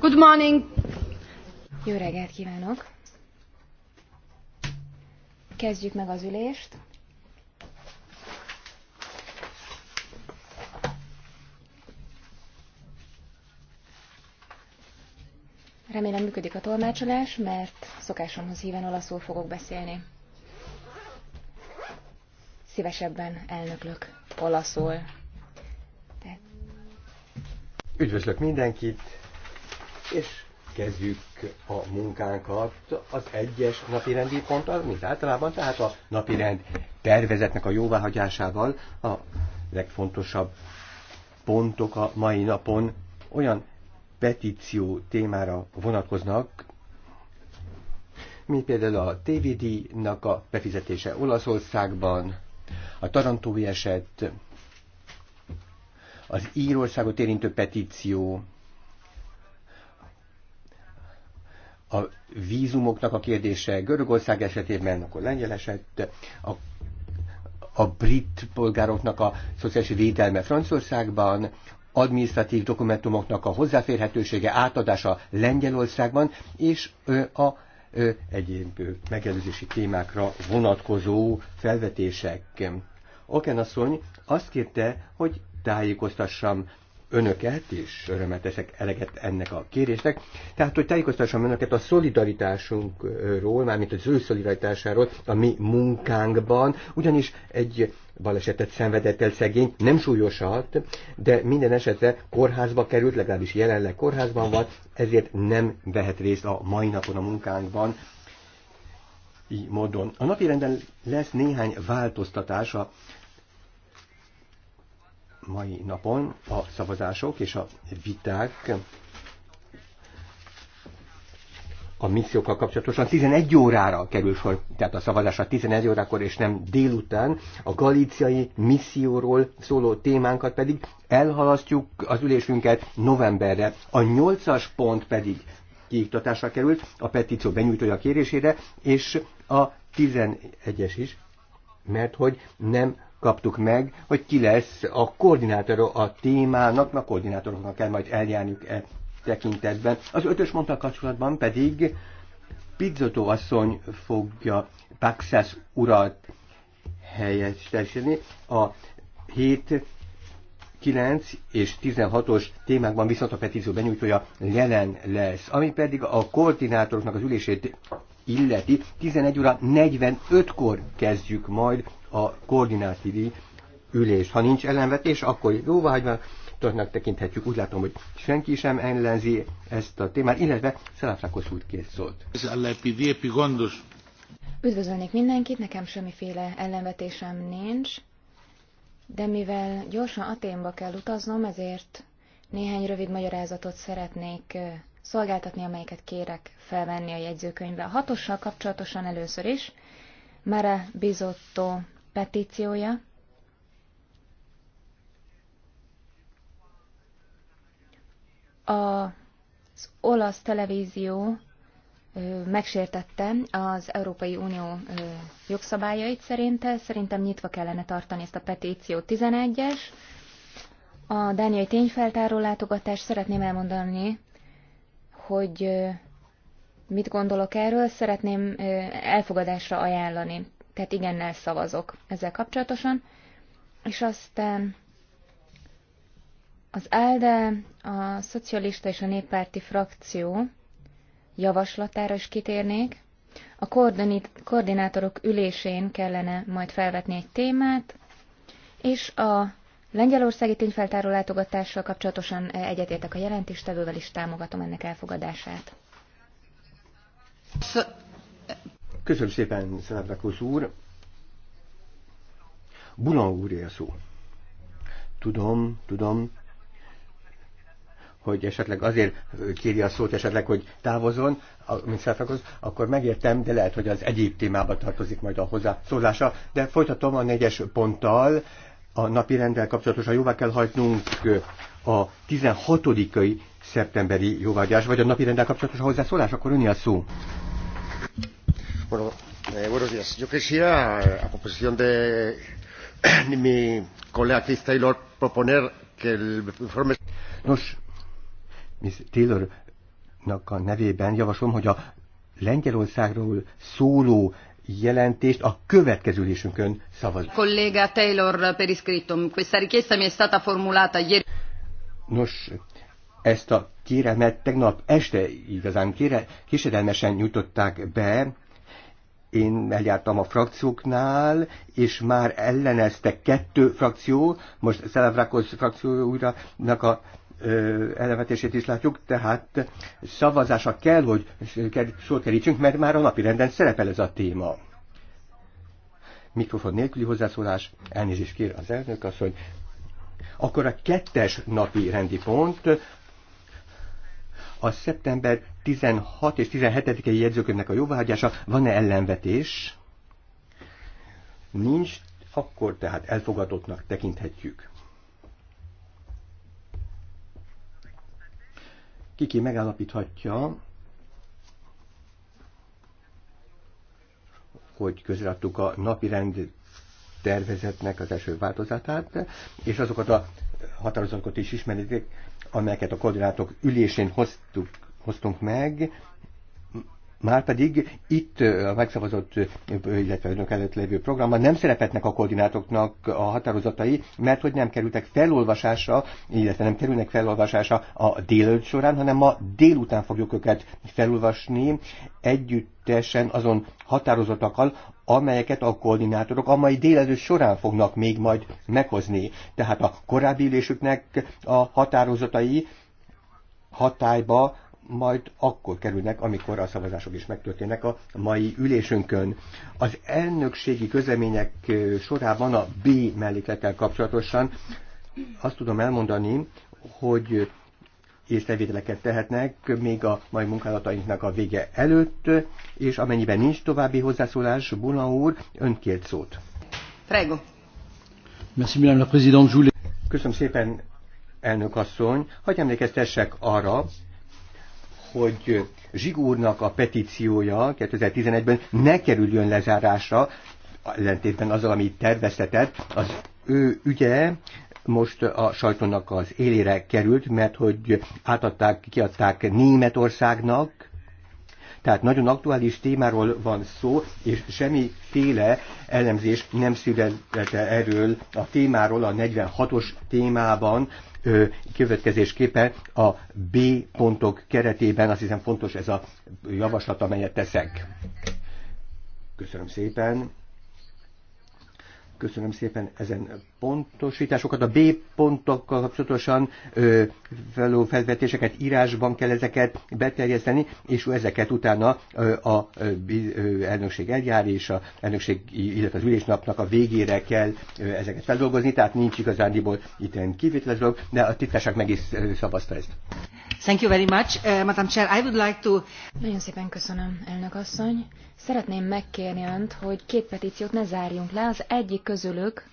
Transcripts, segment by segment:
Good morning. Jó reggelt kívánok! Kezdjük meg az ülést. Remélem működik a tolmácsolás, mert szokásomhoz híven olaszul fogok beszélni. Szívesebben elnöklök olaszul. De... Üdvözlök mindenkit, és kezdjük a munkánkat az egyes napirendi ponttal, mint általában, tehát a napirend tervezetnek a jóváhagyásával a legfontosabb pontok a mai napon olyan petíció témára vonatkoznak, mint például a TVD-nak a befizetése Olaszországban, a tarantói eset, az Írországot érintő petíció, a vízumoknak a kérdése Görögország esetében, akkor lengyel eset, a, a brit polgároknak a szociális védelme Franciaországban, adminisztratív dokumentumoknak a hozzáférhetősége, átadása Lengyelországban, és a egyéb megelőzési témákra vonatkozó felvetések. Oken asszony azt kérte, hogy tájékoztassam önöket, és örömet eleget ennek a kérésnek. Tehát, hogy tájékoztassam önöket a szolidaritásunkról, mármint az ő szolidaritásáról a mi munkánkban, ugyanis egy balesetet szenvedett el szegény, nem súlyosat, de minden esetre kórházba került, legalábbis jelenleg kórházban van, ezért nem vehet részt a mai napon a munkánkban, így módon. A napi renden lesz néhány változtatás a mai napon a szavazások és a viták a missziókkal kapcsolatosan 11 órára kerül sor, tehát a szavazásra 11 órakor és nem délután. A galíciai misszióról szóló témánkat pedig elhalasztjuk az ülésünket novemberre. A 8-as pont pedig kiiktatásra került a petíció benyújtója kérésére, és a 11-es is, mert hogy nem kaptuk meg, hogy ki lesz a koordinátor a témának, a koordinátoroknak kell majd eljárniuk e tekintetben. Az ötös ponttal kapcsolatban pedig Pizzotó asszony fogja Paxas urat helyettesíteni a 7 9 és 16-os témákban viszont a petíció benyújtója jelen lesz, ami pedig a koordinátoroknak az ülését illeti. 11 óra 45-kor kezdjük majd a koordinátív ülés. Ha nincs ellenvetés, akkor jóvágyban tudnak tekinthetjük. Úgy látom, hogy senki sem ellenzi ezt a témát, illetve Szelafrakosz úr két szólt. Üdvözölnék mindenkit, nekem semmiféle ellenvetésem nincs, de mivel gyorsan Aténba kell utaznom, ezért néhány rövid magyarázatot szeretnék szolgáltatni, amelyeket kérek felvenni a jegyzőkönyvbe. A hatossal kapcsolatosan először is, Mara Bizotto petíciója. Az olasz televízió megsértette az Európai Unió jogszabályait szerinte. Szerintem nyitva kellene tartani ezt a petíciót 11-es. A dániai tényfeltáró látogatást szeretném elmondani, hogy mit gondolok erről, szeretném elfogadásra ajánlani tehát igennel szavazok ezzel kapcsolatosan. És aztán az ALDE, a szocialista és a néppárti frakció javaslatára is kitérnék. A koordinátorok ülésén kellene majd felvetni egy témát, és a lengyelországi tényfeltáró látogatással kapcsolatosan egyetértek a jelentéstevővel, és támogatom ennek elfogadását. Köszönöm szépen, Szenevrakusz úr. Buna úr szó. Tudom, tudom, hogy esetleg azért kéri a szót esetleg, hogy távozon, mint szálltakoz, akkor megértem, de lehet, hogy az egyéb témába tartozik majd a hozzászólása, de folytatom a négyes ponttal, a napi rendel kapcsolatosan jóvá kell hajtnunk a 16 szeptemberi jóvágyás, vagy a napi rendel kapcsolatosan hozzászólás, akkor önni a szó. Bueno, eh, buenos días. Yo quisiera, a proposición de mi colega Keith Taylor, proponer que el informe... Nos, Miss Taylornak a nevében javaslom, hogy a Lengyelországról szóló jelentést a következő ülésünkön szavaz. Kolléga Taylor eh, per iscritto, questa richiesta mi è stata formulata ieri. Nos, ezt a kéremet tegnap este igazán kére, kísérelmesen nyújtották be, én eljártam a frakcióknál, és már ellenezte kettő frakció, most frakció újra a elevetését is látjuk, tehát szavazásra kell, hogy sor kerítsünk, mert már a napi renden szerepel ez a téma. Mikrofon nélküli hozzászólás, elnézést kér az elnök asszony. Akkor a kettes napi rendi pont a szeptember 16 és 17-i jegyzőkönyvnek a jóváhagyása van-e ellenvetés? Nincs, akkor tehát elfogadottnak tekinthetjük. Kiki megállapíthatja, hogy közreadtuk a napi rend tervezetnek az első változatát, és azokat a határozatokat is ismeritek, amelyeket a koordinátok ülésén hoztuk, hoztunk meg, pedig itt a megszavazott, illetve önök előtt lévő programban nem szerepetnek a koordinátoknak a határozatai, mert hogy nem kerültek felolvasásra, illetve nem kerülnek felolvasásra a délelőtt során, hanem ma délután fogjuk őket felolvasni együttesen azon határozatokkal, amelyeket a koordinátorok a mai délelőtt során fognak még majd meghozni. Tehát a korábbi ülésüknek a határozatai hatályba majd akkor kerülnek, amikor a szavazások is megtörténnek a mai ülésünkön. Az elnökségi közlemények sorában a B melléklettel kapcsolatosan azt tudom elmondani, hogy észrevételeket tehetnek még a mai munkálatainknak a vége előtt, és amennyiben nincs további hozzászólás, Buna úr, ön kért szót. Prego. Merci, Madame la Présidente. Köszönöm szépen, elnök asszony. Hogy emlékeztessek arra, hogy Zsigúrnak a petíciója 2011-ben ne kerüljön lezárásra, ellentétben azzal, amit terveztetett, az ő ügye most a sajtónak az élére került, mert hogy átadták, kiadták Németországnak, tehát nagyon aktuális témáról van szó, és semmiféle elemzés nem születette erről a témáról a 46-os témában, következésképpen a B pontok keretében, azt hiszem fontos ez a javaslat, amelyet teszek. Köszönöm szépen. Köszönöm szépen ezen pontosításokat, a B pontokkal kapcsolatosan való felvetéseket írásban kell ezeket beterjeszteni, és ezeket utána ö, a ö, elnökség eljár, és a elnökség, illetve az ülésnapnak a végére kell ö, ezeket feldolgozni, tehát nincs igazándiból itt egy kivételes dolog, de a titkárság meg is szavazta ezt. Thank you very much. Uh, Madam Chair, I would like to... Nagyon szépen köszönöm, elnök asszony. Szeretném megkérni önt, hogy két petíciót ne zárjunk le. Az egyik közülük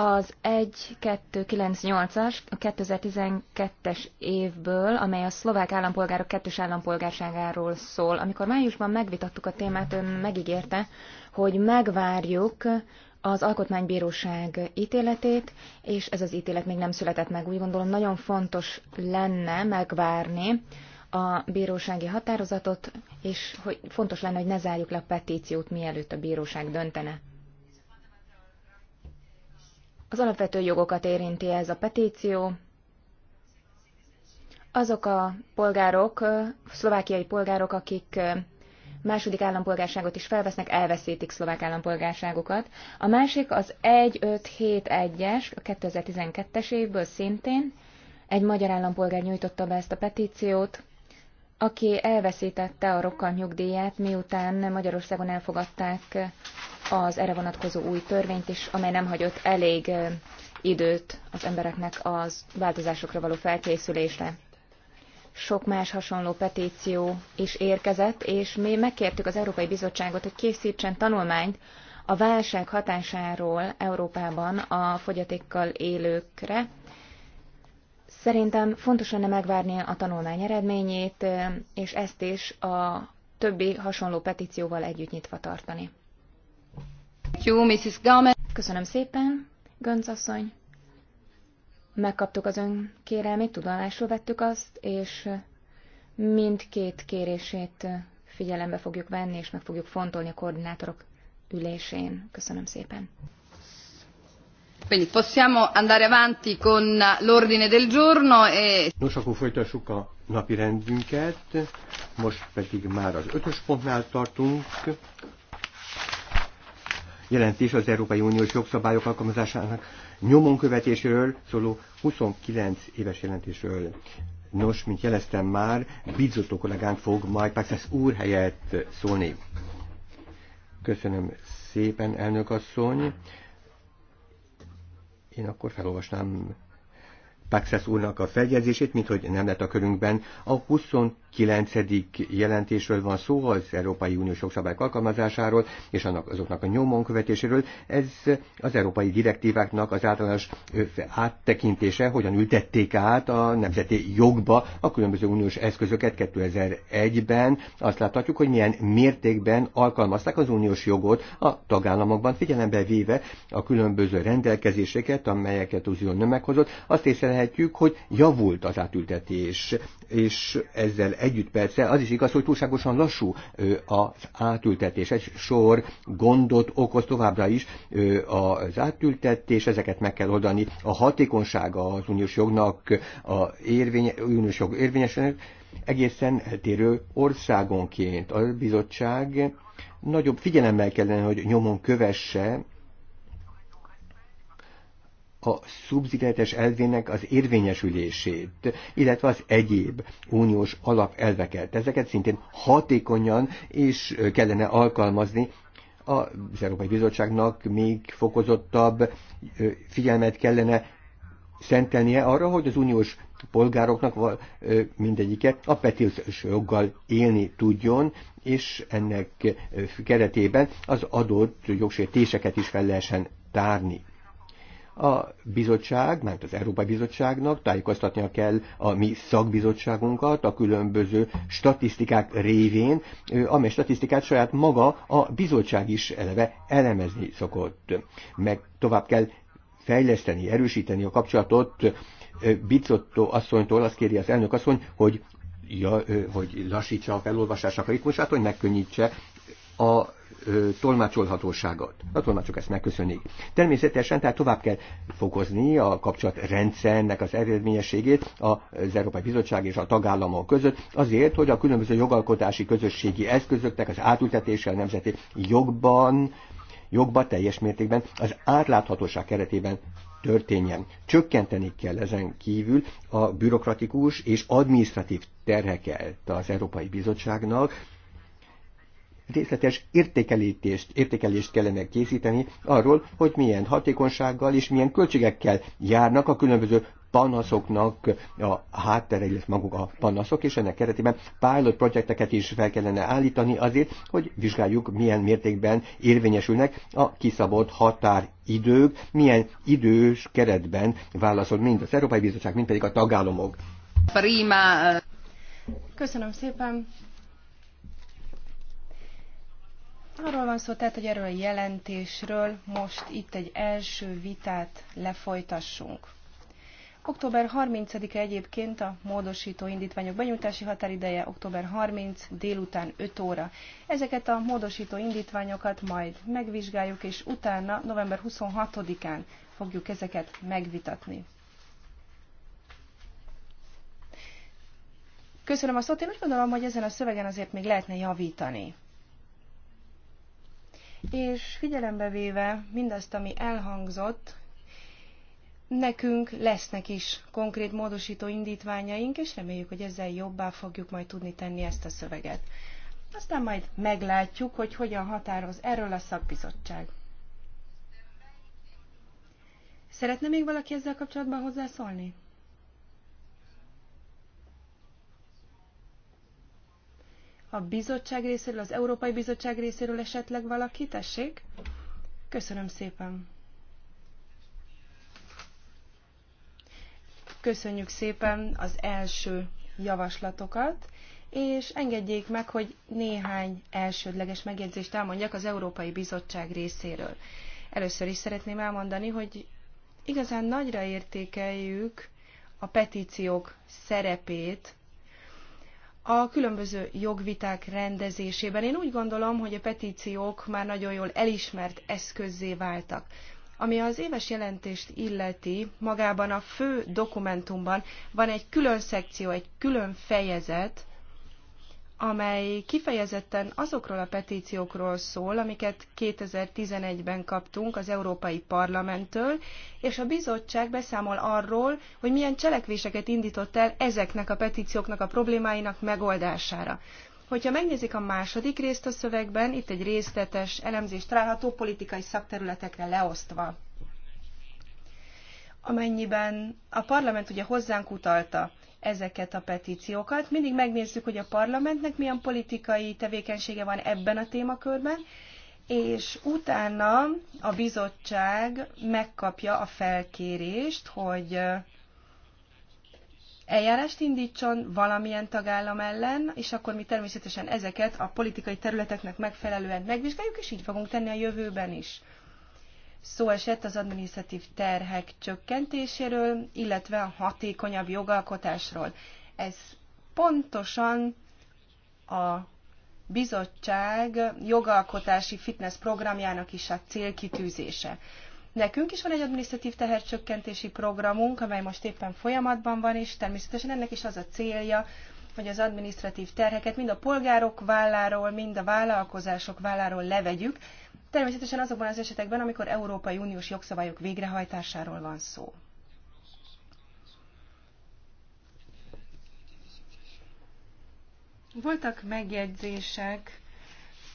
az 1298-as, a 2012-es évből, amely a szlovák állampolgárok kettős állampolgárságáról szól. Amikor májusban megvitattuk a témát, ön megígérte, hogy megvárjuk az Alkotmánybíróság ítéletét, és ez az ítélet még nem született meg. Úgy gondolom, nagyon fontos lenne megvárni a bírósági határozatot, és hogy fontos lenne, hogy ne zárjuk le a petíciót, mielőtt a bíróság döntene. Az alapvető jogokat érinti ez a petíció. Azok a polgárok, szlovákiai polgárok, akik második állampolgárságot is felvesznek, elveszítik szlovák állampolgárságukat. A másik az 1571-es, a 2012-es évből szintén egy magyar állampolgár nyújtotta be ezt a petíciót, aki elveszítette a rokkant nyugdíját, miután Magyarországon elfogadták az erre vonatkozó új törvényt is, amely nem hagyott elég időt az embereknek az változásokra való felkészülésre. Sok más hasonló petíció is érkezett, és mi megkértük az Európai Bizottságot, hogy készítsen tanulmányt a válság hatásáról Európában a fogyatékkal élőkre. Szerintem fontos lenne megvárni a tanulmány eredményét, és ezt is a többi hasonló petícióval együtt nyitva tartani. Köszönöm szépen, Gönc asszony. Megkaptuk az ön kérelmét, tudomásul vettük azt, és mindkét kérését figyelembe fogjuk venni, és meg fogjuk fontolni a koordinátorok ülésén. Köszönöm szépen. Quindi possiamo andare avanti con l'ordine del giorno e... Nos, akkor folytassuk a napi rendünket, most pedig már az ötös pontnál tartunk jelentés az Európai Uniós jogszabályok alkalmazásának nyomon követéséről szóló 29 éves jelentésről. Nos, mint jeleztem már, Bizzotto kollégánk fog majd Paxas úr helyett szólni. Köszönöm szépen, elnök asszony. Én akkor felolvasnám Paxas úrnak a feljegyzését, mint hogy nem lett a körünkben. A 29. jelentésről van szó az Európai Uniós jogszabályok alkalmazásáról és annak, azoknak a nyomon követéséről. Ez az európai direktíváknak az általános áttekintése, hogyan ültették át a nemzeti jogba a különböző uniós eszközöket 2001-ben. Azt láthatjuk, hogy milyen mértékben alkalmazták az uniós jogot a tagállamokban, figyelembe véve a különböző rendelkezéseket, amelyeket az unió nem meghozott. Azt észre észlelhetjük, hogy javult az átültetés, és ezzel együtt persze az is igaz, hogy túlságosan lassú az átültetés. Egy sor gondot okoz továbbra is az átültetés, ezeket meg kell oldani. A hatékonysága az uniós jognak, a érvény, uniós jog érvényesenek egészen eltérő országonként. A bizottság nagyobb figyelemmel kellene, hogy nyomon kövesse a szubszidiáltás elvének az érvényesülését, illetve az egyéb uniós alapelveket. Ezeket szintén hatékonyan és kellene alkalmazni az Európai Bizottságnak még fokozottabb figyelmet kellene szentelnie arra, hogy az uniós polgároknak mindegyike a petíciós joggal élni tudjon, és ennek keretében az adott jogsértéseket is fel lehessen tárni. A bizottság, mert az Európai Bizottságnak tájékoztatnia kell a mi szakbizottságunkat a különböző statisztikák révén, amely statisztikát saját maga a bizottság is eleve elemezni szokott. Meg tovább kell fejleszteni, erősíteni a kapcsolatot Bicotto asszonytól, azt kéri az elnök asszony, hogy ja, hogy lassítsa a felolvasásnak a ritmusát, hogy megkönnyítse a tolmácsolhatóságot. A tolmácsok ezt megköszönik. Természetesen tehát tovább kell fokozni a kapcsolatrendszernek az eredményességét az Európai Bizottság és a tagállamok között, azért, hogy a különböző jogalkotási közösségi eszközöknek az átültetése a nemzeti jogban, jogba teljes mértékben az átláthatóság keretében történjen. Csökkenteni kell ezen kívül a bürokratikus és administratív terheket az Európai Bizottságnak, részletes értékelítést, értékelést kellene készíteni arról, hogy milyen hatékonysággal és milyen költségekkel járnak a különböző panaszoknak a háttere, illetve maguk a panaszok, és ennek keretében pilot projekteket is fel kellene állítani azért, hogy vizsgáljuk, milyen mértékben érvényesülnek a kiszabott határidők, milyen idős keretben válaszol mind az Európai Bizottság, mind pedig a tagállamok. Prima. Eh. Köszönöm szépen. Arról van szó tehát, hogy erről a jelentésről most itt egy első vitát lefolytassunk. Október 30-e egyébként a módosító indítványok benyújtási határideje, október 30 délután 5 óra. Ezeket a módosító indítványokat majd megvizsgáljuk, és utána november 26-án fogjuk ezeket megvitatni. Köszönöm a szót, én úgy gondolom, hogy ezen a szövegen azért még lehetne javítani és figyelembe véve mindazt, ami elhangzott, nekünk lesznek is konkrét módosító indítványaink, és reméljük, hogy ezzel jobbá fogjuk majd tudni tenni ezt a szöveget. Aztán majd meglátjuk, hogy hogyan határoz erről a szakbizottság. Szeretne még valaki ezzel kapcsolatban hozzászólni? A bizottság részéről, az Európai Bizottság részéről esetleg valaki? Tessék? Köszönöm szépen. Köszönjük szépen az első javaslatokat, és engedjék meg, hogy néhány elsődleges megjegyzést elmondjak az Európai Bizottság részéről. Először is szeretném elmondani, hogy igazán nagyra értékeljük a petíciók szerepét a különböző jogviták rendezésében. Én úgy gondolom, hogy a petíciók már nagyon jól elismert eszközzé váltak. Ami az éves jelentést illeti, magában a fő dokumentumban van egy külön szekció, egy külön fejezet, amely kifejezetten azokról a petíciókról szól, amiket 2011-ben kaptunk az Európai Parlamenttől, és a bizottság beszámol arról, hogy milyen cselekvéseket indított el ezeknek a petícióknak a problémáinak megoldására. Hogyha megnézik a második részt a szövegben, itt egy részletes elemzést található politikai szakterületekre leosztva. Amennyiben a parlament ugye hozzánk utalta ezeket a petíciókat. Mindig megnézzük, hogy a parlamentnek milyen politikai tevékenysége van ebben a témakörben, és utána a bizottság megkapja a felkérést, hogy eljárást indítson valamilyen tagállam ellen, és akkor mi természetesen ezeket a politikai területeknek megfelelően megvizsgáljuk, és így fogunk tenni a jövőben is. Szó esett az adminisztratív terhek csökkentéséről, illetve a hatékonyabb jogalkotásról. Ez pontosan a bizottság jogalkotási fitness programjának is a célkitűzése. Nekünk is van egy adminisztratív tehercsökkentési programunk, amely most éppen folyamatban van, és természetesen ennek is az a célja, hogy az adminisztratív terheket mind a polgárok válláról, mind a vállalkozások válláról levegyük, Természetesen azokban az esetekben, amikor Európai Uniós jogszabályok végrehajtásáról van szó. Voltak megjegyzések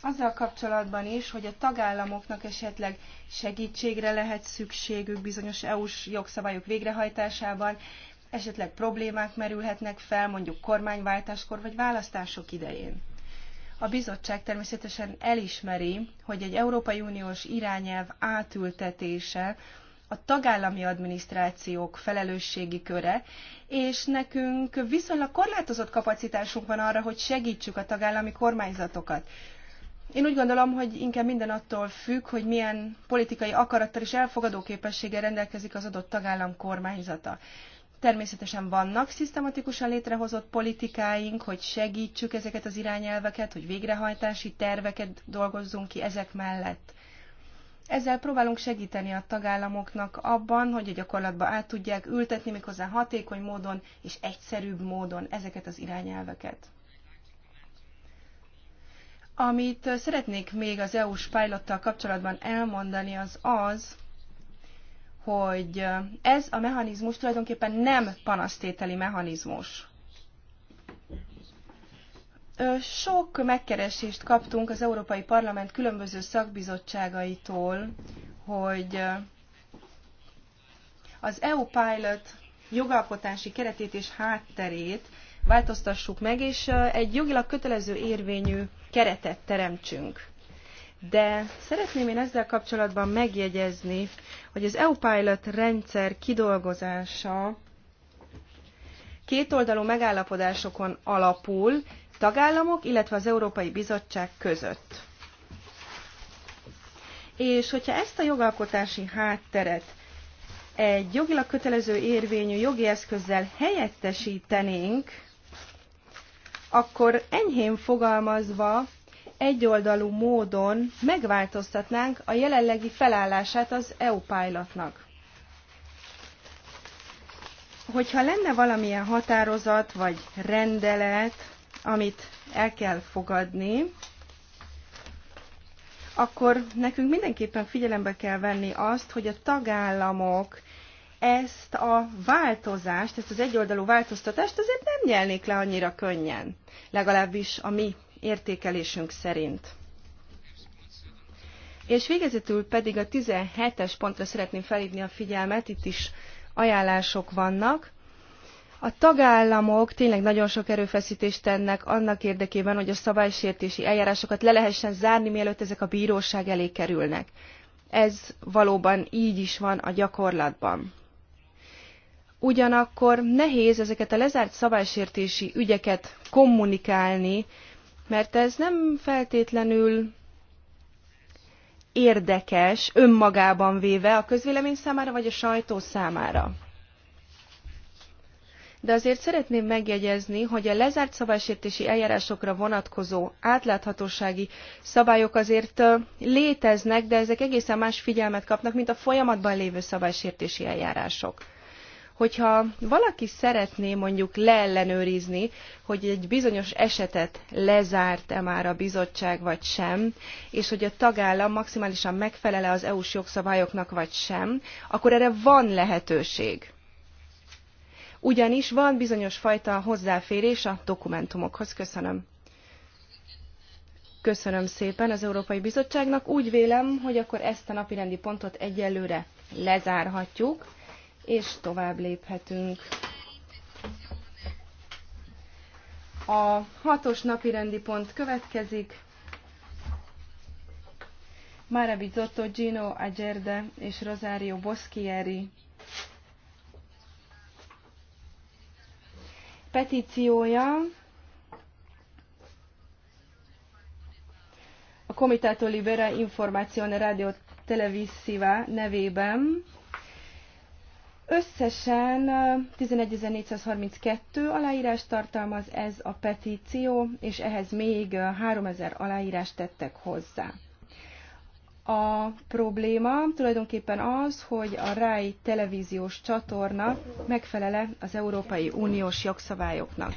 azzal kapcsolatban is, hogy a tagállamoknak esetleg segítségre lehet szükségük bizonyos EU-s jogszabályok végrehajtásában, esetleg problémák merülhetnek fel mondjuk kormányváltáskor vagy választások idején. A bizottság természetesen elismeri, hogy egy Európai Uniós irányelv átültetése a tagállami adminisztrációk felelősségi köre, és nekünk viszonylag korlátozott kapacitásunk van arra, hogy segítsük a tagállami kormányzatokat. Én úgy gondolom, hogy inkább minden attól függ, hogy milyen politikai akarattal és elfogadó képességgel rendelkezik az adott tagállam kormányzata. Természetesen vannak szisztematikusan létrehozott politikáink, hogy segítsük ezeket az irányelveket, hogy végrehajtási terveket dolgozzunk ki ezek mellett. Ezzel próbálunk segíteni a tagállamoknak abban, hogy a gyakorlatba át tudják ültetni méghozzá hatékony módon és egyszerűbb módon ezeket az irányelveket. Amit szeretnék még az EU-s pilottal kapcsolatban elmondani, az az, hogy ez a mechanizmus tulajdonképpen nem panasztételi mechanizmus. Sok megkeresést kaptunk az Európai Parlament különböző szakbizottságaitól, hogy az EU Pilot jogalkotási keretét és hátterét változtassuk meg, és egy jogilag kötelező érvényű keretet teremtsünk. De szeretném én ezzel kapcsolatban megjegyezni, hogy az EU-Pilot rendszer kidolgozása kétoldalú megállapodásokon alapul tagállamok, illetve az Európai Bizottság között. És hogyha ezt a jogalkotási hátteret egy jogilag kötelező érvényű jogi eszközzel helyettesítenénk, akkor enyhén fogalmazva egyoldalú módon megváltoztatnánk a jelenlegi felállását az EU pilotnak. Hogyha lenne valamilyen határozat vagy rendelet, amit el kell fogadni, akkor nekünk mindenképpen figyelembe kell venni azt, hogy a tagállamok ezt a változást, ezt az egyoldalú változtatást azért nem nyelnék le annyira könnyen, legalábbis a mi értékelésünk szerint. És végezetül pedig a 17-es pontra szeretném felhívni a figyelmet, itt is ajánlások vannak. A tagállamok tényleg nagyon sok erőfeszítést tennek annak érdekében, hogy a szabálysértési eljárásokat le lehessen zárni, mielőtt ezek a bíróság elé kerülnek. Ez valóban így is van a gyakorlatban. Ugyanakkor nehéz ezeket a lezárt szabálysértési ügyeket kommunikálni mert ez nem feltétlenül érdekes önmagában véve a közvélemény számára vagy a sajtó számára. De azért szeretném megjegyezni, hogy a lezárt szabálysértési eljárásokra vonatkozó átláthatósági szabályok azért léteznek, de ezek egészen más figyelmet kapnak, mint a folyamatban lévő szabálysértési eljárások hogyha valaki szeretné mondjuk leellenőrizni, hogy egy bizonyos esetet lezárt-e már a bizottság vagy sem, és hogy a tagállam maximálisan megfelele az EU-s jogszabályoknak vagy sem, akkor erre van lehetőség. Ugyanis van bizonyos fajta hozzáférés a dokumentumokhoz. Köszönöm. Köszönöm szépen az Európai Bizottságnak. Úgy vélem, hogy akkor ezt a rendi pontot egyelőre lezárhatjuk és tovább léphetünk. A hatos napi rendi pont következik. Mara Zotto Gino Agerde és Rosario Boschieri petíciója a Comitato Libera Informazione Radio Televisiva nevében Összesen 11.432 aláírás tartalmaz ez a petíció, és ehhez még 3000 aláírást tettek hozzá. A probléma tulajdonképpen az, hogy a RAI televíziós csatorna megfelele az Európai Uniós jogszabályoknak.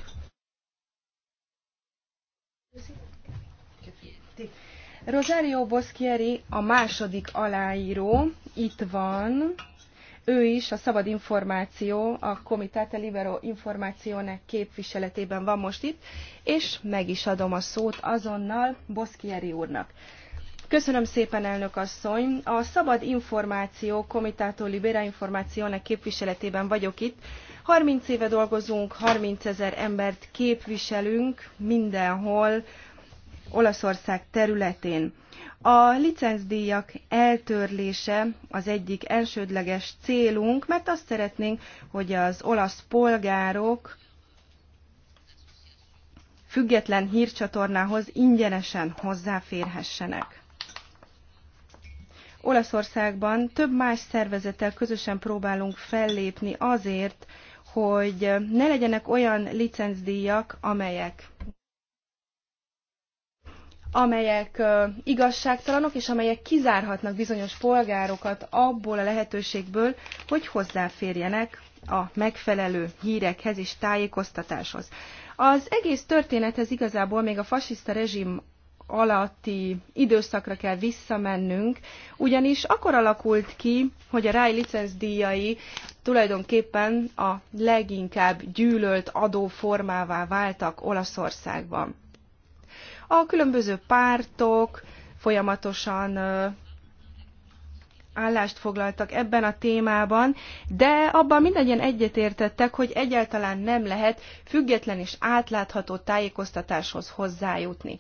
Rosario Boschieri a második aláíró, itt van, ő is a Szabad Információ, a Comitate Libero Információnek képviseletében van most itt, és meg is adom a szót azonnal Boszkieri úrnak. Köszönöm szépen, elnök asszony! A Szabad Információ Komitátó Libera Információnak képviseletében vagyok itt. 30 éve dolgozunk, 30 ezer embert képviselünk mindenhol Olaszország területén. A licencdíjak eltörlése az egyik elsődleges célunk, mert azt szeretnénk, hogy az olasz polgárok független hírcsatornához ingyenesen hozzáférhessenek. Olaszországban több más szervezettel közösen próbálunk fellépni azért, hogy ne legyenek olyan licencdíjak, amelyek amelyek igazságtalanok, és amelyek kizárhatnak bizonyos polgárokat abból a lehetőségből, hogy hozzáférjenek a megfelelő hírekhez és tájékoztatáshoz. Az egész történethez igazából még a fasiszta rezsim alatti időszakra kell visszamennünk, ugyanis akkor alakult ki, hogy a Rai licencdíjai tulajdonképpen a leginkább gyűlölt adóformává váltak Olaszországban. A különböző pártok folyamatosan állást foglaltak ebben a témában, de abban mindannyian egyetértettek, hogy egyáltalán nem lehet független és átlátható tájékoztatáshoz hozzájutni.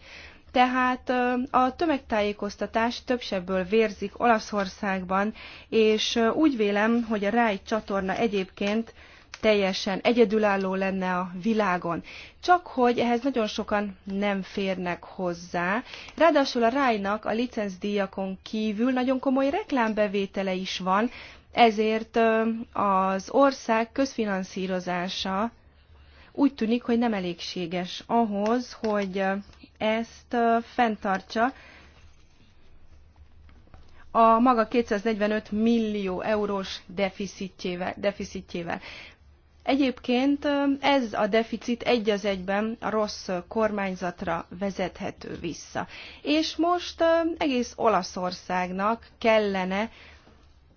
Tehát a tömegtájékoztatás többsebből vérzik Olaszországban, és úgy vélem, hogy a Ráj csatorna egyébként teljesen egyedülálló lenne a világon. Csak hogy ehhez nagyon sokan nem férnek hozzá. Ráadásul a Rájnak a licencdíjakon kívül nagyon komoly reklámbevétele is van, ezért az ország közfinanszírozása úgy tűnik, hogy nem elégséges ahhoz, hogy ezt fenntartsa. A maga 245 millió eurós deficitjével. deficitjével. Egyébként ez a deficit egy az egyben a rossz kormányzatra vezethető vissza. És most egész Olaszországnak kellene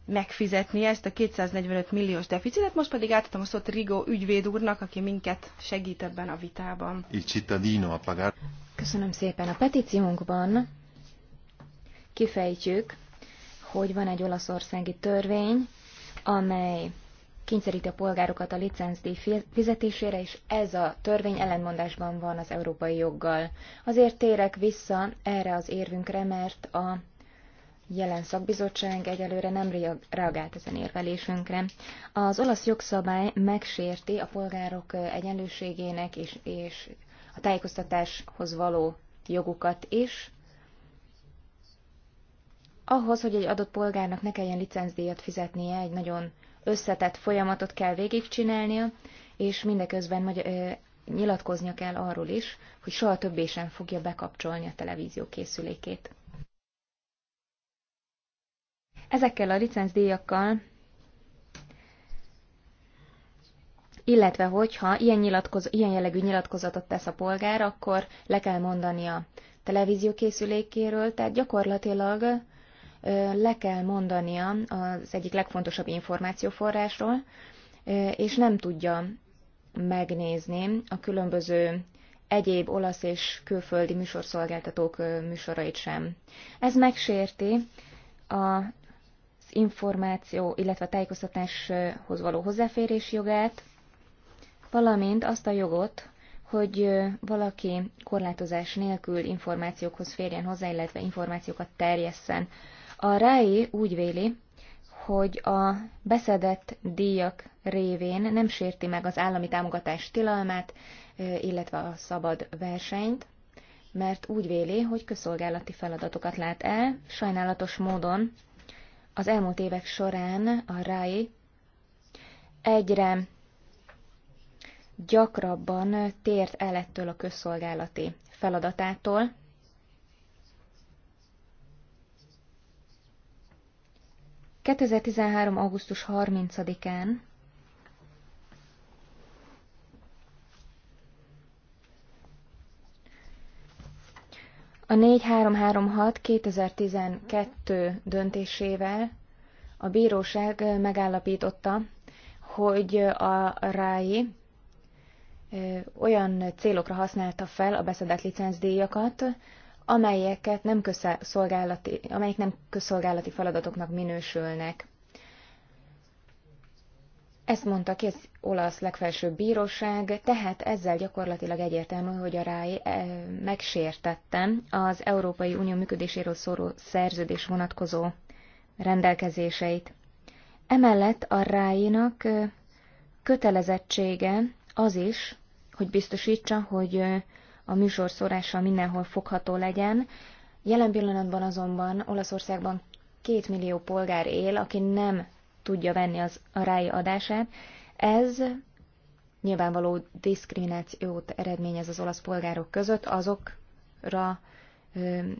megfizetni ezt a 245 milliós deficitet, most pedig átadom a szót Rigó ügyvéd úrnak, aki minket segít ebben a vitában. Köszönöm szépen. A petíciónkban kifejtjük, hogy van egy olaszországi törvény, amely kényszeríti a polgárokat a licencdíj fizetésére, és ez a törvény ellenmondásban van az európai joggal. Azért térek vissza erre az érvünkre, mert a jelen szakbizottság egyelőre nem reagált ezen érvelésünkre. Az olasz jogszabály megsérti a polgárok egyenlőségének és, és a tájékoztatáshoz való jogukat is. Ahhoz, hogy egy adott polgárnak ne kelljen licenzdíjat fizetnie egy nagyon összetett folyamatot kell végigcsinálnia, és mindeközben ö, nyilatkoznia kell arról is, hogy soha többé sem fogja bekapcsolni a televízió készülékét. Ezekkel a licencdíjakkal, illetve hogyha ilyen, nyilatkoz, ilyen jellegű nyilatkozatot tesz a polgár, akkor le kell mondani a televízió készülékéről, tehát gyakorlatilag le kell mondania az egyik legfontosabb információforrásról, és nem tudja megnézni a különböző egyéb olasz és külföldi műsorszolgáltatók műsorait sem. Ez megsérti az információ, illetve a tájékoztatáshoz való hozzáférés jogát, valamint azt a jogot, hogy valaki korlátozás nélkül információkhoz férjen hozzá, illetve információkat terjesszen. A RAI úgy véli, hogy a beszedett díjak révén nem sérti meg az állami támogatás tilalmát, illetve a szabad versenyt, mert úgy véli, hogy közszolgálati feladatokat lát el. Sajnálatos módon az elmúlt évek során a RAI egyre gyakrabban tért el ettől a közszolgálati feladatától, 2013. augusztus 30-án a 4336 2012 döntésével a bíróság megállapította, hogy a RAI olyan célokra használta fel a beszedett licenzdíjakat amelyeket nem közszolgálati, amelyek nem közszolgálati feladatoknak minősülnek. Ezt mondta ki az olasz legfelsőbb bíróság, tehát ezzel gyakorlatilag egyértelmű, hogy a ráj e, megsértette az Európai Unió működéséről szóló szerződés vonatkozó rendelkezéseit. Emellett a ráinak e, kötelezettsége az is, hogy biztosítsa, hogy e, a műsor szórása mindenhol fogható legyen. Jelen pillanatban azonban Olaszországban két millió polgár él, aki nem tudja venni az a rái adását. Ez nyilvánvaló diszkriminációt eredményez az olasz polgárok között, azokra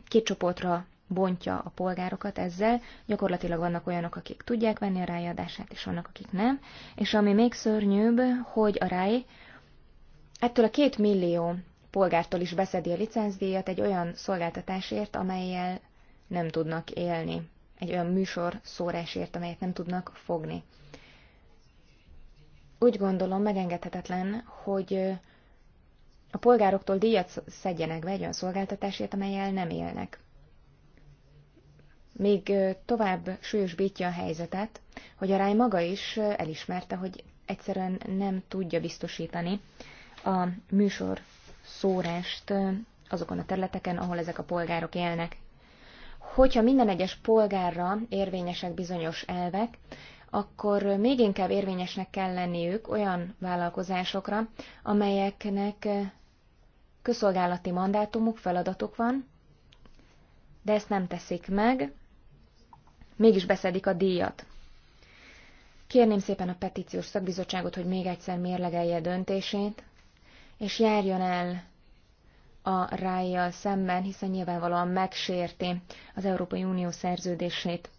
két csoportra bontja a polgárokat ezzel. Gyakorlatilag vannak olyanok, akik tudják venni a rájadását, és vannak, akik nem. És ami még szörnyűbb, hogy a ráj ettől a két millió polgártól is beszedi a licencdíjat egy olyan szolgáltatásért, amelyel nem tudnak élni. Egy olyan műsor szórásért, amelyet nem tudnak fogni. Úgy gondolom megengedhetetlen, hogy a polgároktól díjat szedjenek be egy olyan szolgáltatásért, amelyel nem élnek. Még tovább súlyosbítja a helyzetet, hogy a Ráj maga is elismerte, hogy egyszerűen nem tudja biztosítani a műsor szórást azokon a területeken, ahol ezek a polgárok élnek. Hogyha minden egyes polgárra érvényesek bizonyos elvek, akkor még inkább érvényesnek kell lenniük olyan vállalkozásokra, amelyeknek közszolgálati mandátumuk, feladatuk van, de ezt nem teszik meg, mégis beszedik a díjat. Kérném szépen a petíciós szakbizottságot, hogy még egyszer mérlegelje döntését, és járjon el a rájjal szemben, hiszen nyilvánvalóan megsérti az Európai Unió szerződését.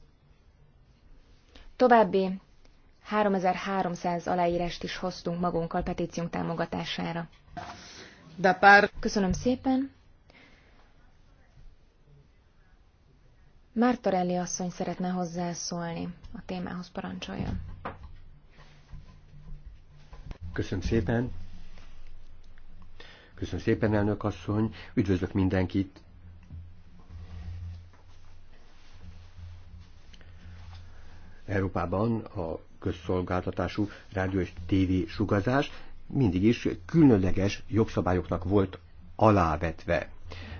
További 3300 aláírást is hoztunk magunkkal petíciónk támogatására. De pár... Köszönöm szépen. Mártorelli asszony szeretne hozzászólni a témához, parancsoljon. Köszönöm szépen. Köszönöm szépen, elnök asszony, üdvözlök mindenkit. Európában a közszolgáltatású rádió és tévé sugazás mindig is különleges jogszabályoknak volt alávetve.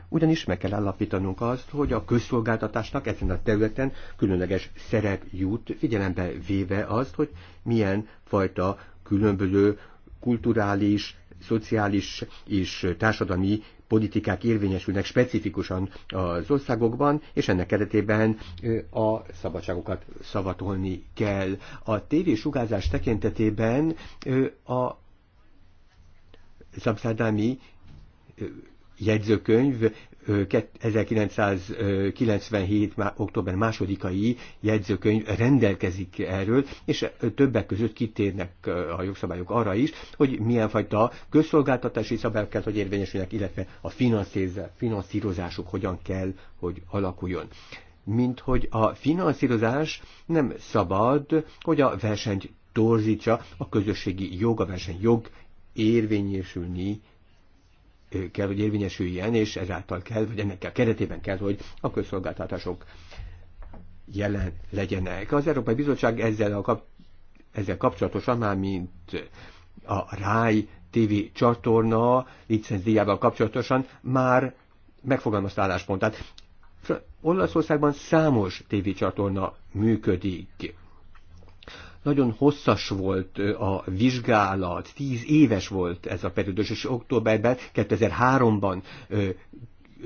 Ugyanis meg kell állapítanunk azt, hogy a közszolgáltatásnak ezen a területen különleges szerep jut, figyelembe véve azt, hogy milyen fajta különböző kulturális, szociális és társadalmi politikák érvényesülnek specifikusan az országokban, és ennek keretében a szabadságokat szavatolni kell. A tévésugázás tekintetében a szabszádámi jegyzőkönyv 1997. október másodikai jegyzőkönyv rendelkezik erről, és többek között kitérnek a jogszabályok arra is, hogy milyen fajta közszolgáltatási szabályok kell, hogy érvényesülnek, illetve a finanszírozásuk hogyan kell, hogy alakuljon mint hogy a finanszírozás nem szabad, hogy a versenyt torzítsa, a közösségi jog, a versenyjog érvényesülni kell, hogy érvényesüljen, és ezáltal kell, vagy ennek a keretében kell, hogy a közszolgáltatások jelen legyenek. Az Európai Bizottság ezzel, a kap, ezzel kapcsolatosan már, mint a RAI TV csatorna licenzdíjával kapcsolatosan már megfogalmazta álláspontát. Olaszországban számos tévécsatorna működik. Nagyon hosszas volt a vizsgálat, tíz éves volt ez a periódus, és októberben, 2003-ban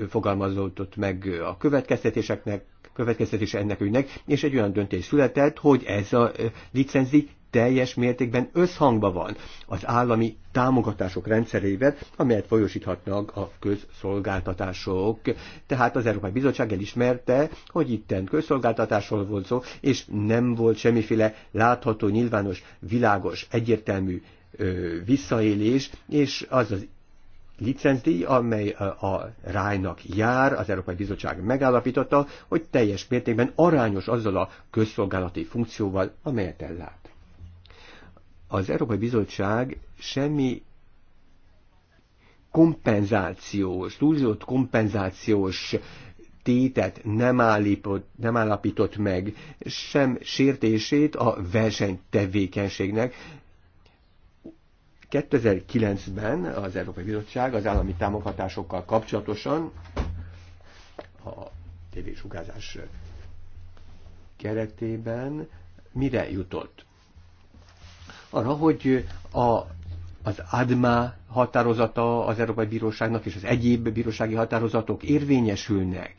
fogalmazódott meg a következtetéseknek, következtetése ennek ügynek, és egy olyan döntés született, hogy ez a licenzi teljes mértékben összhangban van az állami támogatások rendszerével, amelyet folyosíthatnak a közszolgáltatások. Tehát az Európai Bizottság elismerte, hogy itten közszolgáltatásról volt szó, és nem volt semmiféle látható, nyilvános, világos, egyértelmű ö, visszaélés, és az az licencdíj, amely a Rájnak jár, az Európai Bizottság megállapította, hogy teljes mértékben arányos azzal a közszolgálati funkcióval, amelyet ellát az Európai Bizottság semmi kompenzációs, túlzott kompenzációs tétet nem, állított, nem állapított meg, sem sértését a versenytevékenységnek. 2009-ben az Európai Bizottság az állami támogatásokkal kapcsolatosan a tévésugázás keretében mire jutott? arra, hogy a, az ADMA határozata az Európai Bíróságnak és az egyéb bírósági határozatok érvényesülnek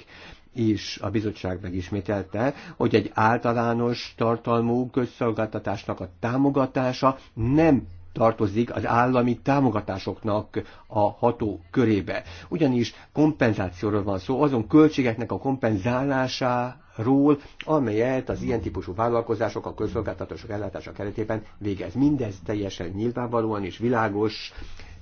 és a bizottság megismételte, hogy egy általános tartalmú közszolgáltatásnak a támogatása nem tartozik az állami támogatásoknak a ható körébe. Ugyanis kompenzációról van szó, azon költségeknek a kompenzálása ról, amelyet az ilyen típusú vállalkozások a közszolgáltatások ellátása keretében végez. Mindez teljesen nyilvánvalóan és világos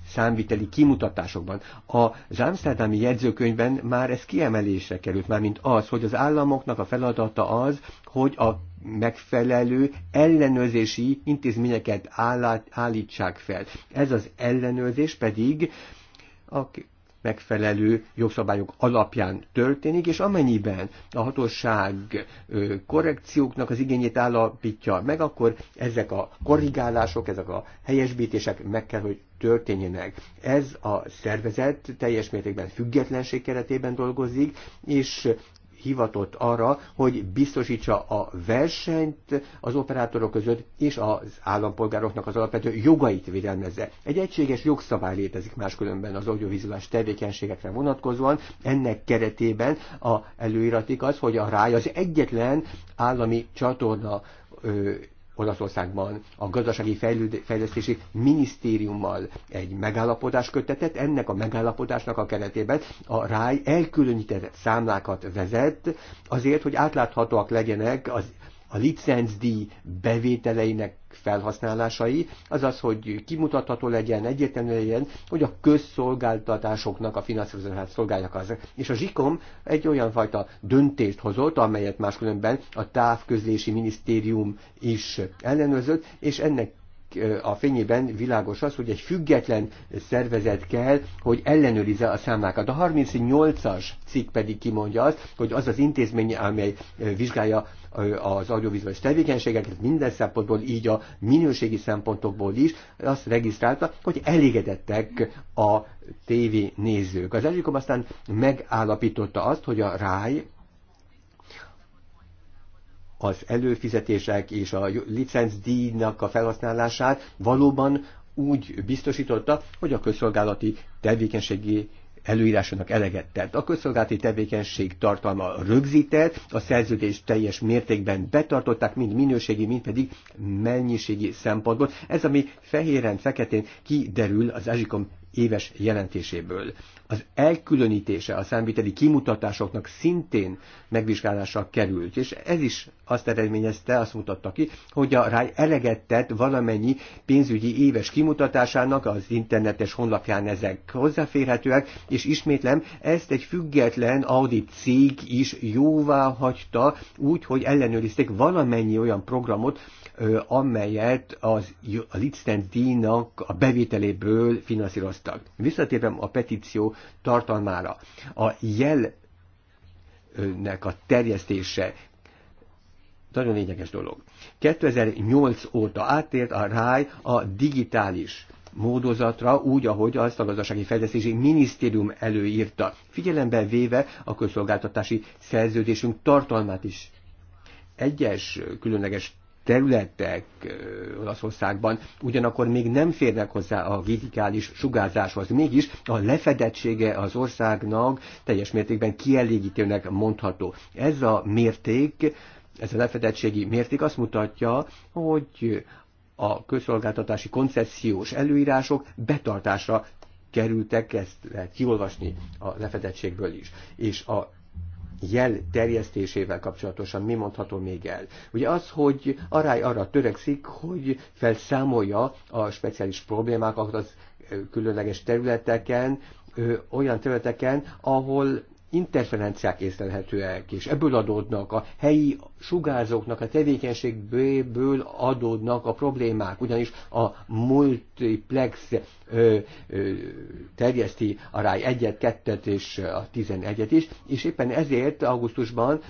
számviteli kimutatásokban. Az Amsterdami jegyzőkönyvben már ez kiemelésre került, már mint az, hogy az államoknak a feladata az, hogy a megfelelő ellenőrzési intézményeket állát, állítsák fel. Ez az ellenőrzés pedig a megfelelő jogszabályok alapján történik, és amennyiben a hatóság korrekcióknak az igényét állapítja meg, akkor ezek a korrigálások, ezek a helyesbítések meg kell, hogy történjenek. Ez a szervezet teljes mértékben függetlenség keretében dolgozik, és hivatott arra, hogy biztosítsa a versenyt az operátorok között és az állampolgároknak az alapvető jogait védelmezze. Egy egységes jogszabály létezik máskülönben az audiovizuális tevékenységekre vonatkozóan. Ennek keretében a előiratik az, hogy a ráj az egyetlen állami csatorna Olaszországban a gazdasági fejlesztési minisztériummal egy megállapodás kötetett, ennek a megállapodásnak a keretében a ráj elkülönített számlákat vezet, azért, hogy átláthatóak legyenek az a licencdíj bevételeinek felhasználásai, azaz, hogy kimutatható legyen, egyértelmű legyen, hogy a közszolgáltatásoknak a finanszírozását szolgálják az. És a ZSIKOM egy olyan fajta döntést hozott, amelyet máskülönben a távközlési minisztérium is ellenőrzött, és ennek a fényében világos az, hogy egy független szervezet kell, hogy ellenőrizze a számlákat. A 38-as cikk pedig kimondja azt, hogy az az intézmény, amely vizsgálja az audiovizuális tevékenységeket, minden szempontból, így a minőségi szempontokból is, azt regisztrálta, hogy elégedettek a tévé nézők. Az Ezsikom aztán megállapította azt, hogy a ráj az előfizetések és a licencdíjnak a felhasználását valóban úgy biztosította, hogy a közszolgálati tevékenységi előírásának eleget tett. A közszolgálati tevékenység tartalma rögzített, a szerződést teljes mértékben betartották, mind minőségi, mind pedig mennyiségi szempontból. Ez, ami fehéren, feketén kiderül az Azsikom éves jelentéséből. Az elkülönítése a számviteli kimutatásoknak szintén megvizsgálásra került, és ez is azt eredményezte, azt mutatta ki, hogy a ráj eleget tett valamennyi pénzügyi éves kimutatásának az internetes honlapján ezek hozzáférhetőek, és ismétlem, ezt egy független audit cég is jóvá hagyta, úgy, hogy ellenőrizték valamennyi olyan programot, amelyet az, a díjnak a bevételéből finanszíroztak. Visszatérve a petíció tartalmára, a jelnek a terjesztése nagyon lényeges dolog. 2008 óta átért a ráj a digitális módozatra, úgy, ahogy azt a gazdasági fejlesztési minisztérium előírta, figyelembe véve a közszolgáltatási szerződésünk tartalmát is. Egyes különleges területek Olaszországban ugyanakkor még nem férnek hozzá a vizikális sugárzáshoz. Mégis a lefedettsége az országnak teljes mértékben kielégítőnek mondható. Ez a mérték, ez a lefedettségi mérték azt mutatja, hogy a közszolgáltatási koncesziós előírások betartása kerültek, ezt lehet kiolvasni a lefedettségből is. És a jel terjesztésével kapcsolatosan mi mondható még el? Ugye az, hogy arály arra törekszik, hogy felszámolja a speciális problémákat az különleges területeken, olyan területeken, ahol interferenciák észlelhetőek, és ebből adódnak a helyi sugárzóknak a tevékenységből adódnak a problémák, ugyanis a multiplex ö, ö, terjeszti a ráj egyet, kettet és a tizenegyet is, és éppen ezért augusztusban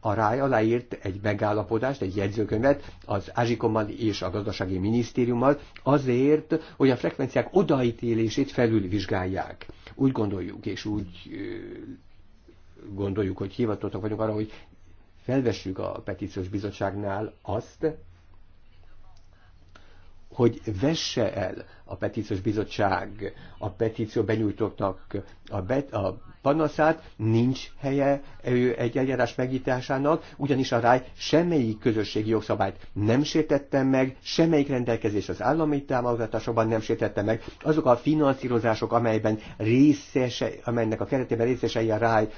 a RÁJ aláírt egy megállapodást, egy jegyzőkönyvet az Ázsikommal és a gazdasági minisztériummal azért, hogy a frekvenciák odaítélését felülvizsgálják. Úgy gondoljuk, és úgy gondoljuk, hogy hivatottak vagyunk arra, hogy felvessük a petíciós bizottságnál azt, hogy vesse el a petíciós bizottság a petíció benyújtottak a, bet, a panaszát, nincs helye egy eljárás megításának, ugyanis a ráj semmelyik közösségi jogszabályt nem sértette meg, semmelyik rendelkezés az állami támogatásokban nem sértette meg, azok a finanszírozások, amelyben részese, amelynek a keretében részesei a ráj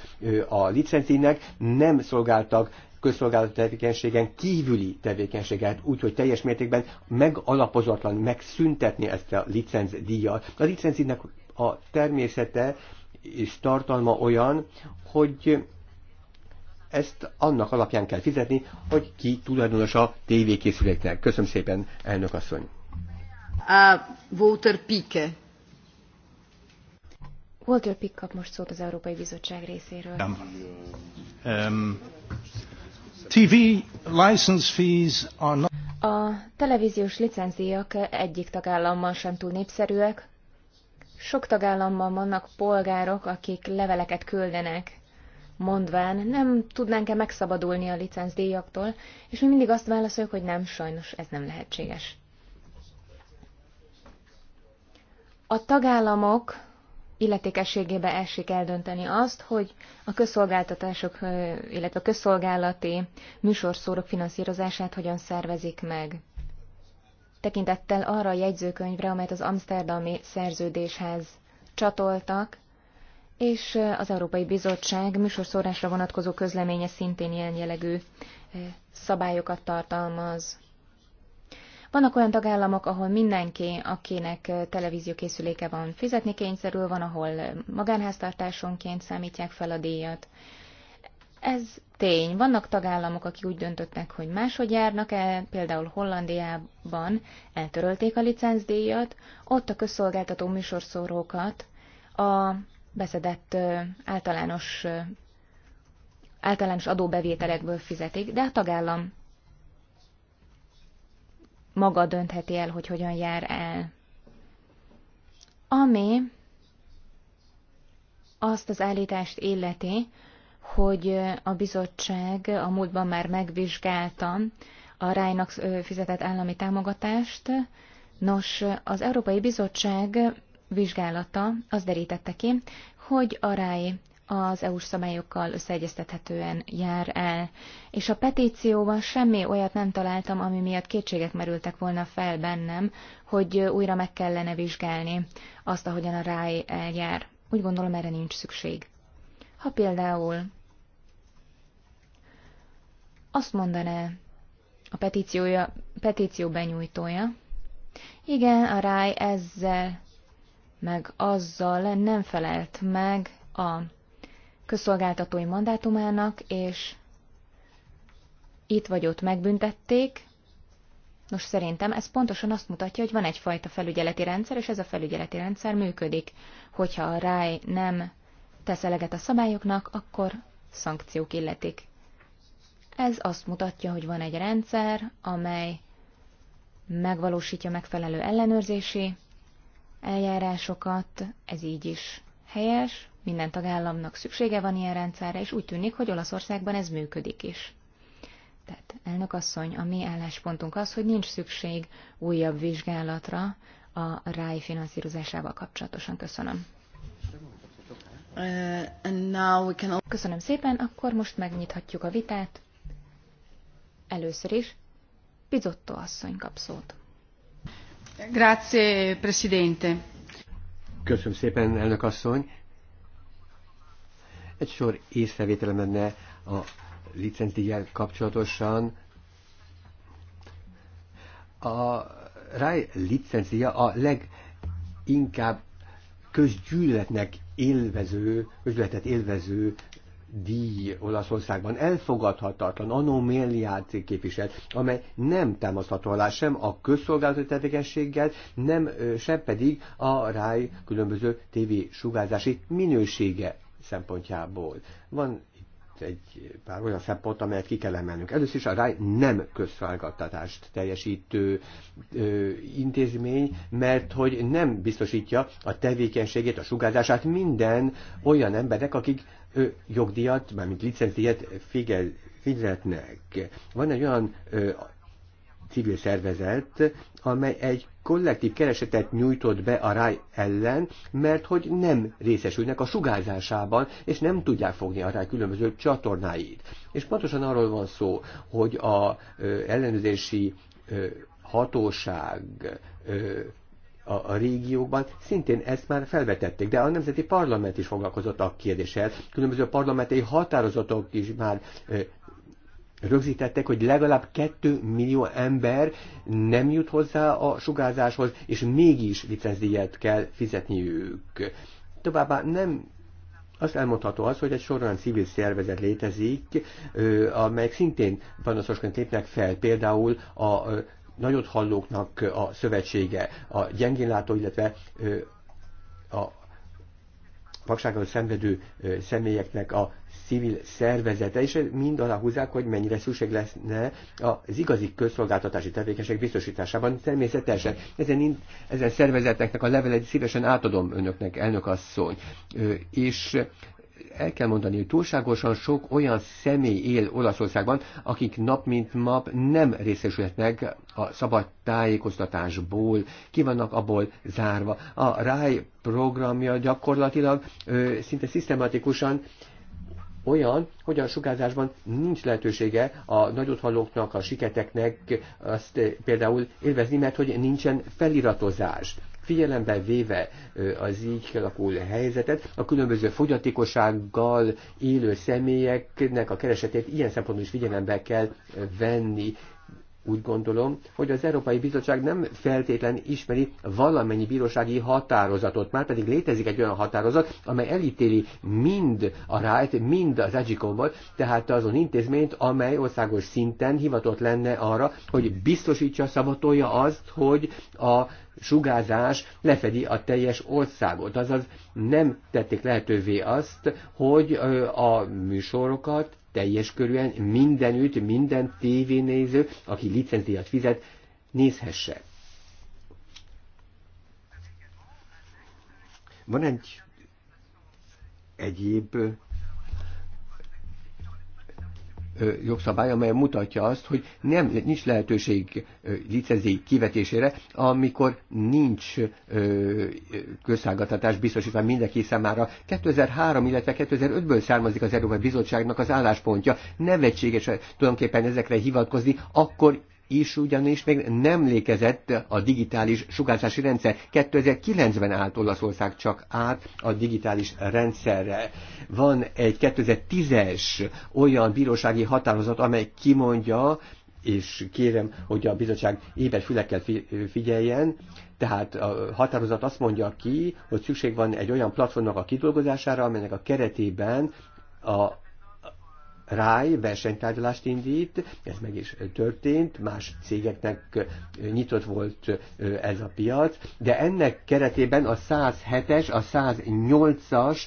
a licencinek, nem szolgáltak közszolgálati tevékenységen kívüli tevékenységet, úgyhogy teljes mértékben megalapozatlan megszüntetni ezt a licencdíjat. A licencdíjnak a természete és tartalma olyan, hogy ezt annak alapján kell fizetni, hogy ki tulajdonos a tévékészüléknek. Köszönöm szépen, elnök asszony. A Walter Pike. Walter Pick kap most szót az Európai Bizottság részéről. Um, TV license fees are not... A televíziós licenciák egyik tagállammal sem túl népszerűek. Sok tagállamban vannak polgárok, akik leveleket küldenek, mondván nem tudnánk-e megszabadulni a licencdíjaktól, és mi mindig azt válaszoljuk, hogy nem, sajnos ez nem lehetséges. A tagállamok illetékességébe esik eldönteni azt, hogy a közszolgáltatások, illetve a közszolgálati műsorszórok finanszírozását hogyan szervezik meg. Tekintettel arra a jegyzőkönyvre, amelyet az Amsterdami szerződéshez csatoltak, és az Európai Bizottság műsorszórásra vonatkozó közleménye szintén ilyen jellegű szabályokat tartalmaz. Vannak olyan tagállamok, ahol mindenki, akinek televíziókészüléke van, fizetni kényszerül, van, ahol magánháztartásonként számítják fel a díjat. Ez tény. Vannak tagállamok, akik úgy döntöttek, hogy máshogy járnak el, például Hollandiában eltörölték a licencdíjat, ott a közszolgáltató műsorszórókat a beszedett általános, általános adóbevételekből fizetik, de a tagállam maga döntheti el, hogy hogyan jár el. Ami azt az állítást illeti, hogy a bizottság a múltban már megvizsgálta a Rájnak fizetett állami támogatást. Nos, az Európai Bizottság vizsgálata az derítette ki, hogy a Ráj az EU-s szabályokkal összeegyeztethetően jár el. És a petícióban semmi olyat nem találtam, ami miatt kétségek merültek volna fel bennem, hogy újra meg kellene vizsgálni azt, ahogyan a ráj eljár. Úgy gondolom, erre nincs szükség. Ha például azt mondaná a petíciója, petíció benyújtója, igen, a ráj ezzel meg azzal nem felelt meg a közszolgáltatói mandátumának, és itt vagy ott megbüntették. Nos, szerintem ez pontosan azt mutatja, hogy van egyfajta felügyeleti rendszer, és ez a felügyeleti rendszer működik. Hogyha a ráj nem tesz eleget a szabályoknak, akkor szankciók illetik. Ez azt mutatja, hogy van egy rendszer, amely megvalósítja megfelelő ellenőrzési eljárásokat, ez így is helyes, minden tagállamnak szüksége van ilyen rendszerre, és úgy tűnik, hogy Olaszországban ez működik is. Tehát, elnök asszony, a mi álláspontunk az, hogy nincs szükség újabb vizsgálatra a RAI finanszírozásával kapcsolatosan. Köszönöm. Uh, Köszönöm szépen, akkor most megnyithatjuk a vitát. Először is Pizotto asszony kap szót. Grazie, Presidente. Köszönöm szépen, elnök asszony. Egy sor észrevételem lenne a licencdíjjel kapcsolatosan. A RAI licencia a leginkább közgyűletnek élvező, közgyűletet élvező díj Olaszországban elfogadhatatlan anoméliát képvisel, amely nem támasztható alá sem a közszolgálati tevékenységgel, nem, sem pedig a ráj különböző tévé sugárzási minősége szempontjából. Van itt egy pár olyan szempont, amelyet ki kell emelnünk. Először is a RAI nem közszolgáltatást teljesítő ö, intézmény, mert hogy nem biztosítja a tevékenységét, a sugárzását minden olyan embernek, akik ö, jogdíjat, mármint licenciát figyel, fizetnek. Van egy olyan ö, civil szervezet, amely egy kollektív keresetet nyújtott be a ráj ellen, mert hogy nem részesülnek a sugárzásában, és nem tudják fogni a ráj különböző csatornáit. És pontosan arról van szó, hogy a ö, ellenőrzési ö, hatóság ö, a, a régiókban, szintén ezt már felvetették, de a Nemzeti Parlament is foglalkozott a kérdéssel, különböző parlamenti határozatok is már ö, rögzítettek, hogy legalább 2 millió ember nem jut hozzá a sugárzáshoz, és mégis licenzdíjat kell fizetniük. Továbbá nem azt elmondható az, hogy egy sor olyan civil szervezet létezik, amelyek szintén panaszosként lépnek fel, például a nagyot hallóknak a szövetsége, a gyengénlátó, illetve a fogságot szenvedő személyeknek a civil szervezete, és mind aláhúzzák, hogy mennyire szükség leszne az igazi közszolgáltatási tevékenység biztosításában. Természetesen ezen, ezen szervezeteknek a levelet szívesen átadom önöknek, elnök asszony. És el kell mondani, hogy túlságosan sok olyan személy él Olaszországban, akik nap mint nap nem részesülhetnek a szabad tájékoztatásból, ki vannak abból zárva. A RAI programja gyakorlatilag ö, szinte szisztematikusan olyan, hogy a sugárzásban nincs lehetősége a nagyotthallóknak, a siketeknek azt például élvezni, mert hogy nincsen feliratozás. Figyelembe véve az így kialakul helyzetet, a különböző fogyatékossággal élő személyeknek a keresetét ilyen szempontból is figyelembe kell venni, úgy gondolom, hogy az Európai Bizottság nem feltétlen ismeri valamennyi bírósági határozatot, már pedig létezik egy olyan határozat, amely elítéli mind a rájt, mind az Egikomot, tehát azon intézményt, amely országos szinten hivatott lenne arra, hogy biztosítsa, szabatolja azt, hogy a sugázás lefedi a teljes országot. Azaz nem tették lehetővé azt, hogy a műsorokat teljes körűen mindenütt, minden tévénéző, aki licenciát fizet, nézhesse. Van egy egyéb jogszabály, amely mutatja azt, hogy nem, nincs lehetőség licenzék kivetésére, amikor nincs közszállgatás biztosítva mindenki számára. 2003, illetve 2005-ből származik az Európai Bizottságnak az álláspontja. Nevetséges tulajdonképpen ezekre hivatkozni, akkor is ugyanis még nem lékezett a digitális sugárzási rendszer. 2009-ben állt Olaszország csak át a digitális rendszerre. Van egy 2010-es olyan bírósági határozat, amely kimondja, és kérem, hogy a bizottság éves fülekkel figyeljen, tehát a határozat azt mondja ki, hogy szükség van egy olyan platformnak a kidolgozására, amelynek a keretében a ráj versenytárgyalást indít, ez meg is történt, más cégeknek nyitott volt ez a piac, de ennek keretében a 107-es, a 108-as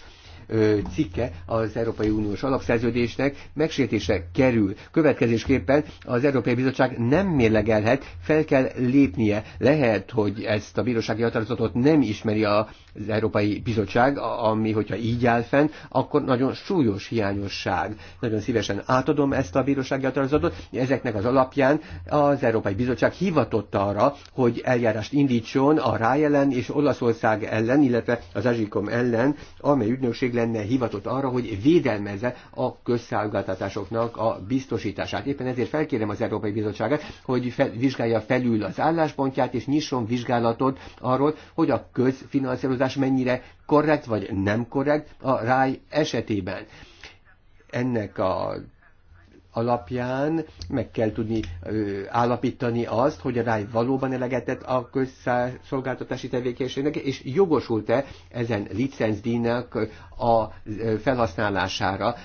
cikke az Európai Uniós alapszerződésnek megsértése kerül. Következésképpen az Európai Bizottság nem mérlegelhet, fel kell lépnie. Lehet, hogy ezt a bírósági határozatot nem ismeri a az Európai Bizottság, ami, hogyha így áll fenn, akkor nagyon súlyos hiányosság. Nagyon szívesen átadom ezt a bírósági határozatot. Ezeknek az alapján az Európai Bizottság hivatott arra, hogy eljárást indítson a rá ellen és Olaszország ellen, illetve az Azsikom ellen, amely ügynökség lenne hivatott arra, hogy védelmezze a közszállgáltatásoknak a biztosítását. Éppen ezért felkérem az Európai Bizottságát, hogy fel, vizsgálja felül az álláspontját, és nyisson vizsgálatot arról, hogy a közfinanszírozás szabályozás mennyire korrekt vagy nem korrekt a ráj esetében. Ennek a alapján meg kell tudni ö, állapítani azt, hogy a ráj valóban elegetett a közszolgáltatási tevékenységnek, és jogosult-e ezen licenzdíjnak a felhasználására,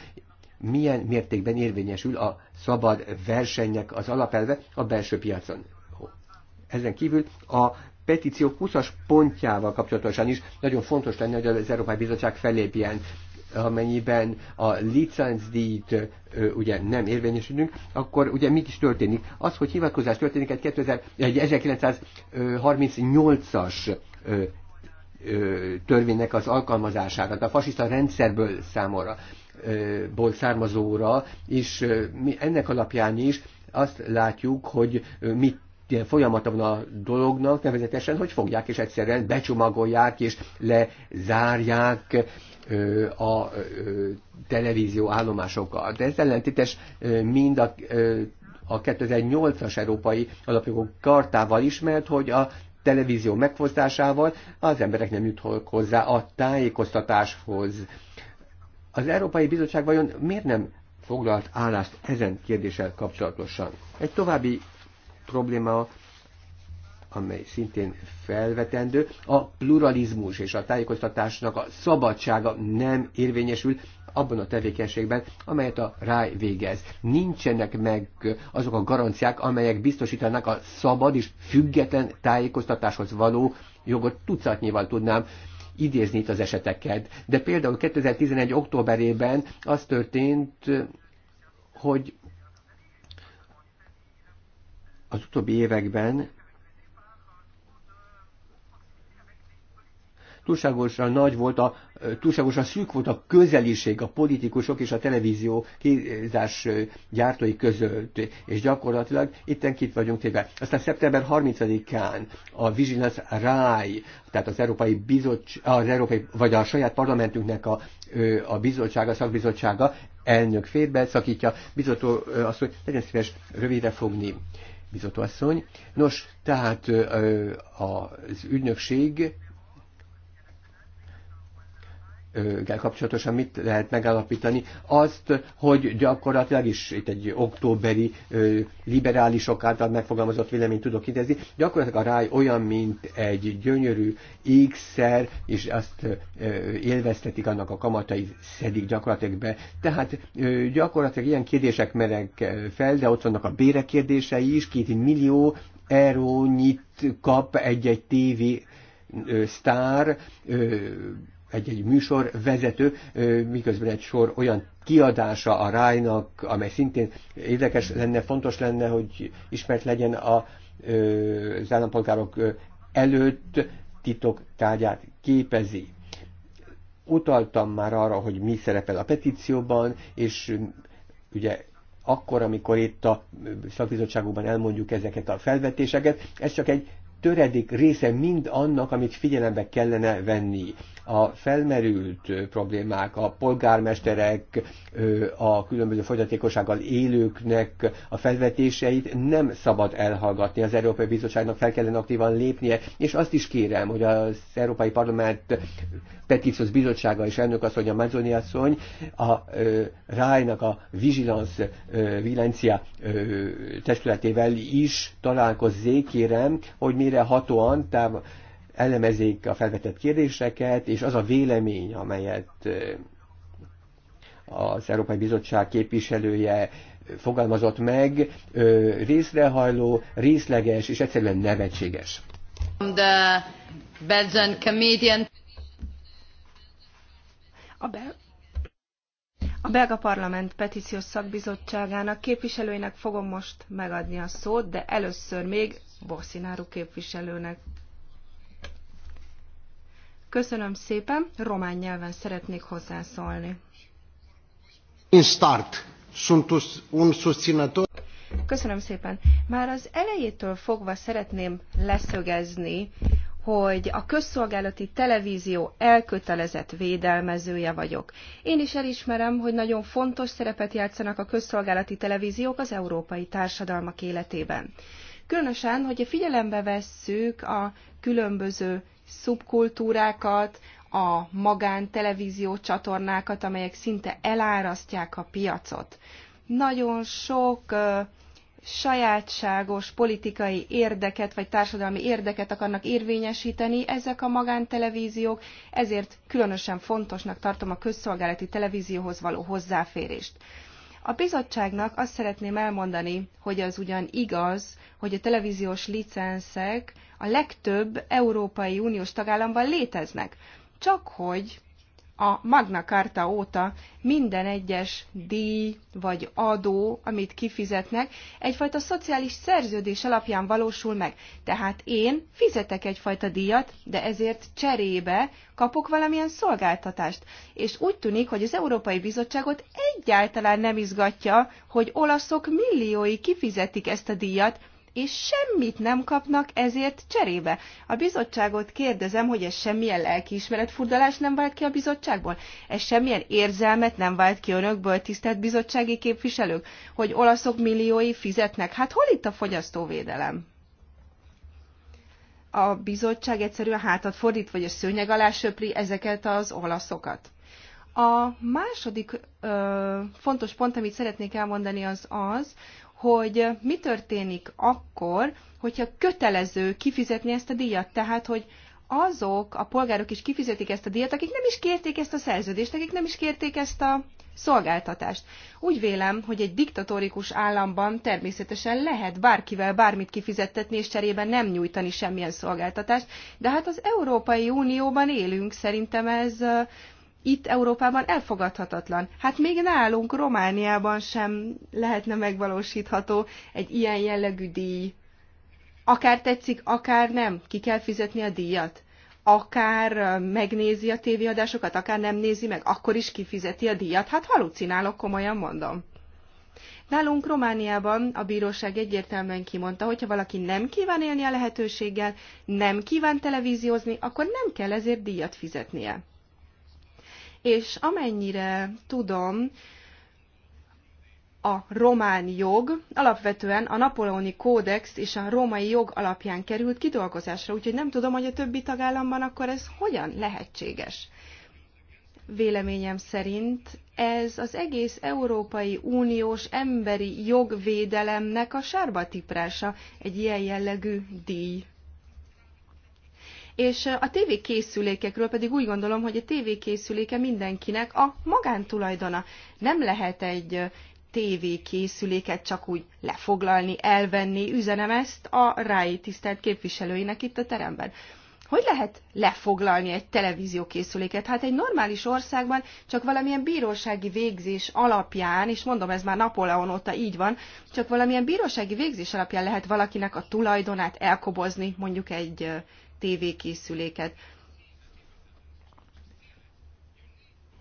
milyen mértékben érvényesül a szabad versenynek az alapelve a belső piacon. Ezen kívül a petíció 20-as pontjával kapcsolatosan is nagyon fontos lenne, hogy az Európai Bizottság felépjen amennyiben a licencdíjt ugye nem érvényesülünk, akkor ugye mit is történik? Az, hogy hivatkozás történik egy, 2000, egy 1938-as törvénynek az alkalmazására, a fasiszta rendszerből számolra, ból származóra, és mi ennek alapján is azt látjuk, hogy mit folyamata van a dolognak, nevezetesen, hogy fogják és egyszerűen becsomagolják és lezárják a televízió állomásokat. Ez ellentétes mind a a 2008-as Európai Alapjogok Kartával ismert, hogy a televízió megfosztásával az emberek nem jutnak hozzá a tájékoztatáshoz. Az Európai Bizottság vajon miért nem foglalt állást ezen kérdéssel kapcsolatosan? Egy további probléma, amely szintén felvetendő, a pluralizmus és a tájékoztatásnak a szabadsága nem érvényesül abban a tevékenységben, amelyet a ráj végez. Nincsenek meg azok a garanciák, amelyek biztosítanak a szabad és független tájékoztatáshoz való jogot tucatnyival tudnám idézni itt az eseteket. De például 2011. októberében az történt, hogy az utóbbi években túlságosan nagy volt a, túlságosan szűk volt a közeliség a politikusok és a televízió kézás gyártói között, és gyakorlatilag itten kit vagyunk téve. Aztán szeptember 30-án a Vigilance Rai, tehát az Európai Bizottság, az Európai, vagy a saját parlamentünknek a, a bizottsága, a szakbizottsága elnök férbe szakítja, bizottó azt, hogy legyen szíves rövidre fogni bizotóasszony. Nos, tehát az ügynökség kapcsolatosan mit lehet megállapítani? Azt, hogy gyakorlatilag is itt egy októberi liberálisok által megfogalmazott véleményt tudok idezni, gyakorlatilag a ráj olyan, mint egy gyönyörű ékszer, és azt élveztetik annak a kamatai szedik gyakorlatilag be. Tehát gyakorlatilag ilyen kérdések merek fel, de ott vannak a bére kérdései is, két millió eurónyit kap egy-egy tévé sztár, egy-egy műsor vezető, miközben egy sor olyan kiadása a rájnak, amely szintén érdekes lenne, fontos lenne, hogy ismert legyen a, az állampolgárok előtt titok tárgyát képezi. Utaltam már arra, hogy mi szerepel a petícióban, és ugye akkor, amikor itt a szakbizottságokban elmondjuk ezeket a felvetéseket, ez csak egy töredik része mind annak, amit figyelembe kellene venni a felmerült problémák, a polgármesterek, a különböző fogyatékossággal élőknek a felvetéseit nem szabad elhallgatni. Az Európai Bizottságnak fel kellene aktívan lépnie, és azt is kérem, hogy az Európai Parlament Petíciós Bizottsága és elnök asszony, a Mazzoni asszony a Rájnak a Vigilance Vilencia testületével is találkozzék, kérem, hogy mire hatóan tehát elemezik a felvetett kérdéseket, és az a vélemény, amelyet az Európai Bizottság képviselője fogalmazott meg, részrehajló, részleges és egyszerűen nevetséges. The Belgian comedian. A, a belga parlament petíciós szakbizottságának képviselőinek fogom most megadni a szót, de először még Bosszináru képviselőnek. Köszönöm szépen, román nyelven szeretnék hozzászólni. In start. Sunt un susținător. Köszönöm szépen. Már az elejétől fogva szeretném leszögezni, hogy a közszolgálati televízió elkötelezett védelmezője vagyok. Én is elismerem, hogy nagyon fontos szerepet játszanak a közszolgálati televíziók az európai társadalmak életében. Különösen, hogyha figyelembe vesszük a különböző szubkultúrákat, a magántelevízió csatornákat, amelyek szinte elárasztják a piacot. Nagyon sok ö, sajátságos politikai érdeket vagy társadalmi érdeket akarnak érvényesíteni ezek a magántelevíziók, ezért különösen fontosnak tartom a közszolgálati televízióhoz való hozzáférést. A bizottságnak azt szeretném elmondani, hogy az ugyan igaz, hogy a televíziós licenszek a legtöbb Európai Uniós tagállamban léteznek, csak hogy a Magna Carta óta minden egyes díj vagy adó, amit kifizetnek, egyfajta szociális szerződés alapján valósul meg. Tehát én fizetek egyfajta díjat, de ezért cserébe kapok valamilyen szolgáltatást. És úgy tűnik, hogy az Európai Bizottságot egyáltalán nem izgatja, hogy olaszok milliói kifizetik ezt a díjat, és semmit nem kapnak ezért cserébe. A bizottságot kérdezem, hogy ez semmilyen furdalás nem vált ki a bizottságból? Ez semmilyen érzelmet nem vált ki önökből, tisztelt bizottsági képviselők, hogy olaszok milliói fizetnek? Hát hol itt a fogyasztóvédelem? A bizottság egyszerűen hátat fordít, vagy a szőnyeg alá söpri ezeket az olaszokat. A második ö, fontos pont, amit szeretnék elmondani, az az, hogy mi történik akkor, hogyha kötelező kifizetni ezt a díjat. Tehát, hogy azok a polgárok is kifizetik ezt a díjat, akik nem is kérték ezt a szerződést, akik nem is kérték ezt a szolgáltatást. Úgy vélem, hogy egy diktatórikus államban természetesen lehet bárkivel bármit kifizettetni, és cserében nem nyújtani semmilyen szolgáltatást, de hát az Európai Unióban élünk, szerintem ez itt Európában elfogadhatatlan. Hát még nálunk Romániában sem lehetne megvalósítható egy ilyen jellegű díj. Akár tetszik, akár nem, ki kell fizetni a díjat. Akár megnézi a tévéadásokat, akár nem nézi meg, akkor is kifizeti a díjat. Hát halucinálok, komolyan mondom. Nálunk Romániában a bíróság egyértelműen kimondta, hogyha valaki nem kíván élni a lehetőséggel, nem kíván televíziózni, akkor nem kell ezért díjat fizetnie és amennyire tudom, a román jog alapvetően a napoleoni kódex és a római jog alapján került kidolgozásra, úgyhogy nem tudom, hogy a többi tagállamban akkor ez hogyan lehetséges. Véleményem szerint ez az egész Európai Uniós emberi jogvédelemnek a sárba tiprása, egy ilyen jellegű díj. És a tévékészülékekről pedig úgy gondolom, hogy a tévékészüléke mindenkinek a magántulajdona. Nem lehet egy tévékészüléket csak úgy lefoglalni, elvenni, üzenem ezt a RAI tisztelt képviselőinek itt a teremben. Hogy lehet lefoglalni egy televíziókészüléket? Hát egy normális országban csak valamilyen bírósági végzés alapján, és mondom, ez már Napóleon óta így van, csak valamilyen bírósági végzés alapján lehet valakinek a tulajdonát elkobozni mondjuk egy tévékészüléket.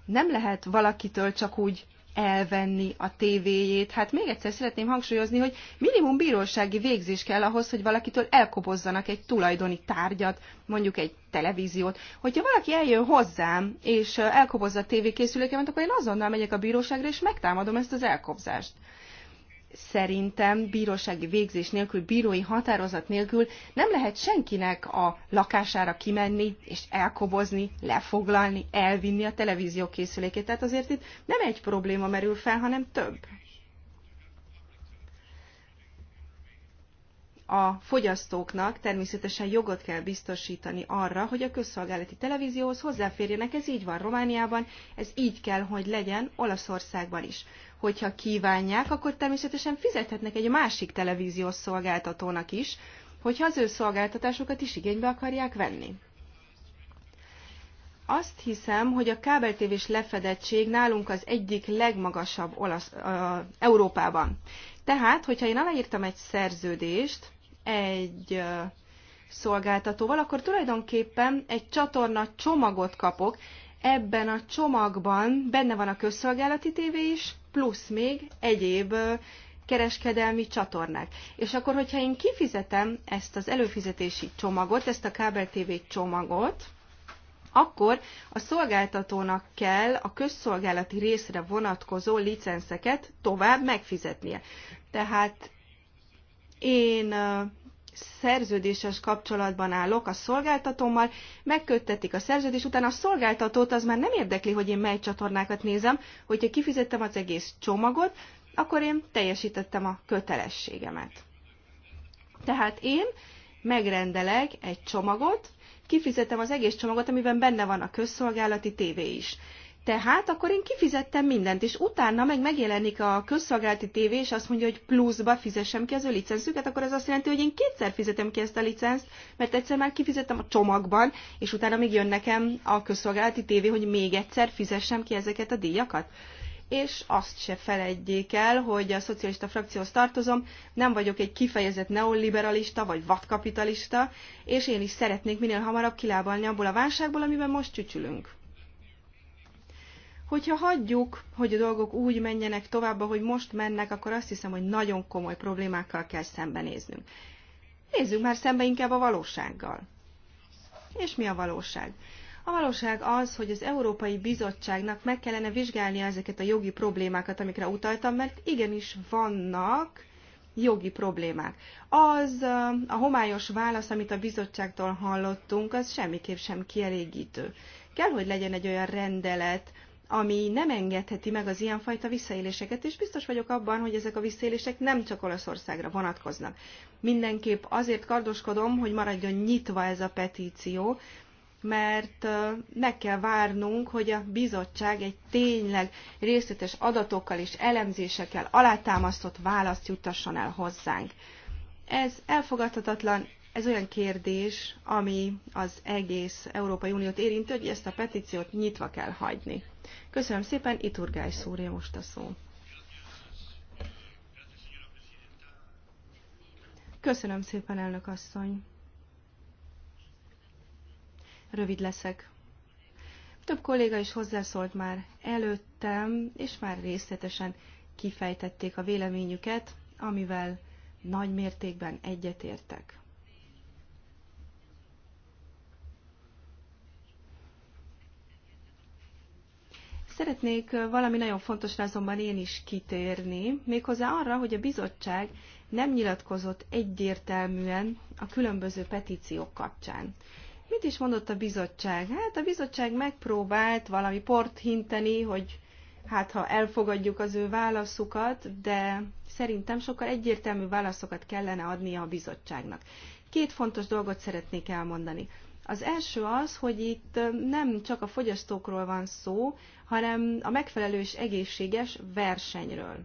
Nem lehet valakitől csak úgy elvenni a tévéjét. Hát még egyszer szeretném hangsúlyozni, hogy minimum bírósági végzés kell ahhoz, hogy valakitől elkobozzanak egy tulajdoni tárgyat, mondjuk egy televíziót. Hogyha valaki eljön hozzám, és elkobozza a tévékészülékemet, akkor én azonnal megyek a bíróságra, és megtámadom ezt az elkobzást szerintem bírósági végzés nélkül, bírói határozat nélkül nem lehet senkinek a lakására kimenni és elkobozni, lefoglalni, elvinni a televízió készülékét. Tehát azért itt nem egy probléma merül fel, hanem több. A fogyasztóknak természetesen jogot kell biztosítani arra, hogy a közszolgálati televízióhoz hozzáférjenek. Ez így van Romániában, ez így kell, hogy legyen Olaszországban is. Hogyha kívánják, akkor természetesen fizethetnek egy másik televíziós szolgáltatónak is, hogyha az ő szolgáltatásokat is igénybe akarják venni. Azt hiszem, hogy a kábeltévés lefedettség nálunk az egyik legmagasabb olasz, uh, Európában. Tehát, hogyha én aláírtam egy szerződést egy uh, szolgáltatóval, akkor tulajdonképpen egy csatorna csomagot kapok. Ebben a csomagban benne van a közszolgálati tévé is, plusz még egyéb kereskedelmi csatornák. És akkor, hogyha én kifizetem ezt az előfizetési csomagot, ezt a kábel TV csomagot, akkor a szolgáltatónak kell a közszolgálati részre vonatkozó licenszeket tovább megfizetnie. Tehát én szerződéses kapcsolatban állok a szolgáltatómmal, megköttetik a szerződést, utána a szolgáltatót az már nem érdekli, hogy én mely csatornákat nézem, hogyha kifizettem az egész csomagot, akkor én teljesítettem a kötelességemet. Tehát én megrendelek egy csomagot, kifizetem az egész csomagot, amiben benne van a közszolgálati tévé is. Tehát akkor én kifizettem mindent, és utána meg megjelenik a közszolgálati tévé, és azt mondja, hogy pluszba fizessem ki az ő licenszüket, akkor ez azt jelenti, hogy én kétszer fizetem ki ezt a licenszt, mert egyszer már kifizettem a csomagban, és utána még jön nekem a közszolgálati tévé, hogy még egyszer fizessem ki ezeket a díjakat és azt se felejtjék el, hogy a szocialista frakcióhoz tartozom, nem vagyok egy kifejezett neoliberalista vagy vadkapitalista, és én is szeretnék minél hamarabb kilábalni abból a válságból, amiben most csücsülünk. Hogyha hagyjuk, hogy a dolgok úgy menjenek tovább, ahogy most mennek, akkor azt hiszem, hogy nagyon komoly problémákkal kell szembenéznünk. Nézzük már szembe inkább a valósággal. És mi a valóság? A valóság az, hogy az Európai Bizottságnak meg kellene vizsgálnia ezeket a jogi problémákat, amikre utaltam, mert igenis vannak jogi problémák. Az a homályos válasz, amit a bizottságtól hallottunk, az semmiképp sem kielégítő. Kell, hogy legyen egy olyan rendelet, ami nem engedheti meg az ilyenfajta visszaéléseket, és biztos vagyok abban, hogy ezek a visszaélések nem csak Olaszországra vonatkoznak. Mindenképp azért kardoskodom, hogy maradjon nyitva ez a petíció, mert meg kell várnunk, hogy a bizottság egy tényleg részletes adatokkal és elemzésekkel alátámasztott választ juttasson el hozzánk. Ez elfogadhatatlan, ez olyan kérdés, ami az egész Európai Uniót érinti, hogy ezt a petíciót nyitva kell hagyni. Köszönöm szépen, Iturgály szúrja most a szó. Köszönöm szépen, elnök asszony. Rövid leszek. Több kolléga is hozzászólt már előttem, és már részletesen kifejtették a véleményüket, amivel nagy mértékben egyetértek. Szeretnék valami nagyon fontosra azonban én is kitérni, méghozzá arra, hogy a bizottság nem nyilatkozott egyértelműen a különböző petíciók kapcsán. Mit is mondott a bizottság? Hát a bizottság megpróbált valami port hinteni, hogy hát ha elfogadjuk az ő válaszukat, de szerintem sokkal egyértelmű válaszokat kellene adnia a bizottságnak. Két fontos dolgot szeretnék elmondani. Az első az, hogy itt nem csak a fogyasztókról van szó, hanem a megfelelő és egészséges versenyről.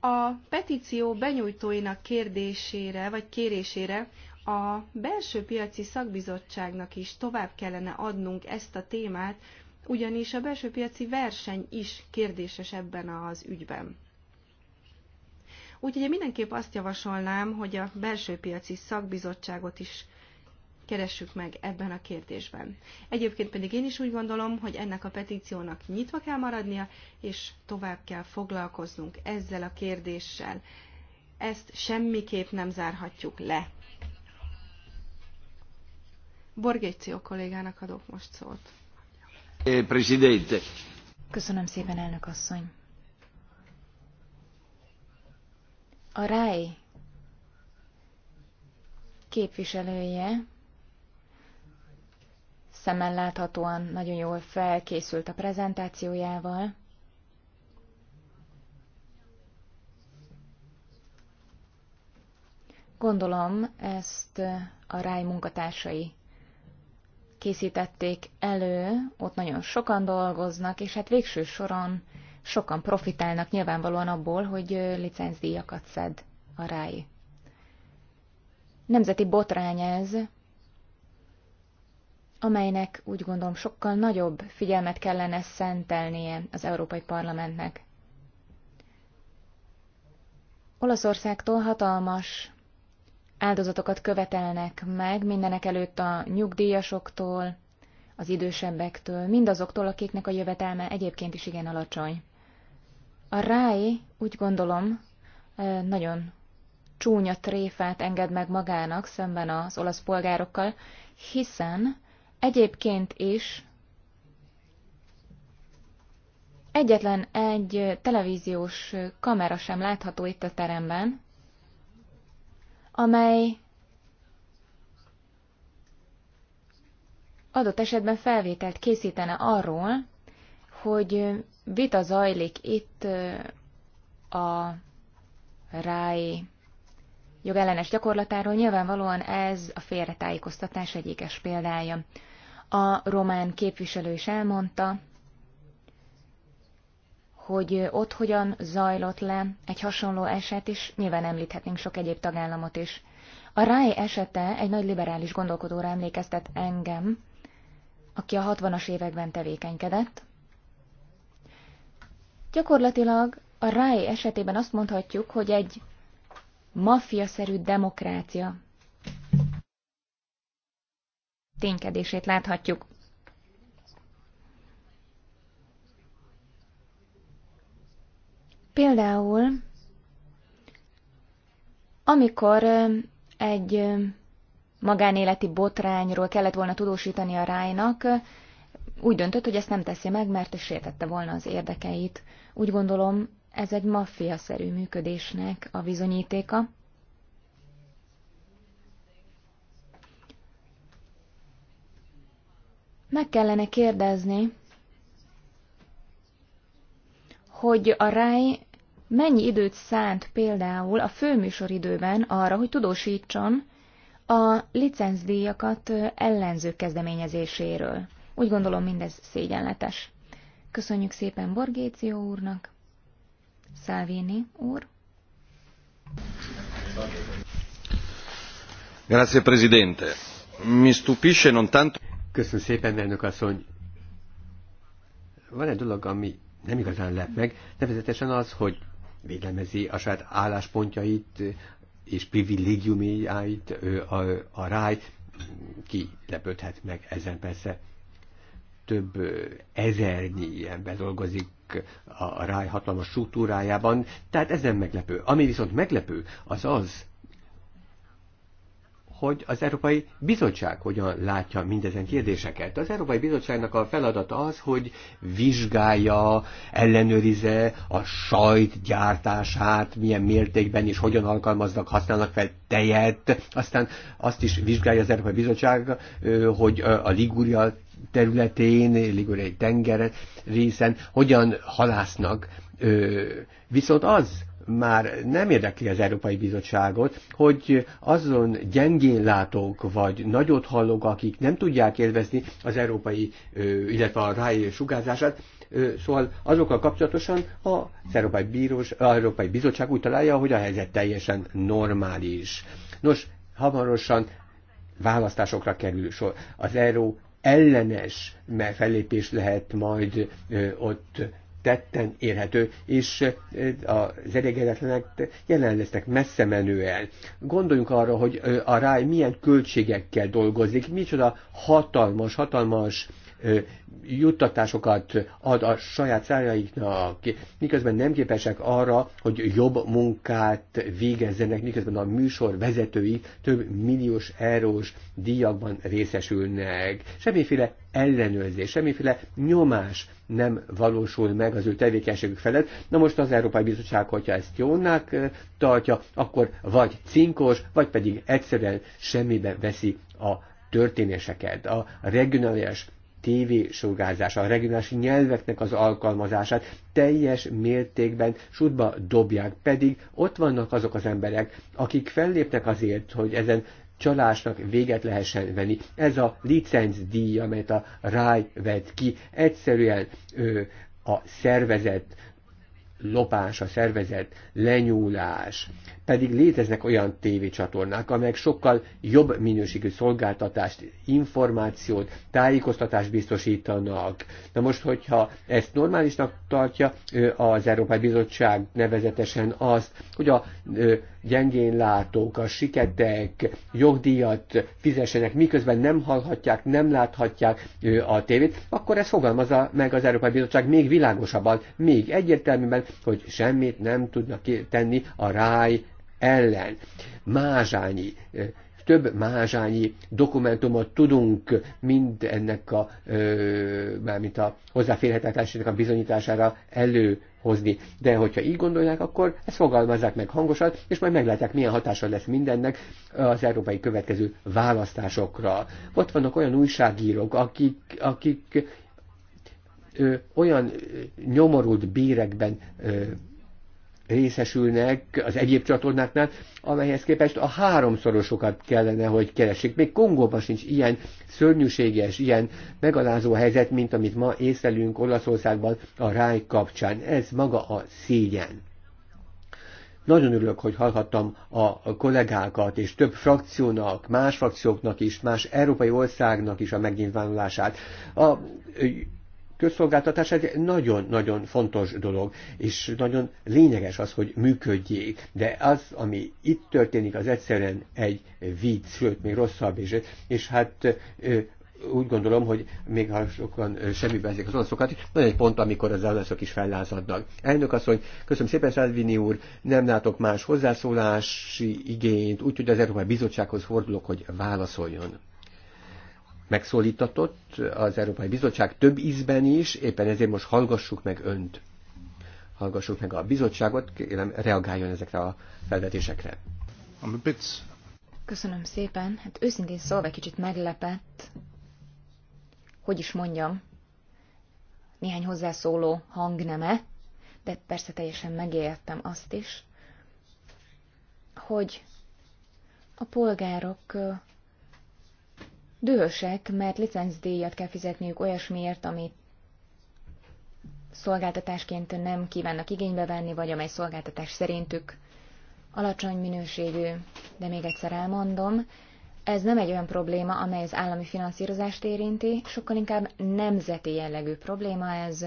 A petíció benyújtóinak kérdésére vagy kérésére a belső piaci szakbizottságnak is tovább kellene adnunk ezt a témát ugyanis a belső piaci verseny is kérdéses ebben az ügyben. Úgyhogy mindenképp azt javasolnám, hogy a belső piaci szakbizottságot is keressük meg ebben a kérdésben. Egyébként pedig én is úgy gondolom, hogy ennek a petíciónak nyitva kell maradnia, és tovább kell foglalkoznunk ezzel a kérdéssel. Ezt semmiképp nem zárhatjuk le. Borgéció kollégának adok most szót. Eh, Köszönöm szépen, A RAI képviselője szemmel láthatóan nagyon jól felkészült a prezentációjával. Gondolom, ezt a Rai munkatársai készítették elő, ott nagyon sokan dolgoznak, és hát végső soron sokan profitálnak nyilvánvalóan abból, hogy licencdíjakat szed a ráj. Nemzeti botrány ez, amelynek úgy gondolom sokkal nagyobb figyelmet kellene szentelnie az Európai Parlamentnek. Olaszországtól hatalmas áldozatokat követelnek meg mindenek előtt a nyugdíjasoktól, az idősebbektől, mindazoktól, akiknek a jövetelme egyébként is igen alacsony. A ráé úgy gondolom nagyon csúnya tréfát enged meg magának szemben az olasz polgárokkal, hiszen egyébként is egyetlen egy televíziós kamera sem látható itt a teremben, amely adott esetben felvételt készítene arról, hogy vita zajlik itt a rái jogellenes gyakorlatáról, nyilvánvalóan ez a félretájékoztatás egyikes példája. A román képviselő is elmondta, hogy ott hogyan zajlott le egy hasonló eset, és nyilván említhetnénk sok egyéb tagállamot is. A Rai esete egy nagy liberális gondolkodóra emlékeztet engem, aki a 60-as években tevékenykedett. Gyakorlatilag a Rai esetében azt mondhatjuk, hogy egy mafiaszerű demokrácia ténykedését láthatjuk. Például, amikor egy magánéleti botrányról kellett volna tudósítani a rájnak, úgy döntött, hogy ezt nem teszi meg, mert sértette volna az érdekeit. Úgy gondolom, ez egy maffiaszerű működésnek a bizonyítéka. Meg kellene kérdezni, hogy a RAI mennyi időt szánt például a főműsoridőben arra, hogy tudósítson a licenzdíjakat ellenző kezdeményezéséről. Úgy gondolom, mindez szégyenletes. Köszönjük szépen Borgéció úrnak, Salvini úr. Grazie Presidente. Mi stupisce non tanto... Köszönöm szépen, elnök asszony. Van egy dolog, ami nem igazán lep meg, nevezetesen az, hogy védelmezi a saját álláspontjait és privilégiumiáit a, a ráj, ki lepődhet meg ezen persze több ezernyi ilyen bedolgozik a ráj hatalmas struktúrájában, tehát ez nem meglepő. Ami viszont meglepő, az az, hogy az Európai Bizottság hogyan látja mindezen kérdéseket. Az Európai Bizottságnak a feladata az, hogy vizsgálja, ellenőrize a sajt gyártását, milyen mértékben és hogyan alkalmaznak, használnak fel tejet. Aztán azt is vizsgálja az Európai Bizottság, hogy a Liguria területén, Liguriai tenger részen hogyan halásznak. Viszont az, már nem érdekli az Európai Bizottságot, hogy azon gyengén látók vagy nagyot hallók, akik nem tudják élvezni az európai, illetve a ráj sugárzását, szóval azokkal kapcsolatosan az Európai, Bíros, az Európai Bizottság úgy találja, hogy a helyzet teljesen normális. Nos, hamarosan választásokra kerül sor. Az euró ellenes fellépés lehet majd ö, ott tetten érhető, és eh, az elégedetlenek jelen lesznek messze menően. Gondoljunk arra, hogy eh, a ráj milyen költségekkel dolgozik, micsoda hatalmas, hatalmas eh, juttatásokat ad a saját szájaiknak, miközben nem képesek arra, hogy jobb munkát végezzenek, miközben a műsor vezetői több milliós eurós díjakban részesülnek. Semmiféle ellenőrzés, semmiféle nyomás nem valósul meg az ő tevékenységük felett. Na most az Európai Bizottság, hogyha ezt jónak eh, tartja, akkor vagy cinkos, vagy pedig egyszerűen semmibe veszi a történéseket. A regionális tévésugárzása, a regionális nyelveknek az alkalmazását teljes mértékben sútba dobják, pedig ott vannak azok az emberek, akik fellépnek azért, hogy ezen csalásnak véget lehessen venni. Ez a díj, amelyet a ráj vett ki, egyszerűen ő, a szervezet lopás, a szervezet lenyúlás pedig léteznek olyan tévécsatornák, amelyek sokkal jobb minőségű szolgáltatást, információt, tájékoztatást biztosítanak. Na most, hogyha ezt normálisnak tartja az Európai Bizottság nevezetesen azt, hogy a gyengén látók, a siketek jogdíjat fizessenek, miközben nem hallhatják, nem láthatják a tévét, akkor ez fogalmazza meg az Európai Bizottság még világosabban, még egyértelműben, hogy semmit nem tudnak tenni a ráj ellen. Mázsányi több mázsányi dokumentumot tudunk mind ennek a, mármint a hozzáférhetetlenségnek a bizonyítására előhozni. De hogyha így gondolják, akkor ezt fogalmazzák meg hangosan, és majd meglátják, milyen hatása lesz mindennek az európai következő választásokra. Ott vannak olyan újságírók, akik, akik ö, olyan nyomorult bírekben ö, részesülnek az egyéb csatornáknál, amelyhez képest a háromszorosokat kellene, hogy keressék. Még Kongóban sincs ilyen szörnyűséges, ilyen megalázó helyzet, mint amit ma észlelünk Olaszországban a ráj kapcsán. Ez maga a szégyen. Nagyon örülök, hogy hallhattam a kollégákat és több frakciónak, más frakcióknak is, más európai országnak is a megnyilvánulását. A közszolgáltatás egy nagyon-nagyon fontos dolog, és nagyon lényeges az, hogy működjék. De az, ami itt történik, az egyszerűen egy vicc, sőt, még rosszabb is. És hát úgy gondolom, hogy még ha sokan semmi ezek az olaszokat, van egy pont, amikor az olaszok is fellázadnak. Elnök hogy köszönöm szépen, Salvini úr, nem látok más hozzászólási igényt, úgyhogy az Európai Bizottsághoz fordulok, hogy válaszoljon megszólítatott az Európai Bizottság több ízben is, éppen ezért most hallgassuk meg önt. Hallgassuk meg a bizottságot, kérem reagáljon ezekre a felvetésekre. Köszönöm szépen. Hát őszintén szólva kicsit meglepett, hogy is mondjam, néhány hozzászóló hangneme, de persze teljesen megértem azt is, hogy a polgárok dühösek, mert licencdíjat kell fizetniük olyasmiért, amit szolgáltatásként nem kívánnak igénybe venni, vagy amely szolgáltatás szerintük alacsony minőségű, de még egyszer elmondom, ez nem egy olyan probléma, amely az állami finanszírozást érinti, sokkal inkább nemzeti jellegű probléma ez.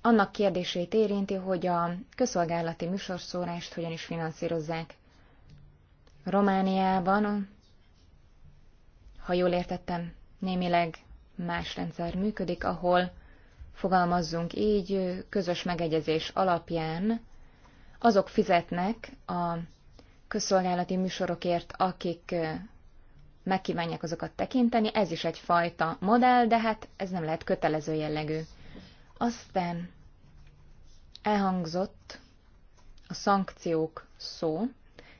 Annak kérdését érinti, hogy a közszolgálati műsorszórást hogyan is finanszírozzák. Romániában ha jól értettem, némileg más rendszer működik, ahol fogalmazzunk így, közös megegyezés alapján azok fizetnek a közszolgálati műsorokért, akik megkívánják azokat tekinteni, ez is egyfajta modell, de hát ez nem lehet kötelező jellegű. Aztán elhangzott a szankciók szó.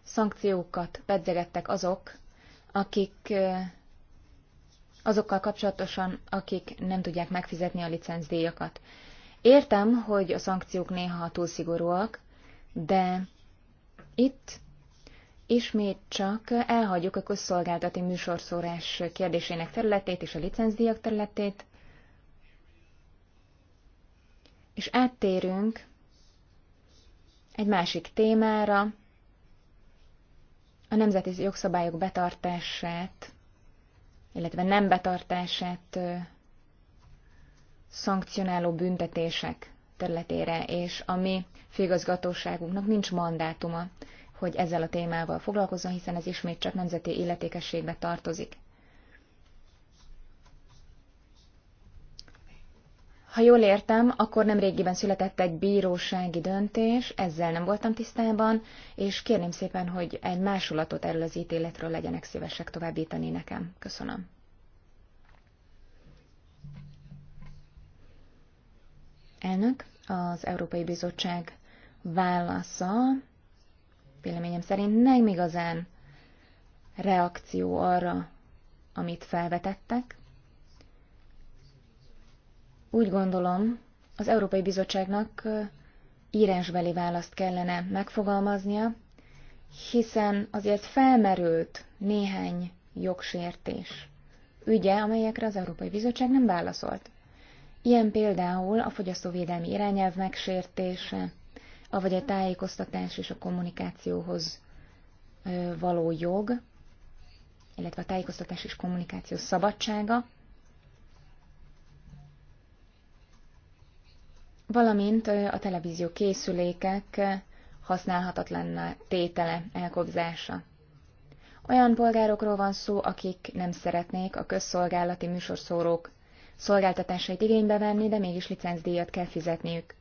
Szankciókat pedzegettek azok, akik azokkal kapcsolatosan, akik nem tudják megfizetni a licencdíjakat. Értem, hogy a szankciók néha túl szigorúak, de itt ismét csak elhagyjuk a közszolgáltati műsorszórás kérdésének területét és a licencdíjak területét, és áttérünk egy másik témára, a nemzeti jogszabályok betartását illetve nem betartását szankcionáló büntetések területére, és a mi főigazgatóságunknak nincs mandátuma, hogy ezzel a témával foglalkozzon, hiszen ez ismét csak nemzeti illetékességbe tartozik. Ha jól értem, akkor nem régiben született egy bírósági döntés, ezzel nem voltam tisztában, és kérném szépen, hogy egy másolatot erről az ítéletről legyenek szívesek továbbítani nekem. Köszönöm. Elnök, az Európai Bizottság válasza véleményem szerint nem igazán reakció arra, amit felvetettek, úgy gondolom, az Európai Bizottságnak írásbeli választ kellene megfogalmaznia, hiszen azért felmerült néhány jogsértés ügye, amelyekre az Európai Bizottság nem válaszolt. Ilyen például a fogyasztóvédelmi irányelv megsértése, avagy a tájékoztatás és a kommunikációhoz való jog, illetve a tájékoztatás és kommunikáció szabadsága, valamint a televízió készülékek használhatatlanná tétele, elkobzása. Olyan polgárokról van szó, akik nem szeretnék a közszolgálati műsorszórók szolgáltatásait igénybe venni, de mégis licencdíjat kell fizetniük.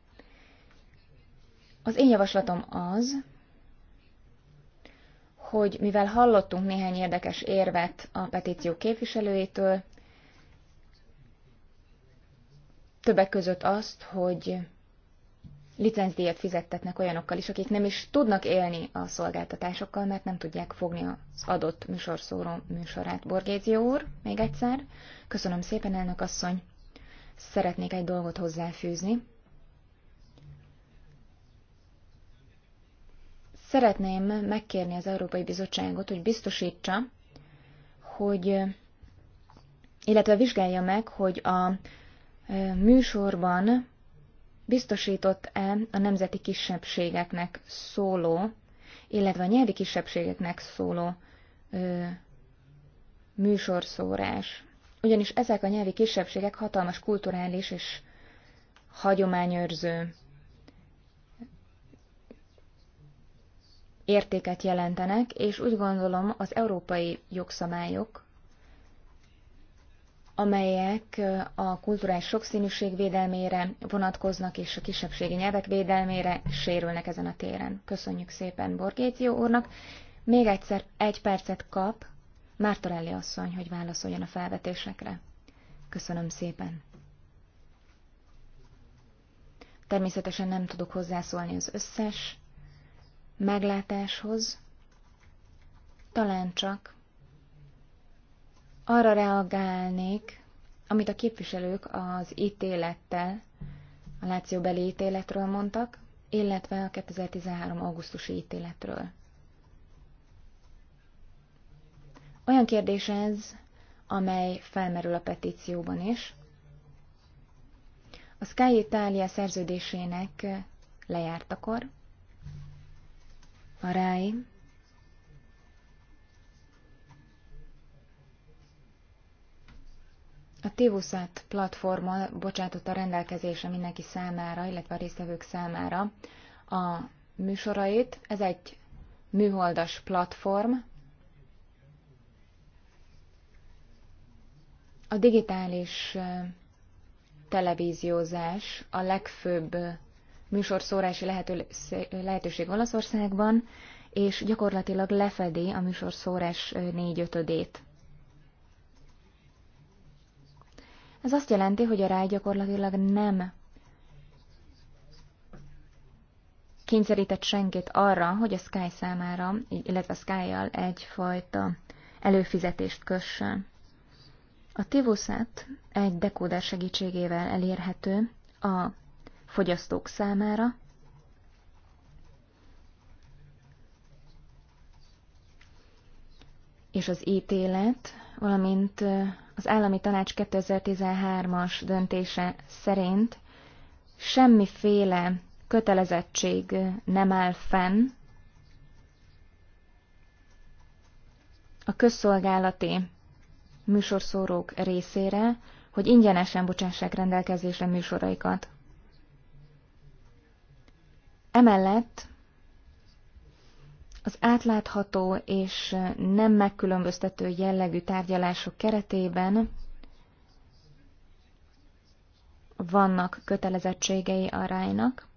Az én javaslatom az, hogy mivel hallottunk néhány érdekes érvet a petíció képviselőitől, Többek között azt, hogy licencdíjat fizettetnek olyanokkal is, akik nem is tudnak élni a szolgáltatásokkal, mert nem tudják fogni az adott műsorszóró műsorát. Borgézió úr, még egyszer. Köszönöm szépen, elnök asszony. Szeretnék egy dolgot hozzáfűzni. Szeretném megkérni az Európai Bizottságot, hogy biztosítsa, hogy illetve vizsgálja meg, hogy a műsorban biztosított-e a nemzeti kisebbségeknek szóló, illetve a nyelvi kisebbségeknek szóló műsorszórás. Ugyanis ezek a nyelvi kisebbségek hatalmas kulturális és hagyományőrző értéket jelentenek, és úgy gondolom az európai jogszabályok amelyek a kulturális sokszínűség védelmére vonatkoznak, és a kisebbségi nyelvek védelmére sérülnek ezen a téren. Köszönjük szépen Borgéció úrnak. Még egyszer egy percet kap Mártorelli asszony, hogy válaszoljon a felvetésekre. Köszönöm szépen. Természetesen nem tudok hozzászólni az összes meglátáshoz, talán csak arra reagálnék, amit a képviselők az ítélettel, a lációbeli ítéletről mondtak, illetve a 2013. augusztusi ítéletről. Olyan kérdés ez, amely felmerül a petícióban is. A Sky Italia szerződésének lejártakor a RAI A Tivusat platformon a rendelkezésre mindenki számára, illetve a résztvevők számára a műsorait. Ez egy műholdas platform. A digitális televíziózás a legfőbb műsorszórási lehetőség Olaszországban, és gyakorlatilag lefedi a műsorszórás négyötödét. Ez azt jelenti, hogy a ráj gyakorlatilag nem kényszerített senkit arra, hogy a Sky számára, illetve a Sky-jal egyfajta előfizetést kössön. A Tivuset egy dekódás segítségével elérhető a fogyasztók számára, és az ítélet valamint az állami tanács 2013-as döntése szerint semmiféle kötelezettség nem áll fenn a közszolgálati műsorszórók részére, hogy ingyenesen bocsássák rendelkezésre műsoraikat. Emellett az átlátható és nem megkülönböztető jellegű tárgyalások keretében vannak kötelezettségei a rájnak.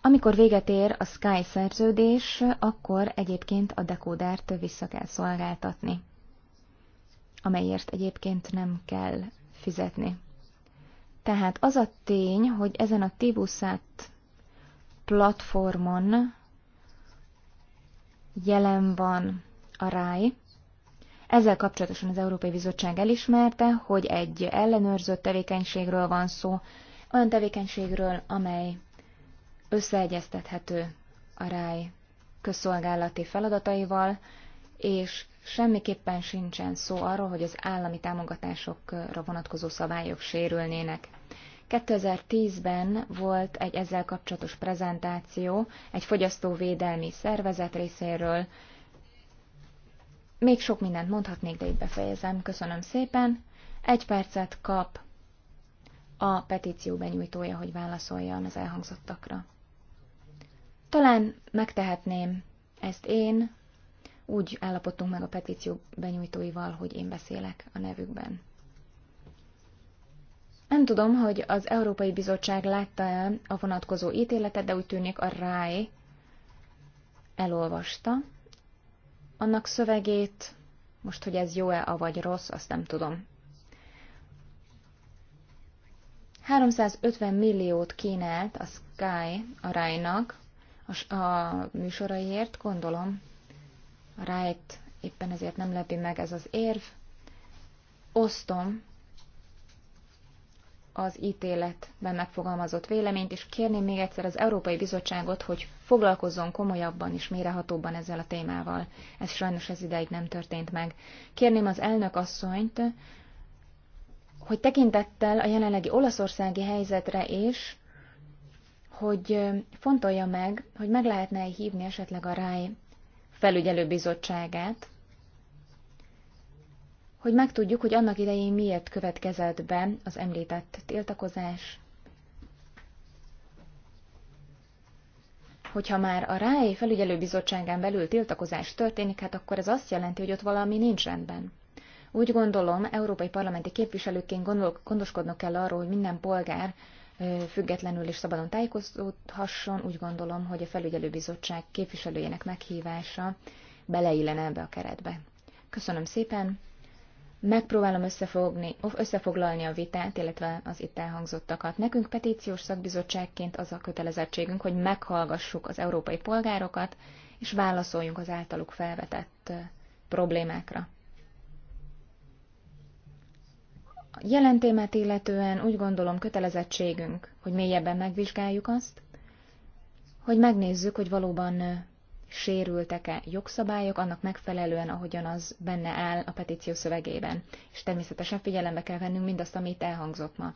Amikor véget ér a Sky szerződés, akkor egyébként a dekódert vissza kell szolgáltatni, amelyért egyébként nem kell fizetni. Tehát az a tény, hogy ezen a tibuszát platformon jelen van a ráj. Ezzel kapcsolatosan az Európai Bizottság elismerte, hogy egy ellenőrzött tevékenységről van szó, olyan tevékenységről, amely összeegyeztethető a ráj közszolgálati feladataival, és semmiképpen sincsen szó arról, hogy az állami támogatásokra vonatkozó szabályok sérülnének. 2010-ben volt egy ezzel kapcsolatos prezentáció egy fogyasztóvédelmi szervezet részéről. Még sok mindent mondhatnék, de itt befejezem. Köszönöm szépen. Egy percet kap a petíció benyújtója, hogy válaszoljon az elhangzottakra. Talán megtehetném ezt én, úgy állapodtunk meg a petíció benyújtóival, hogy én beszélek a nevükben. Nem tudom, hogy az Európai Bizottság látta-e a vonatkozó ítéletet, de úgy tűnik a ráj elolvasta. Annak szövegét, most, hogy ez jó-e, vagy rossz, azt nem tudom. 350 milliót kínált a Sky a Rájnak a, a műsoraiért, gondolom. A Rájt éppen ezért nem lepi meg ez az érv. Osztom az ítéletben megfogalmazott véleményt, és kérném még egyszer az Európai Bizottságot, hogy foglalkozzon komolyabban és mérehatóban ezzel a témával. Ez sajnos ez ideig nem történt meg. Kérném az elnök asszonyt, hogy tekintettel a jelenlegi olaszországi helyzetre és hogy fontolja meg, hogy meg lehetne -e hívni esetleg a RAI felügyelőbizottságát, hogy megtudjuk, hogy annak idején miért következett be az említett tiltakozás, hogyha már a RAE felügyelőbizottságán belül tiltakozás történik, hát akkor ez azt jelenti, hogy ott valami nincs rendben. Úgy gondolom, európai parlamenti képviselőként gondol, gondoskodnok kell arról, hogy minden polgár függetlenül és szabadon tájékozódhasson. Úgy gondolom, hogy a felügyelőbizottság képviselőjének meghívása beleillene ebbe a keretbe. Köszönöm szépen! Megpróbálom összefogni, összefoglalni a vitát, illetve az itt elhangzottakat. Nekünk petíciós szakbizottságként az a kötelezettségünk, hogy meghallgassuk az európai polgárokat, és válaszoljunk az általuk felvetett problémákra. A jelen témát illetően úgy gondolom kötelezettségünk, hogy mélyebben megvizsgáljuk azt, hogy megnézzük, hogy valóban sérültek-e jogszabályok annak megfelelően, ahogyan az benne áll a petíció szövegében. És természetesen figyelembe kell vennünk mindazt, amit elhangzott ma.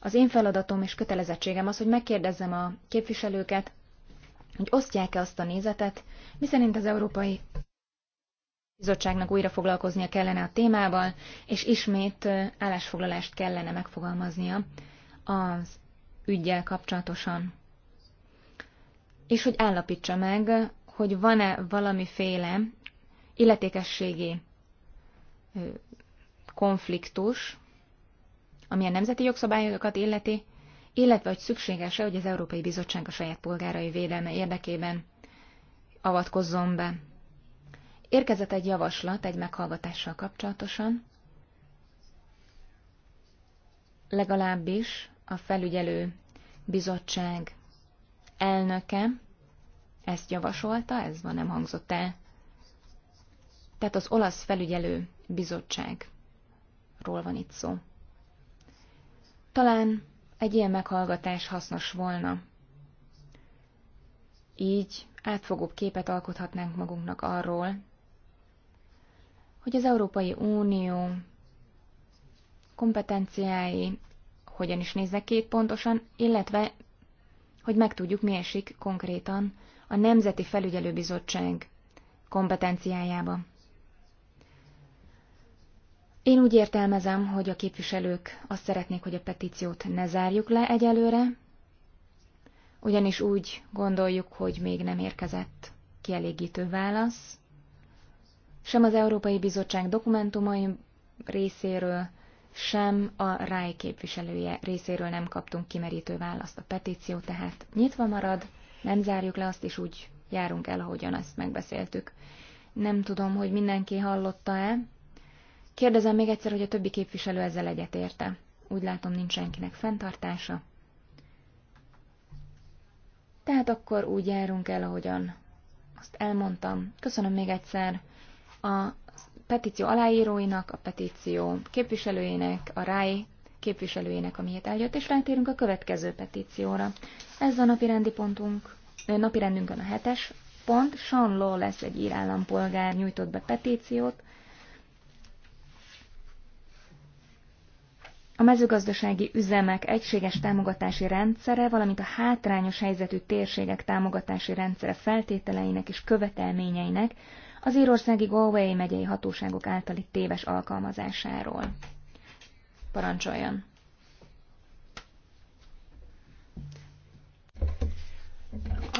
Az én feladatom és kötelezettségem az, hogy megkérdezzem a képviselőket, hogy osztják-e azt a nézetet, miszerint az Európai Bizottságnak újra foglalkoznia kellene a témával, és ismét állásfoglalást kellene megfogalmaznia az ügyjel kapcsolatosan és hogy állapítsa meg, hogy van-e valamiféle illetékességi konfliktus, ami a nemzeti jogszabályokat illeti, illetve hogy szükséges-e, hogy az Európai Bizottság a saját polgárai védelme érdekében avatkozzon be. Érkezett egy javaslat egy meghallgatással kapcsolatosan, legalábbis a felügyelő bizottság elnöke ezt javasolta, ez van, nem hangzott el. Tehát az olasz felügyelő bizottságról van itt szó. Talán egy ilyen meghallgatás hasznos volna. Így átfogóbb képet alkothatnánk magunknak arról, hogy az Európai Unió kompetenciái hogyan is néznek ki pontosan, illetve hogy megtudjuk, mi esik konkrétan a Nemzeti Felügyelőbizottság kompetenciájába. Én úgy értelmezem, hogy a képviselők azt szeretnék, hogy a petíciót ne zárjuk le egyelőre, ugyanis úgy gondoljuk, hogy még nem érkezett kielégítő válasz, sem az Európai Bizottság dokumentumai részéről, sem a RAI képviselője részéről nem kaptunk kimerítő választ. A petíció tehát nyitva marad, nem zárjuk le azt, is, úgy járunk el, ahogyan ezt megbeszéltük. Nem tudom, hogy mindenki hallotta-e. Kérdezem még egyszer, hogy a többi képviselő ezzel egyetérte. Úgy látom, nincs senkinek fenntartása. Tehát akkor úgy járunk el, ahogyan azt elmondtam. Köszönöm még egyszer a petíció aláíróinak, a petíció képviselőjének, a RAI képviselőjének, amiért eljött, és rátérünk a következő petícióra. Ez a napi rendi pontunk, eh, napi rendünkön a hetes pont. Sean Law lesz egy ír állampolgár, nyújtott be petíciót. A mezőgazdasági üzemek egységes támogatási rendszere, valamint a hátrányos helyzetű térségek támogatási rendszere feltételeinek és követelményeinek az írországi Galway megyei hatóságok általi téves alkalmazásáról. Parancsoljon!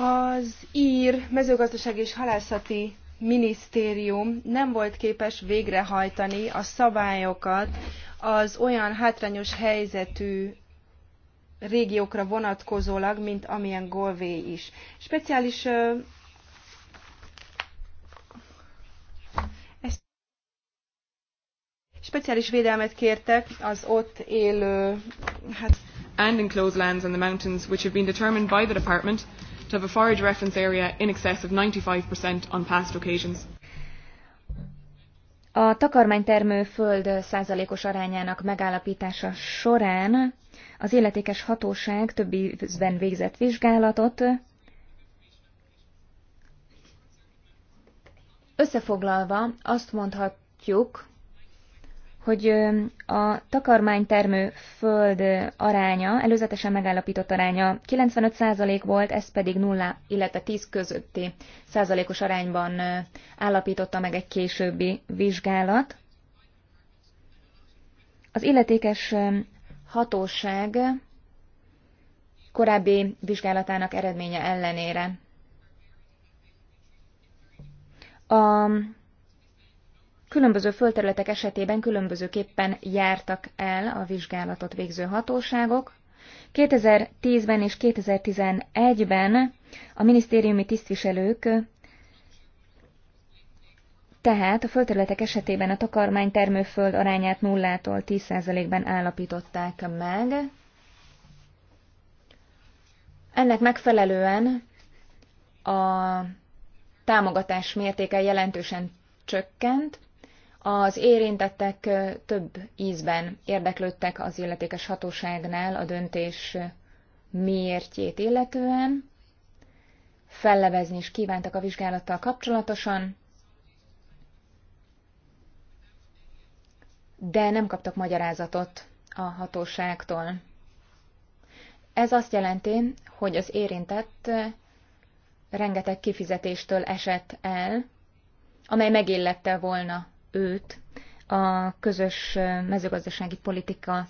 Az ír mezőgazdaság és halászati minisztérium nem volt képes végrehajtani a szabályokat az olyan hátrányos helyzetű régiókra vonatkozólag, mint amilyen Golvé is. Speciális Speciális védelmet kértek az ott élő... Hát... And enclosed lands and the mountains which have been determined by the department to have a forage reference area in excess of 95% on past occasions. A takarmánytermő föld százalékos arányának megállapítása során az illetékes hatóság több évben végzett vizsgálatot, Összefoglalva azt mondhatjuk, hogy a takarmánytermő föld aránya, előzetesen megállapított aránya 95% volt, ez pedig 0, illetve 10 közötti százalékos arányban állapította meg egy későbbi vizsgálat. Az illetékes hatóság korábbi vizsgálatának eredménye ellenére. A Különböző földterületek esetében különbözőképpen jártak el a vizsgálatot végző hatóságok. 2010-ben és 2011-ben a minisztériumi tisztviselők tehát a földterületek esetében a takarmány termőföld arányát nullától 10%-ben állapították meg. Ennek megfelelően a támogatás mértéke jelentősen csökkent, az érintettek több ízben érdeklődtek az illetékes hatóságnál a döntés miértjét illetően, fellevezni is kívántak a vizsgálattal kapcsolatosan, de nem kaptak magyarázatot a hatóságtól. Ez azt jelenti, hogy az érintett rengeteg kifizetéstől esett el, amely megillette volna őt a közös mezőgazdasági politika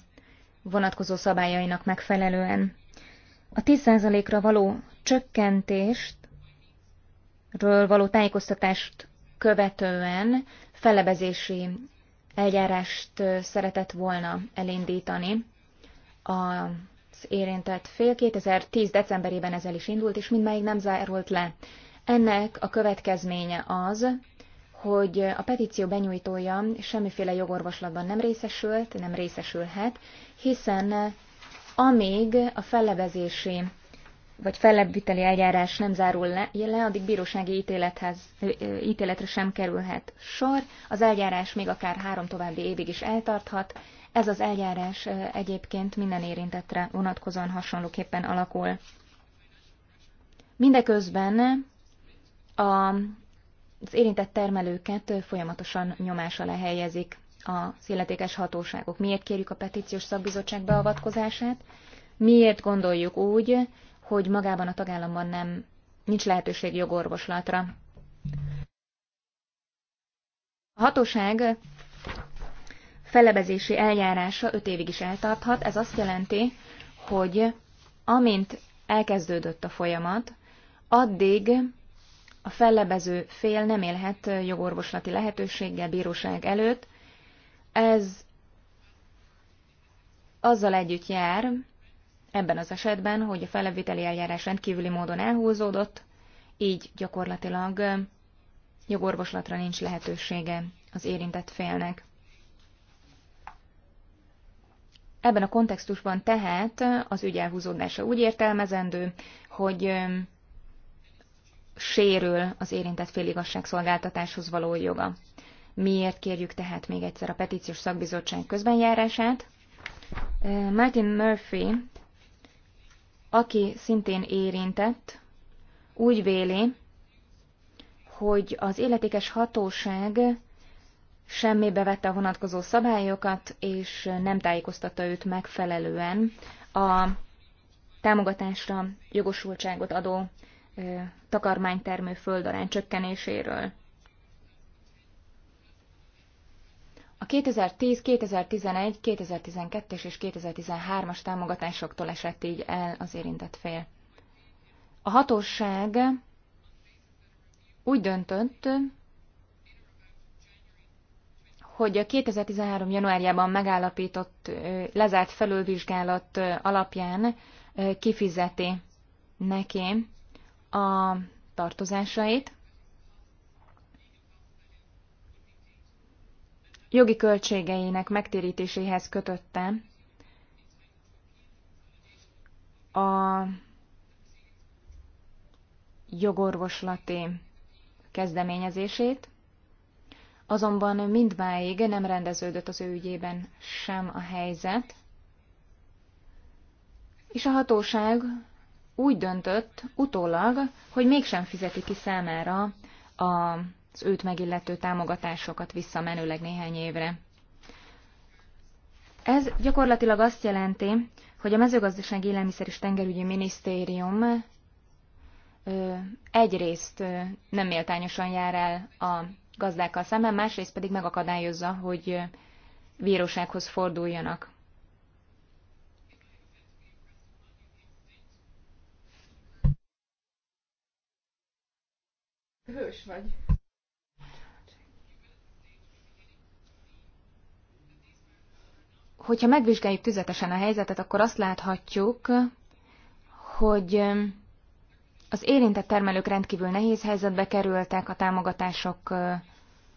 vonatkozó szabályainak megfelelően. A 10%-ra való csökkentést ről való tájékoztatást követően felebezési eljárást szeretett volna elindítani az érintett fél. 2010. decemberében ezzel is indult, és mindmáig nem zárult le. Ennek a következménye az, hogy a petíció benyújtója semmiféle jogorvoslatban nem részesült, nem részesülhet, hiszen amíg a fellebezési vagy fellebbviteli eljárás nem zárul le, le addig bírósági ítélethez, ítéletre sem kerülhet sor. Az eljárás még akár három további évig is eltarthat. Ez az eljárás egyébként minden érintettre vonatkozóan hasonlóképpen alakul. Mindeközben a az érintett termelőket folyamatosan nyomás alá helyezik a illetékes hatóságok. Miért kérjük a petíciós szakbizottság beavatkozását? Miért gondoljuk úgy, hogy magában a tagállamban nem nincs lehetőség jogorvoslatra? A hatóság fellebezési eljárása 5 évig is eltarthat. Ez azt jelenti, hogy amint elkezdődött a folyamat, addig a fellebező fél nem élhet jogorvoslati lehetőséggel bíróság előtt. Ez azzal együtt jár, ebben az esetben, hogy a felleviteli eljárás rendkívüli módon elhúzódott, így gyakorlatilag jogorvoslatra nincs lehetősége az érintett félnek. Ebben a kontextusban tehát az ügy elhúzódása úgy értelmezendő, hogy sérül az érintett féligasságszolgáltatáshoz való joga. Miért kérjük tehát még egyszer a petíciós szakbizottság közbenjárását? Martin Murphy, aki szintén érintett, úgy véli, hogy az életékes hatóság semmibe vette a vonatkozó szabályokat, és nem tájékoztatta őt megfelelően a támogatásra jogosultságot adó takarmánytermő földarány csökkenéséről. A 2010, 2011, 2012 és 2013-as támogatásoktól esett így el az érintett fél. A hatóság úgy döntött, hogy a 2013. januárjában megállapított lezárt felülvizsgálat alapján kifizeti neki a tartozásait. Jogi költségeinek megtérítéséhez kötötte a jogorvoslati kezdeményezését, azonban mindmáig nem rendeződött az ő ügyében sem a helyzet, és a hatóság úgy döntött utólag, hogy mégsem fizeti ki számára az őt megillető támogatásokat visszamenőleg néhány évre. Ez gyakorlatilag azt jelenti, hogy a mezőgazdasági élelmiszer és tengerügyi minisztérium egyrészt nem méltányosan jár el a gazdákkal szemben, másrészt pedig megakadályozza, hogy vírósághoz forduljanak. Hős vagy. Hogyha megvizsgáljuk tüzetesen a helyzetet, akkor azt láthatjuk, hogy um, az érintett termelők rendkívül nehéz helyzetbe kerültek a támogatások uh,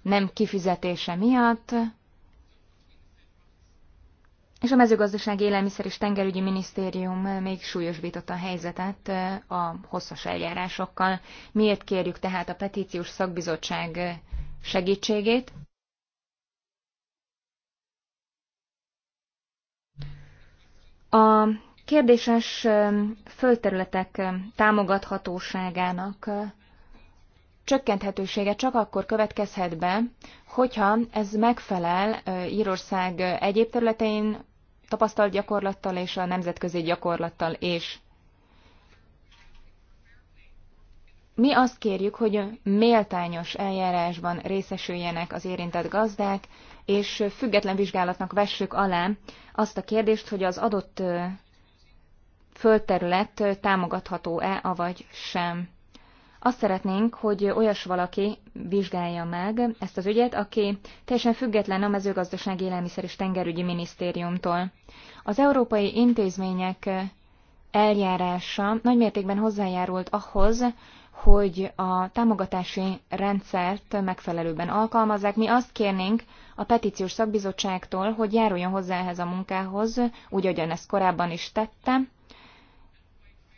nem kifizetése miatt, és a mezőgazdaság élelmiszer és tengerügyi minisztérium eh, még súlyosbította a helyzetet eh, a hosszas eljárásokkal. Miért kérjük tehát a petíciós szakbizottság eh, segítségét? A kérdéses földterületek támogathatóságának csökkenthetősége csak akkor következhet be, hogyha ez megfelel Írország egyéb területein tapasztalt gyakorlattal és a nemzetközi gyakorlattal is. Mi azt kérjük, hogy méltányos eljárásban részesüljenek az érintett gazdák, és független vizsgálatnak vessük alá azt a kérdést, hogy az adott földterület támogatható-e, avagy sem. Azt szeretnénk, hogy olyas valaki vizsgálja meg ezt az ügyet, aki teljesen független a mezőgazdasági élelmiszer és tengerügyi minisztériumtól. Az európai intézmények eljárása nagymértékben hozzájárult ahhoz, hogy a támogatási rendszert megfelelőben alkalmazzák. Mi azt kérnénk a petíciós szakbizottságtól, hogy járuljon hozzá ehhez a munkához, úgy, ahogyan ezt korábban is tettem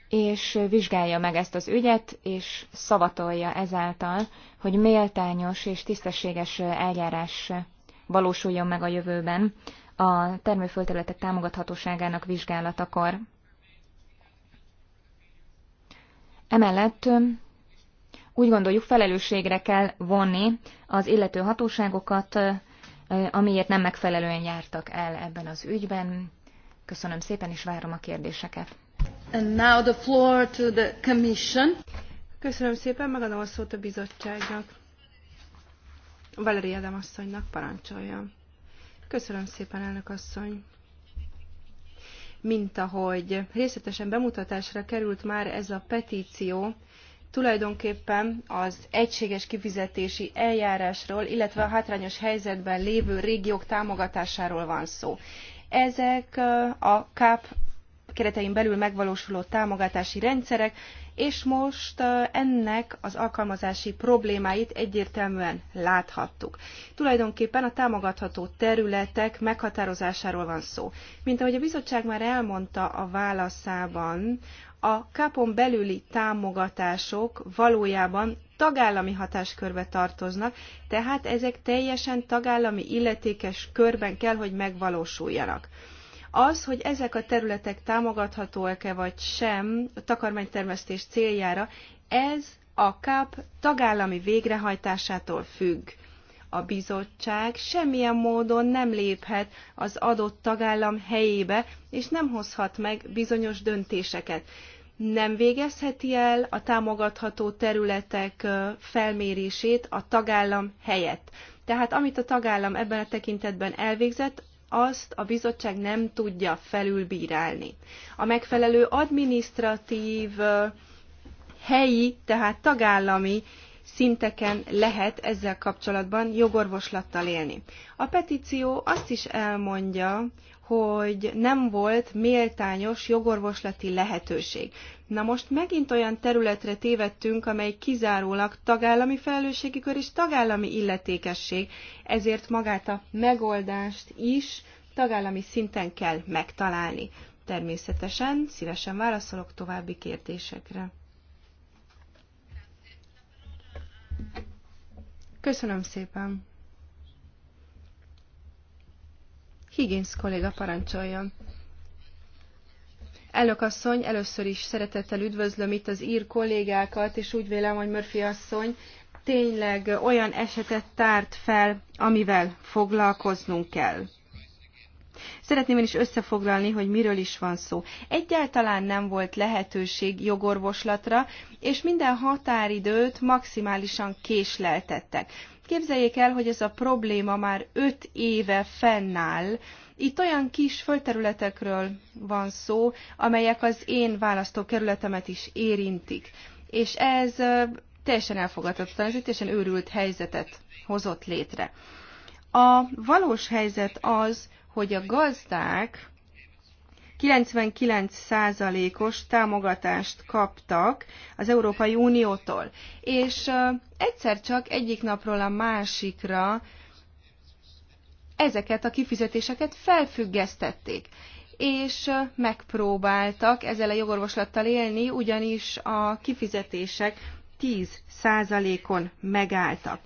és vizsgálja meg ezt az ügyet, és szavatolja ezáltal, hogy méltányos és tisztességes eljárás valósuljon meg a jövőben a termőföldterületek támogathatóságának vizsgálatakor. Emellett úgy gondoljuk, felelősségre kell vonni az illető hatóságokat, amiért nem megfelelően jártak el ebben az ügyben. Köszönöm szépen, és várom a kérdéseket. And now the floor to the commission. Köszönöm szépen, megadom a szót a bizottságnak. Valeri Adam asszonynak parancsoljon. Köszönöm szépen, elnök asszony. Mint ahogy részletesen bemutatásra került már ez a petíció, tulajdonképpen az egységes kifizetési eljárásról, illetve a hátrányos helyzetben lévő régiók támogatásáról van szó. Ezek a CAP keretein belül megvalósuló támogatási rendszerek, és most ennek az alkalmazási problémáit egyértelműen láthattuk. Tulajdonképpen a támogatható területek meghatározásáról van szó. Mint ahogy a bizottság már elmondta a válaszában, a kapon belüli támogatások valójában tagállami hatáskörbe tartoznak, tehát ezek teljesen tagállami illetékes körben kell, hogy megvalósuljanak. Az, hogy ezek a területek támogathatóak-e vagy sem a takarmánytermesztés céljára, ez a KAP tagállami végrehajtásától függ. A bizottság semmilyen módon nem léphet az adott tagállam helyébe, és nem hozhat meg bizonyos döntéseket. Nem végezheti el a támogatható területek felmérését a tagállam helyett. Tehát amit a tagállam ebben a tekintetben elvégzett, azt a bizottság nem tudja felülbírálni. A megfelelő administratív helyi, tehát tagállami szinteken lehet ezzel kapcsolatban jogorvoslattal élni. A petíció azt is elmondja, hogy nem volt méltányos jogorvoslati lehetőség. Na most megint olyan területre tévedtünk, amely kizárólag tagállami felelősségi kör és tagállami illetékesség, ezért magát a megoldást is tagállami szinten kell megtalálni. Természetesen szívesen válaszolok további kérdésekre. Köszönöm szépen. Higgins kolléga parancsoljon. Elnök asszony, először is szeretettel üdvözlöm itt az ír kollégákat, és úgy vélem, hogy Murphy asszony tényleg olyan esetet tárt fel, amivel foglalkoznunk kell. Szeretném én is összefoglalni, hogy miről is van szó. Egyáltalán nem volt lehetőség jogorvoslatra, és minden határidőt maximálisan késleltettek. Képzeljék el, hogy ez a probléma már öt éve fennáll. Itt olyan kis földterületekről van szó, amelyek az én választókerületemet is érintik. És ez teljesen elfogadhatatlan, ez egy teljesen őrült helyzetet hozott létre. A valós helyzet az, hogy a gazdák 99%-os támogatást kaptak az Európai Uniótól. És egyszer csak egyik napról a másikra ezeket a kifizetéseket felfüggesztették és megpróbáltak ezzel a jogorvoslattal élni, ugyanis a kifizetések 10%-on megálltak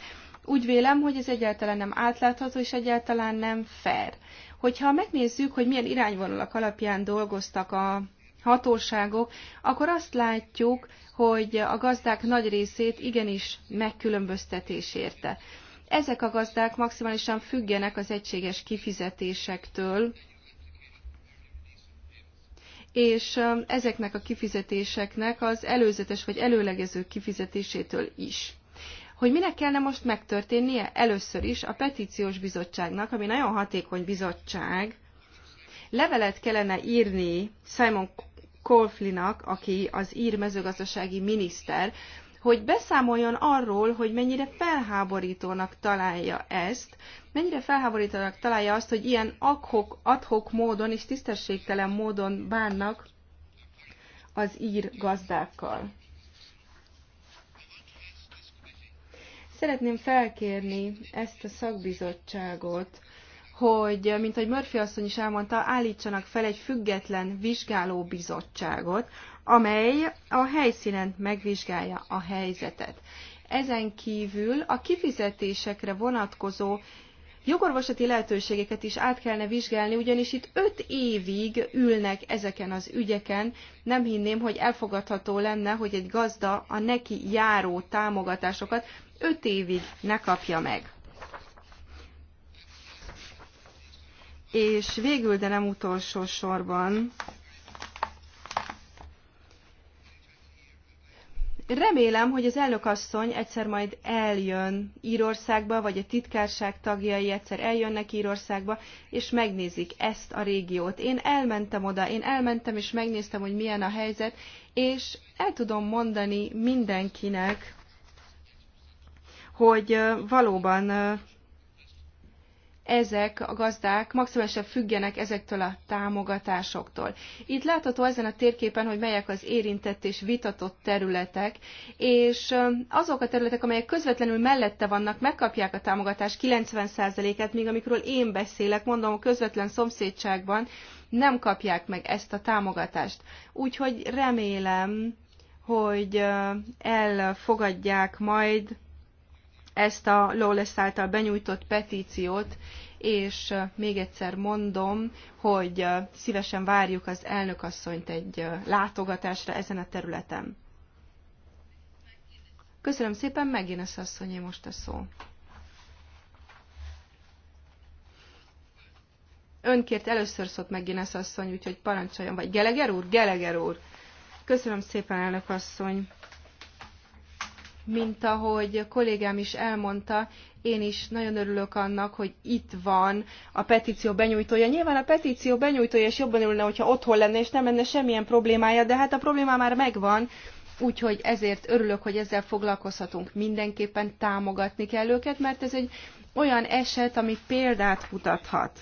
úgy vélem, hogy ez egyáltalán nem átlátható, és egyáltalán nem fair. Hogyha megnézzük, hogy milyen irányvonalak alapján dolgoztak a hatóságok, akkor azt látjuk, hogy a gazdák nagy részét igenis megkülönböztetés érte. Ezek a gazdák maximálisan függenek az egységes kifizetésektől, és um, ezeknek a kifizetéseknek az előzetes vagy előlegező kifizetésétől is hogy minek kellene most megtörténnie először is a petíciós bizottságnak, ami nagyon hatékony bizottság, levelet kellene írni Simon Kolflinak, aki az ír mezőgazdasági miniszter, hogy beszámoljon arról, hogy mennyire felháborítónak találja ezt, mennyire felháborítónak találja azt, hogy ilyen adhok, adhok módon és tisztességtelen módon bánnak az ír gazdákkal. Szeretném felkérni ezt a szakbizottságot, hogy, mint ahogy Murphy asszony is elmondta, állítsanak fel egy független vizsgáló bizottságot, amely a helyszínen megvizsgálja a helyzetet. Ezen kívül a kifizetésekre vonatkozó jogorvoslati lehetőségeket is át kellene vizsgálni, ugyanis itt öt évig ülnek ezeken az ügyeken. Nem hinném, hogy elfogadható lenne, hogy egy gazda a neki járó támogatásokat öt évig ne kapja meg. És végül, de nem utolsó sorban, Remélem, hogy az elnökasszony egyszer majd eljön Írországba, vagy a titkárság tagjai egyszer eljönnek Írországba, és megnézik ezt a régiót. Én elmentem oda, én elmentem és megnéztem, hogy milyen a helyzet, és el tudom mondani mindenkinek, hogy valóban ezek a gazdák maximálisan függenek ezektől a támogatásoktól. Itt látható ezen a térképen, hogy melyek az érintett és vitatott területek, és azok a területek, amelyek közvetlenül mellette vannak, megkapják a támogatás 90%-át, míg amikről én beszélek, mondom, a közvetlen szomszédságban nem kapják meg ezt a támogatást. Úgyhogy remélem, hogy elfogadják majd ezt a Lawless által benyújtott petíciót, és még egyszer mondom, hogy szívesen várjuk az elnökasszonyt egy látogatásra ezen a területen. Köszönöm szépen, megint az asszonyé most a szó. Ön kért először szót megint az asszony, úgyhogy parancsoljon, vagy Geleger úr? Geleger úr! Köszönöm szépen, elnök asszony! mint ahogy a kollégám is elmondta, én is nagyon örülök annak, hogy itt van a petíció benyújtója. Nyilván a petíció benyújtója is jobban örülne, hogyha otthon lenne, és nem lenne semmilyen problémája, de hát a probléma már megvan, úgyhogy ezért örülök, hogy ezzel foglalkozhatunk. Mindenképpen támogatni kell őket, mert ez egy olyan eset, ami példát mutathat.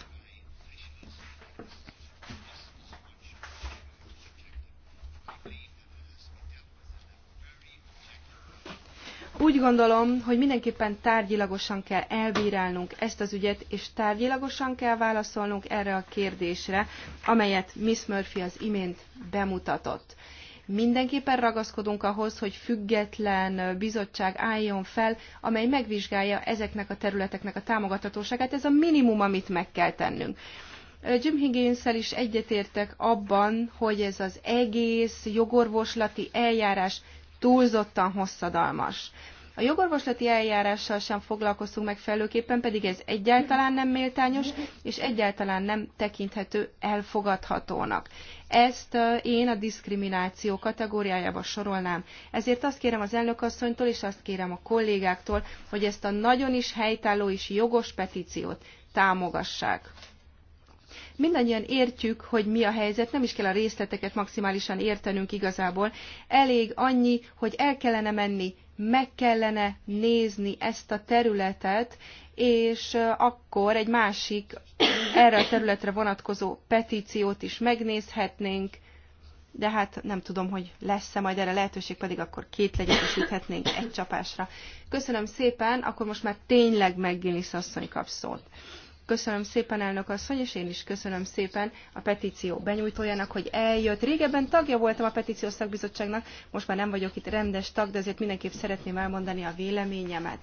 Úgy gondolom, hogy mindenképpen tárgyilagosan kell elbírálnunk ezt az ügyet, és tárgyilagosan kell válaszolnunk erre a kérdésre, amelyet Miss Murphy az imént bemutatott. Mindenképpen ragaszkodunk ahhoz, hogy független bizottság álljon fel, amely megvizsgálja ezeknek a területeknek a támogathatóságát. Ez a minimum, amit meg kell tennünk. Jim higgins is egyetértek abban, hogy ez az egész jogorvoslati eljárás túlzottan hosszadalmas. A jogorvoslati eljárással sem foglalkoztunk megfelelőképpen, pedig ez egyáltalán nem méltányos, és egyáltalán nem tekinthető elfogadhatónak. Ezt én a diszkrimináció kategóriájába sorolnám. Ezért azt kérem az elnökasszonytól, és azt kérem a kollégáktól, hogy ezt a nagyon is helytálló és jogos petíciót támogassák. Mindannyian értjük, hogy mi a helyzet, nem is kell a részleteket maximálisan értenünk igazából. Elég annyi, hogy el kellene menni, meg kellene nézni ezt a területet, és akkor egy másik erre a területre vonatkozó petíciót is megnézhetnénk, de hát nem tudom, hogy lesz-e majd erre lehetőség, pedig akkor két legyet is üthetnénk egy csapásra. Köszönöm szépen, akkor most már tényleg McGinnis asszony kap szót. Köszönöm szépen, elnök asszony, és én is köszönöm szépen a petíció benyújtójának, hogy eljött. Régebben tagja voltam a petíciós szakbizottságnak, most már nem vagyok itt rendes tag, de azért mindenképp szeretném elmondani a véleményemet.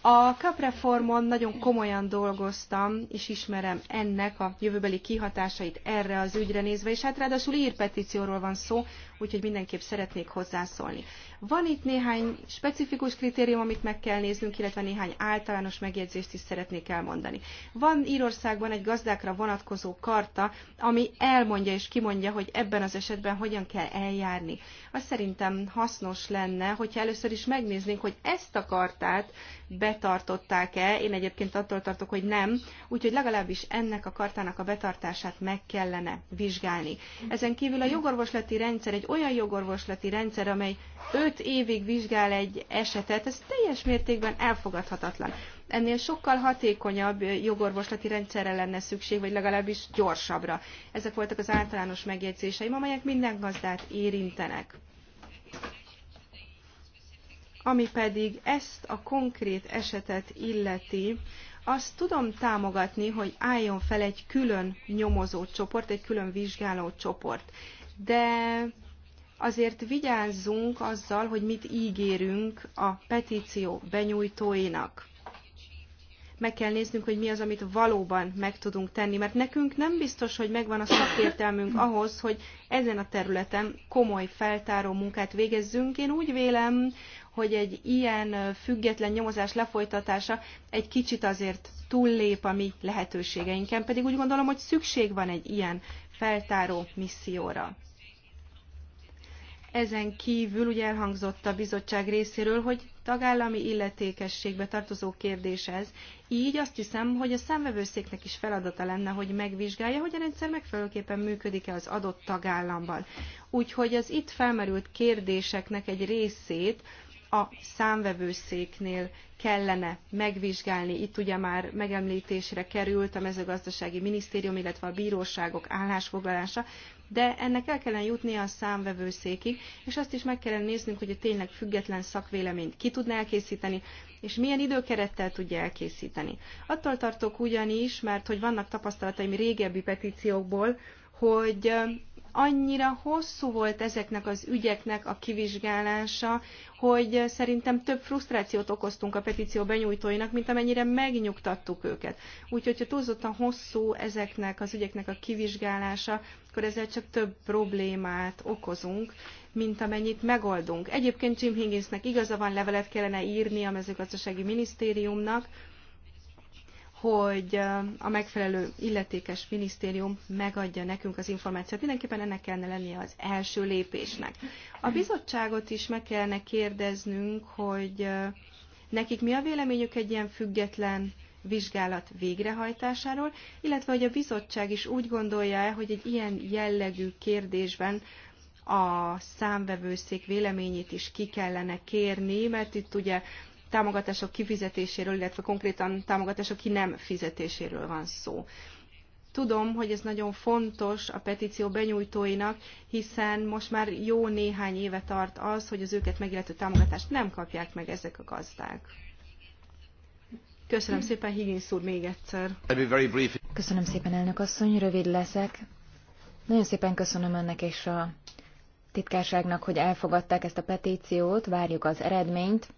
A kapreformon nagyon komolyan dolgoztam, és ismerem ennek a jövőbeli kihatásait erre az ügyre nézve, és hát ráadásul ír petícióról van szó, úgyhogy mindenképp szeretnék hozzászólni. Van itt néhány specifikus kritérium, amit meg kell néznünk, illetve néhány általános megjegyzést is szeretnék elmondani. Van Írországban egy gazdákra vonatkozó karta, ami elmondja és kimondja, hogy ebben az esetben hogyan kell eljárni. Azt szerintem hasznos lenne, hogyha először is megnéznénk, hogy ezt a kartát betartották-e. Én egyébként attól tartok, hogy nem, úgyhogy legalábbis ennek a kartának a betartását meg kellene vizsgálni. Ezen kívül a jogorvoslati rendszer egy olyan jogorvoslati rendszer, amely 5 öt évig vizsgál egy esetet, ez teljes mértékben elfogadhatatlan. Ennél sokkal hatékonyabb jogorvoslati rendszerre lenne szükség, vagy legalábbis gyorsabbra. Ezek voltak az általános megjegyzéseim, amelyek minden gazdát érintenek. Ami pedig ezt a konkrét esetet illeti, azt tudom támogatni, hogy álljon fel egy külön nyomozó csoport, egy külön vizsgáló csoport. De azért vigyázzunk azzal, hogy mit ígérünk a petíció benyújtóinak. Meg kell néznünk, hogy mi az, amit valóban meg tudunk tenni, mert nekünk nem biztos, hogy megvan a szakértelmünk ahhoz, hogy ezen a területen komoly feltáró munkát végezzünk. Én úgy vélem, hogy egy ilyen független nyomozás lefolytatása egy kicsit azért túllép a mi lehetőségeinken, pedig úgy gondolom, hogy szükség van egy ilyen feltáró misszióra. Ezen kívül ugye elhangzott a bizottság részéről, hogy tagállami illetékességbe tartozó kérdés ez. Így azt hiszem, hogy a számvevőszéknek is feladata lenne, hogy megvizsgálja, hogy a rendszer megfelelőképpen működik-e az adott tagállamban. Úgyhogy az itt felmerült kérdéseknek egy részét a számvevőszéknél kellene megvizsgálni. Itt ugye már megemlítésre került a mezőgazdasági minisztérium, illetve a bíróságok állásfoglalása, de ennek el kellene jutnia a számvevőszékig, és azt is meg kellene néznünk, hogy a tényleg független szakvéleményt ki tudná elkészíteni, és milyen időkerettel tudja elkészíteni. Attól tartok ugyanis, mert hogy vannak tapasztalataim régebbi petíciókból, hogy Annyira hosszú volt ezeknek az ügyeknek a kivizsgálása, hogy szerintem több frusztrációt okoztunk a petíció benyújtóinak, mint amennyire megnyugtattuk őket. Úgyhogy, ha túlzottan hosszú ezeknek az ügyeknek a kivizsgálása, akkor ezzel csak több problémát okozunk, mint amennyit megoldunk. Egyébként Jim Higginsnek igaza van, levelet kellene írni a mezőgazdasági minisztériumnak, hogy a megfelelő illetékes minisztérium megadja nekünk az információt. Mindenképpen ennek kellene lennie az első lépésnek. A bizottságot is meg kellene kérdeznünk, hogy nekik mi a véleményük egy ilyen független vizsgálat végrehajtásáról, illetve hogy a bizottság is úgy gondolja-e, hogy egy ilyen jellegű kérdésben a számvevőszék véleményét is ki kellene kérni, mert itt ugye támogatások kifizetéséről, illetve konkrétan támogatások ki nem fizetéséről van szó. Tudom, hogy ez nagyon fontos a petíció benyújtóinak, hiszen most már jó néhány éve tart az, hogy az őket megillető támogatást nem kapják meg ezek a gazdák. Köszönöm szépen, Higgins úr, még egyszer. Köszönöm szépen, elnök asszony, rövid leszek. Nagyon szépen köszönöm önnek és a titkárságnak, hogy elfogadták ezt a petíciót, várjuk az eredményt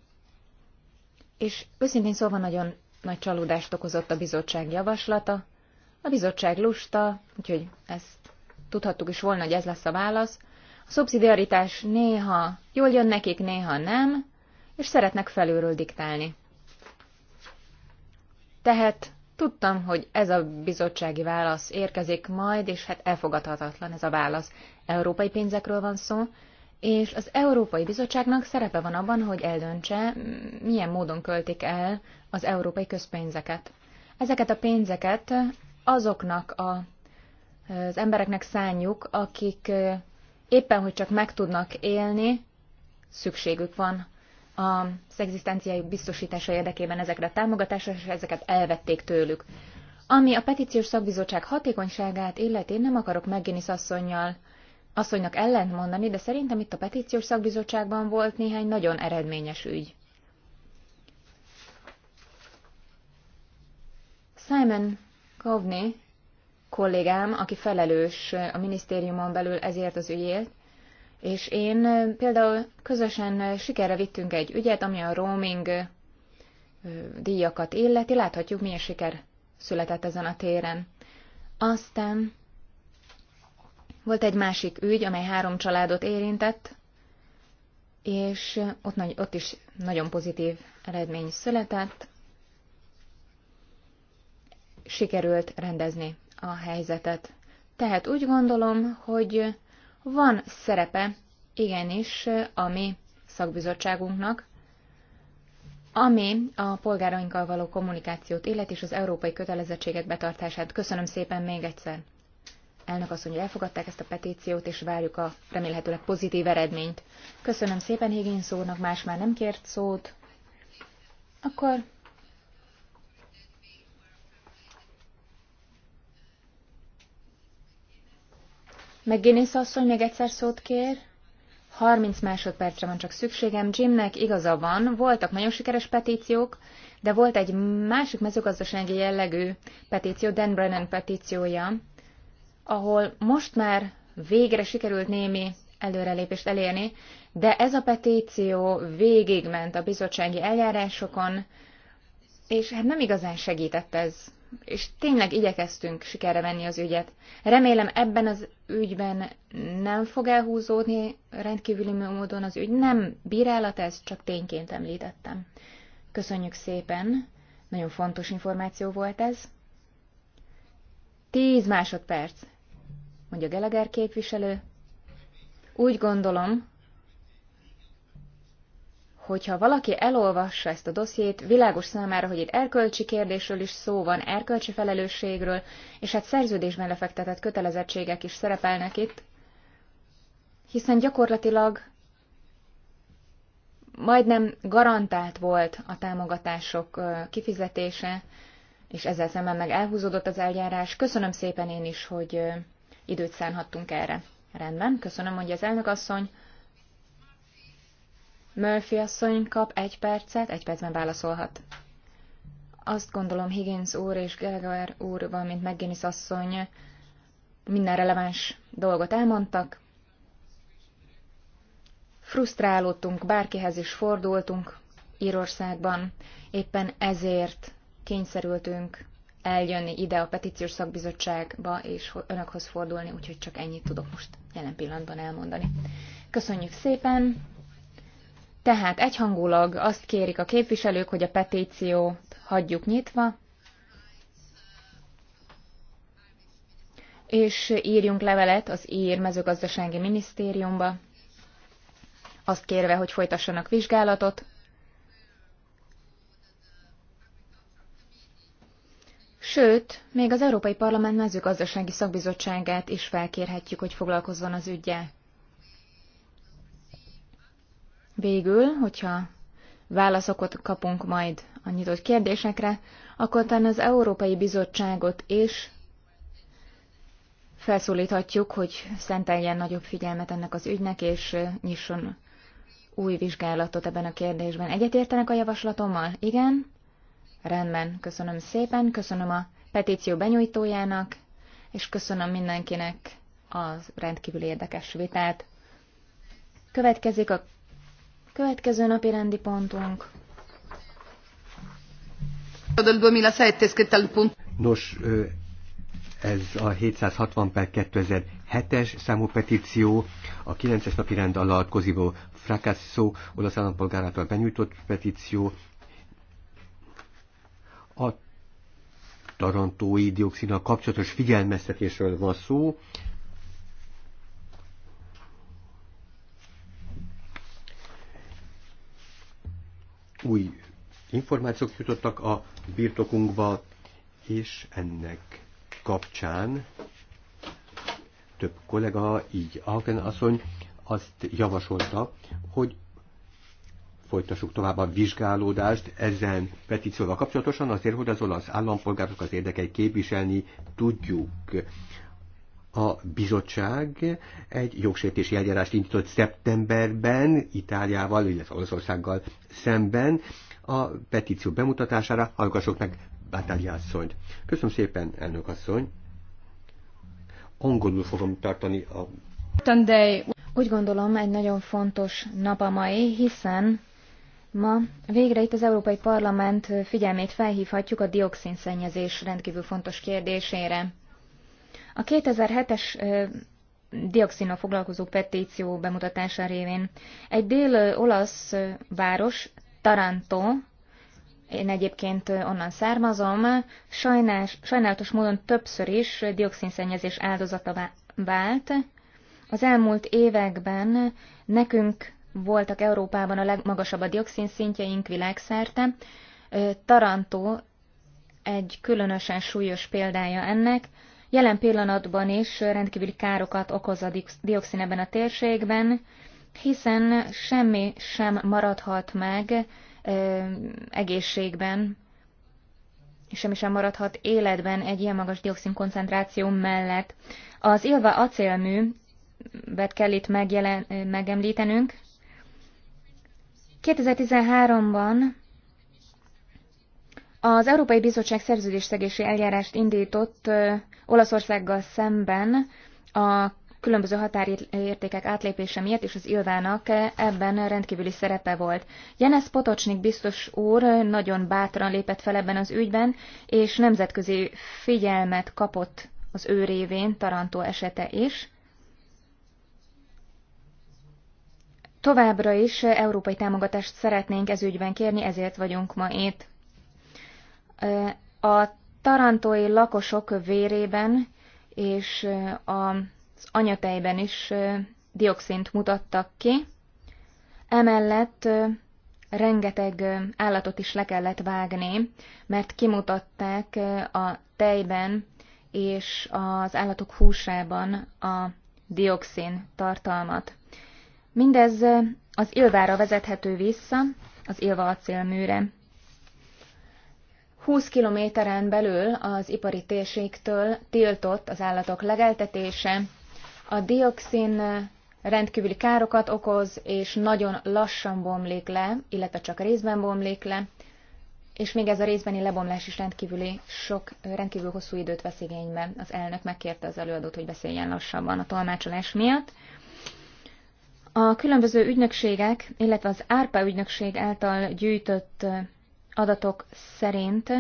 és őszintén szóval nagyon nagy csalódást okozott a bizottság javaslata. A bizottság lusta, úgyhogy ezt tudhattuk is volna, hogy ez lesz a válasz. A szubszidiaritás néha jól jön nekik, néha nem, és szeretnek felülről diktálni. Tehát tudtam, hogy ez a bizottsági válasz érkezik majd, és hát elfogadhatatlan ez a válasz. Európai pénzekről van szó, és az Európai Bizottságnak szerepe van abban, hogy eldöntse, milyen módon költik el az európai közpénzeket. Ezeket a pénzeket azoknak a, az embereknek szánjuk, akik éppen, hogy csak meg tudnak élni, szükségük van az egzisztenciájuk biztosítása érdekében ezekre a támogatásra, és ezeket elvették tőlük. Ami a petíciós szakbizottság hatékonyságát illeti, nem akarok McGinnis szasszonynal, asszonynak ellent mondani, de szerintem itt a petíciós szakbizottságban volt néhány nagyon eredményes ügy. Simon Kovni, kollégám, aki felelős a minisztériumon belül ezért az ügyért, és én például közösen sikerre vittünk egy ügyet, ami a roaming díjakat illeti, láthatjuk, milyen siker született ezen a téren. Aztán volt egy másik ügy, amely három családot érintett, és ott, nagy, ott is nagyon pozitív eredmény született. Sikerült rendezni a helyzetet. Tehát úgy gondolom, hogy van szerepe igenis a mi szakbizottságunknak, ami a polgárainkkal való kommunikációt illet és az európai kötelezettségek betartását. Köszönöm szépen még egyszer! elnök asszony, mondja, elfogadták ezt a petíciót, és várjuk a remélhetőleg pozitív eredményt. Köszönöm szépen Higgins szónak, más már nem kért szót. Akkor McGinnis asszony még egyszer szót kér. 30 másodpercre van csak szükségem. Jimnek igaza van, voltak nagyon sikeres petíciók, de volt egy másik mezőgazdasági jellegű petíció, Dan Brennan petíciója, ahol most már végre sikerült némi előrelépést elérni, de ez a petíció végigment a bizottsági eljárásokon, és hát nem igazán segített ez. És tényleg igyekeztünk sikerre venni az ügyet. Remélem ebben az ügyben nem fog elhúzódni rendkívüli módon az ügy. Nem bírálat ez, csak tényként említettem. Köszönjük szépen, nagyon fontos információ volt ez. Tíz másodperc mondja Geleger képviselő. Úgy gondolom, hogyha valaki elolvassa ezt a dossziét, világos számára, hogy itt erkölcsi kérdésről is szó van, erkölcsi felelősségről, és hát szerződésben lefektetett kötelezettségek is szerepelnek itt, hiszen gyakorlatilag majdnem garantált volt a támogatások kifizetése, és ezzel szemben meg elhúzódott az eljárás. Köszönöm szépen én is, hogy időt szánhattunk erre. Rendben, köszönöm, mondja az elnök asszony. Murphy asszony kap egy percet, egy percben válaszolhat. Azt gondolom Higgins úr és Gallagher úr, valamint McGinnis asszony minden releváns dolgot elmondtak. Frusztrálódtunk, bárkihez is fordultunk Írországban, éppen ezért kényszerültünk eljönni ide a petíciós szakbizottságba és önökhoz fordulni, úgyhogy csak ennyit tudok most jelen pillanatban elmondani. Köszönjük szépen! Tehát egyhangulag azt kérik a képviselők, hogy a petíciót hagyjuk nyitva, és írjunk levelet az ír mezőgazdasági minisztériumba, azt kérve, hogy folytassanak vizsgálatot, Sőt, még az Európai Parlament mezőgazdasági szakbizottságát is felkérhetjük, hogy foglalkozzon az ügyjel. Végül, hogyha válaszokat kapunk majd a nyitott kérdésekre, akkor talán az Európai Bizottságot is felszólíthatjuk, hogy szenteljen nagyobb figyelmet ennek az ügynek, és nyisson új vizsgálatot ebben a kérdésben. Egyetértenek a javaslatommal? Igen? Rendben, köszönöm szépen, köszönöm a petíció benyújtójának, és köszönöm mindenkinek a rendkívül érdekes vitát. Következik a következő napi rendi pontunk. Nos, ez a 760 per 2007-es számú petíció, a 9-es napi rend alatt Kozivó Frakasszó, olasz állampolgárától benyújtott petíció, a tarantói dioxinnal kapcsolatos figyelmeztetésről van szó. Új információk jutottak a birtokunkba, és ennek kapcsán több kollega, így Alken asszony azt javasolta, hogy folytassuk tovább a vizsgálódást ezen petícióval kapcsolatosan, azért, hogy az olasz állampolgárok az érdekei képviselni tudjuk. A bizottság egy jogsértési eljárást indított szeptemberben Itáliával, illetve Olaszországgal szemben a petíció bemutatására. Hallgassuk meg Bátáli asszonyt. Köszönöm szépen, elnök asszony. Angolul fogom tartani a... Úgy gondolom, egy nagyon fontos nap a mai, hiszen Ma végre itt az Európai Parlament figyelmét felhívhatjuk a dioxinszennyezés rendkívül fontos kérdésére. A 2007-es dioxinnal foglalkozó petíció bemutatása révén egy dél-olasz város, Taranto, én egyébként onnan származom, sajnás, sajnálatos módon többször is dioxinszennyezés áldozata vált. Az elmúlt években nekünk voltak Európában a legmagasabb a dioxin szintjeink világszerte. Tarantó egy különösen súlyos példája ennek. Jelen pillanatban is rendkívüli károkat okoz a dioxin ebben a térségben, hiszen semmi sem maradhat meg egészségben, semmi sem maradhat életben egy ilyen magas dioxin koncentráció mellett. Az Ilva acélmű bet kell itt megjelen, megemlítenünk, 2013-ban az Európai Bizottság szerződésszegési eljárást indított Olaszországgal szemben a különböző határértékek átlépése miatt és az Ilvának ebben rendkívüli szerepe volt. Janes Potocsnik biztos úr nagyon bátran lépett fel ebben az ügyben, és nemzetközi figyelmet kapott az ő révén Tarantó esete is. Továbbra is európai támogatást szeretnénk ezügyben kérni, ezért vagyunk ma itt. A tarantói lakosok vérében és az anyatejben is dioxint mutattak ki. Emellett rengeteg állatot is le kellett vágni, mert kimutatták a tejben és az állatok húsában a dioxin tartalmat. Mindez az Ilvára vezethető vissza, az Ilva acélműre. 20 kilométeren belül az ipari térségtől tiltott az állatok legeltetése, a dioxin rendkívüli károkat okoz, és nagyon lassan bomlik le, illetve csak részben bomlik le, és még ez a részbeni lebomlás is rendkívüli sok, rendkívül hosszú időt vesz igénybe. Az elnök megkérte az előadót, hogy beszéljen lassabban a tolmácsolás miatt. A különböző ügynökségek, illetve az ÁRPA ügynökség által gyűjtött adatok szerint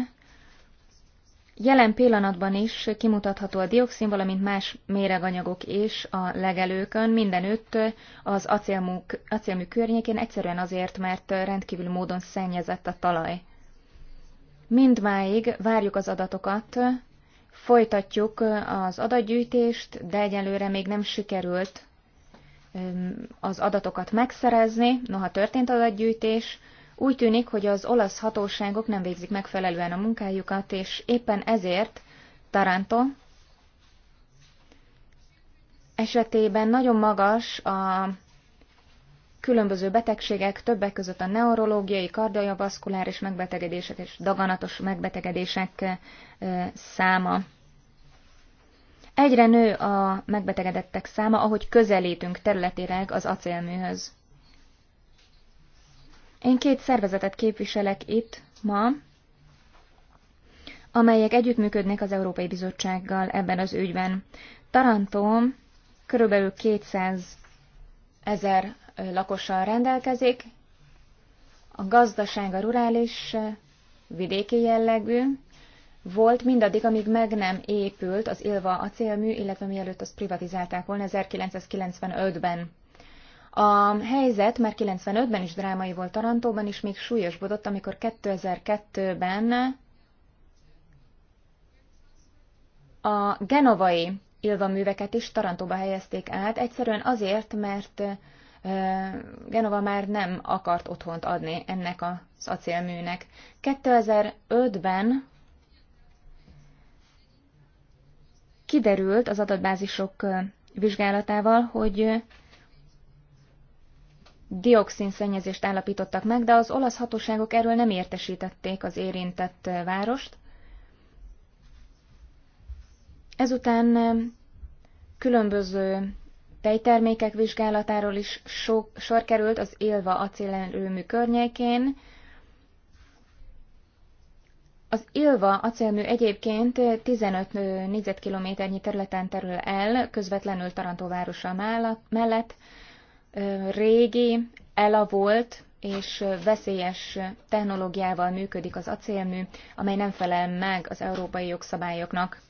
jelen pillanatban is kimutatható a dioxin, valamint más méreganyagok is a legelőkön, mindenütt az acélmű, acélmű környékén, egyszerűen azért, mert rendkívül módon szennyezett a talaj. Mindmáig várjuk az adatokat, folytatjuk az adatgyűjtést, de egyelőre még nem sikerült az adatokat megszerezni, noha történt adatgyűjtés, úgy tűnik, hogy az olasz hatóságok nem végzik megfelelően a munkájukat, és éppen ezért Taranto esetében nagyon magas a különböző betegségek, többek között a neurológiai, kardiovaszkuláris megbetegedések és daganatos megbetegedések száma. Egyre nő a megbetegedettek száma, ahogy közelítünk területileg az acélműhöz. Én két szervezetet képviselek itt ma, amelyek együttműködnek az Európai Bizottsággal ebben az ügyben. Tarantó körülbelül 200 ezer lakossal rendelkezik, a gazdasága rurális, vidéki jellegű, volt mindaddig, amíg meg nem épült az Ilva acélmű, illetve mielőtt azt privatizálták volna 1995-ben. A helyzet már 95-ben is drámai volt Tarantóban, és még súlyosbodott, amikor 2002-ben a genovai Ilva műveket is Tarantóba helyezték át, egyszerűen azért, mert Genova már nem akart otthont adni ennek az acélműnek. 2005-ben kiderült az adatbázisok vizsgálatával, hogy dioxin szennyezést állapítottak meg, de az olasz hatóságok erről nem értesítették az érintett várost. Ezután különböző tejtermékek vizsgálatáról is sor került az Élva acélerőmű környékén, az Ilva acélmű egyébként 15 négyzetkilométernyi területen terül el, közvetlenül Tarantó városa mellett, régi, elavolt és veszélyes technológiával működik az acélmű, amely nem felel meg az európai jogszabályoknak.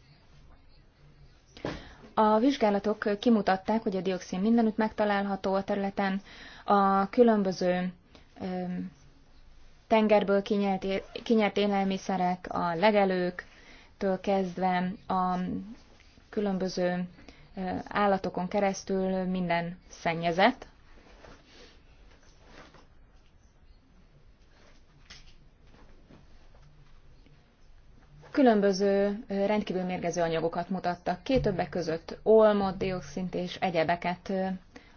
A vizsgálatok kimutatták, hogy a dioxin mindenütt megtalálható a területen, a különböző tengerből kinyert, kinyert élelmiszerek, a legelőktől kezdve a különböző állatokon keresztül minden szennyezett. Különböző rendkívül mérgező anyagokat mutattak ki, többek között olmot, dioxint és egyebeket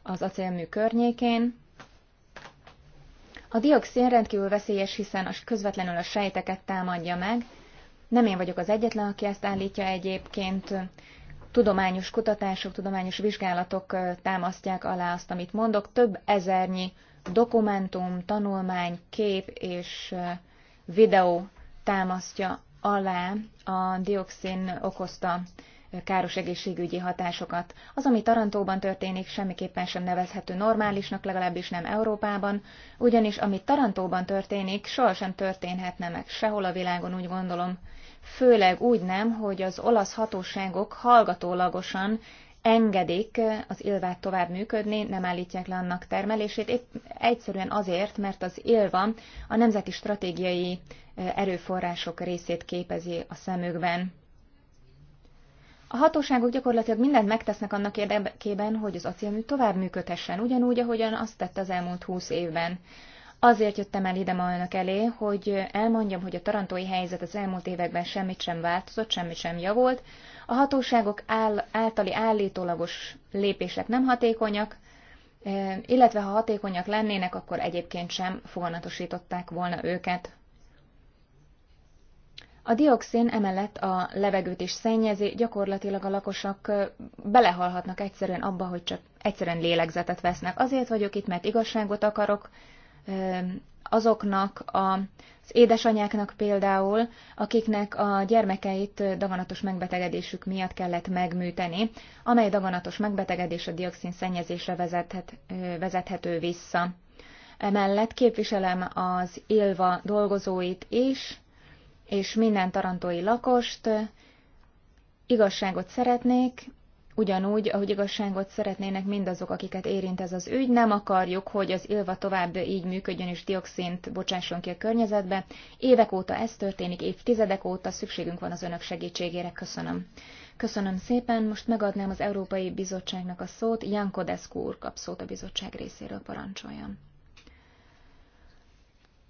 az acélmű környékén. A dioxin rendkívül veszélyes, hiszen a, közvetlenül a sejteket támadja meg. Nem én vagyok az egyetlen, aki ezt állítja egyébként. Tudományos kutatások, tudományos vizsgálatok támasztják alá azt, amit mondok. Több ezernyi dokumentum, tanulmány, kép és videó támasztja alá a dioxin okozta káros egészségügyi hatásokat. Az, ami Tarantóban történik, semmiképpen sem nevezhető normálisnak, legalábbis nem Európában, ugyanis ami Tarantóban történik, sohasem történhetne meg sehol a világon, úgy gondolom. Főleg úgy nem, hogy az olasz hatóságok hallgatólagosan engedik az ilvát tovább működni, nem állítják le annak termelését, épp egyszerűen azért, mert az ilva a nemzeti stratégiai eh, erőforrások részét képezi a szemükben. A hatóságok gyakorlatilag mindent megtesznek annak érdekében, hogy az acélmű tovább működhessen, ugyanúgy, ahogyan azt tette az elmúlt húsz évben. Azért jöttem el ide ma önök elé, hogy elmondjam, hogy a tarantói helyzet az elmúlt években semmit sem változott, semmit sem javult, a hatóságok áll, általi állítólagos lépések nem hatékonyak, eh, illetve ha hatékonyak lennének, akkor egyébként sem foganatosították volna őket. A dioxin emellett a levegőt is szennyezi, gyakorlatilag a lakosok belehalhatnak egyszerűen abba, hogy csak egyszerűen lélegzetet vesznek. Azért vagyok itt, mert igazságot akarok azoknak az édesanyáknak például, akiknek a gyermekeit daganatos megbetegedésük miatt kellett megműteni, amely daganatos megbetegedés a dioxin szennyezésre vezethet, vezethető vissza. Emellett képviselem az Ilva dolgozóit is, és minden tarantói lakost. Igazságot szeretnék, ugyanúgy, ahogy igazságot szeretnének mindazok, akiket érint ez az ügy. Nem akarjuk, hogy az Ilva tovább így működjön és dioxint bocsásson ki a környezetbe. Évek óta ez történik, évtizedek óta szükségünk van az önök segítségére. Köszönöm. Köszönöm szépen, most megadnám az Európai Bizottságnak a szót, Janko Deszkó úr kap szót a bizottság részéről, parancsoljon.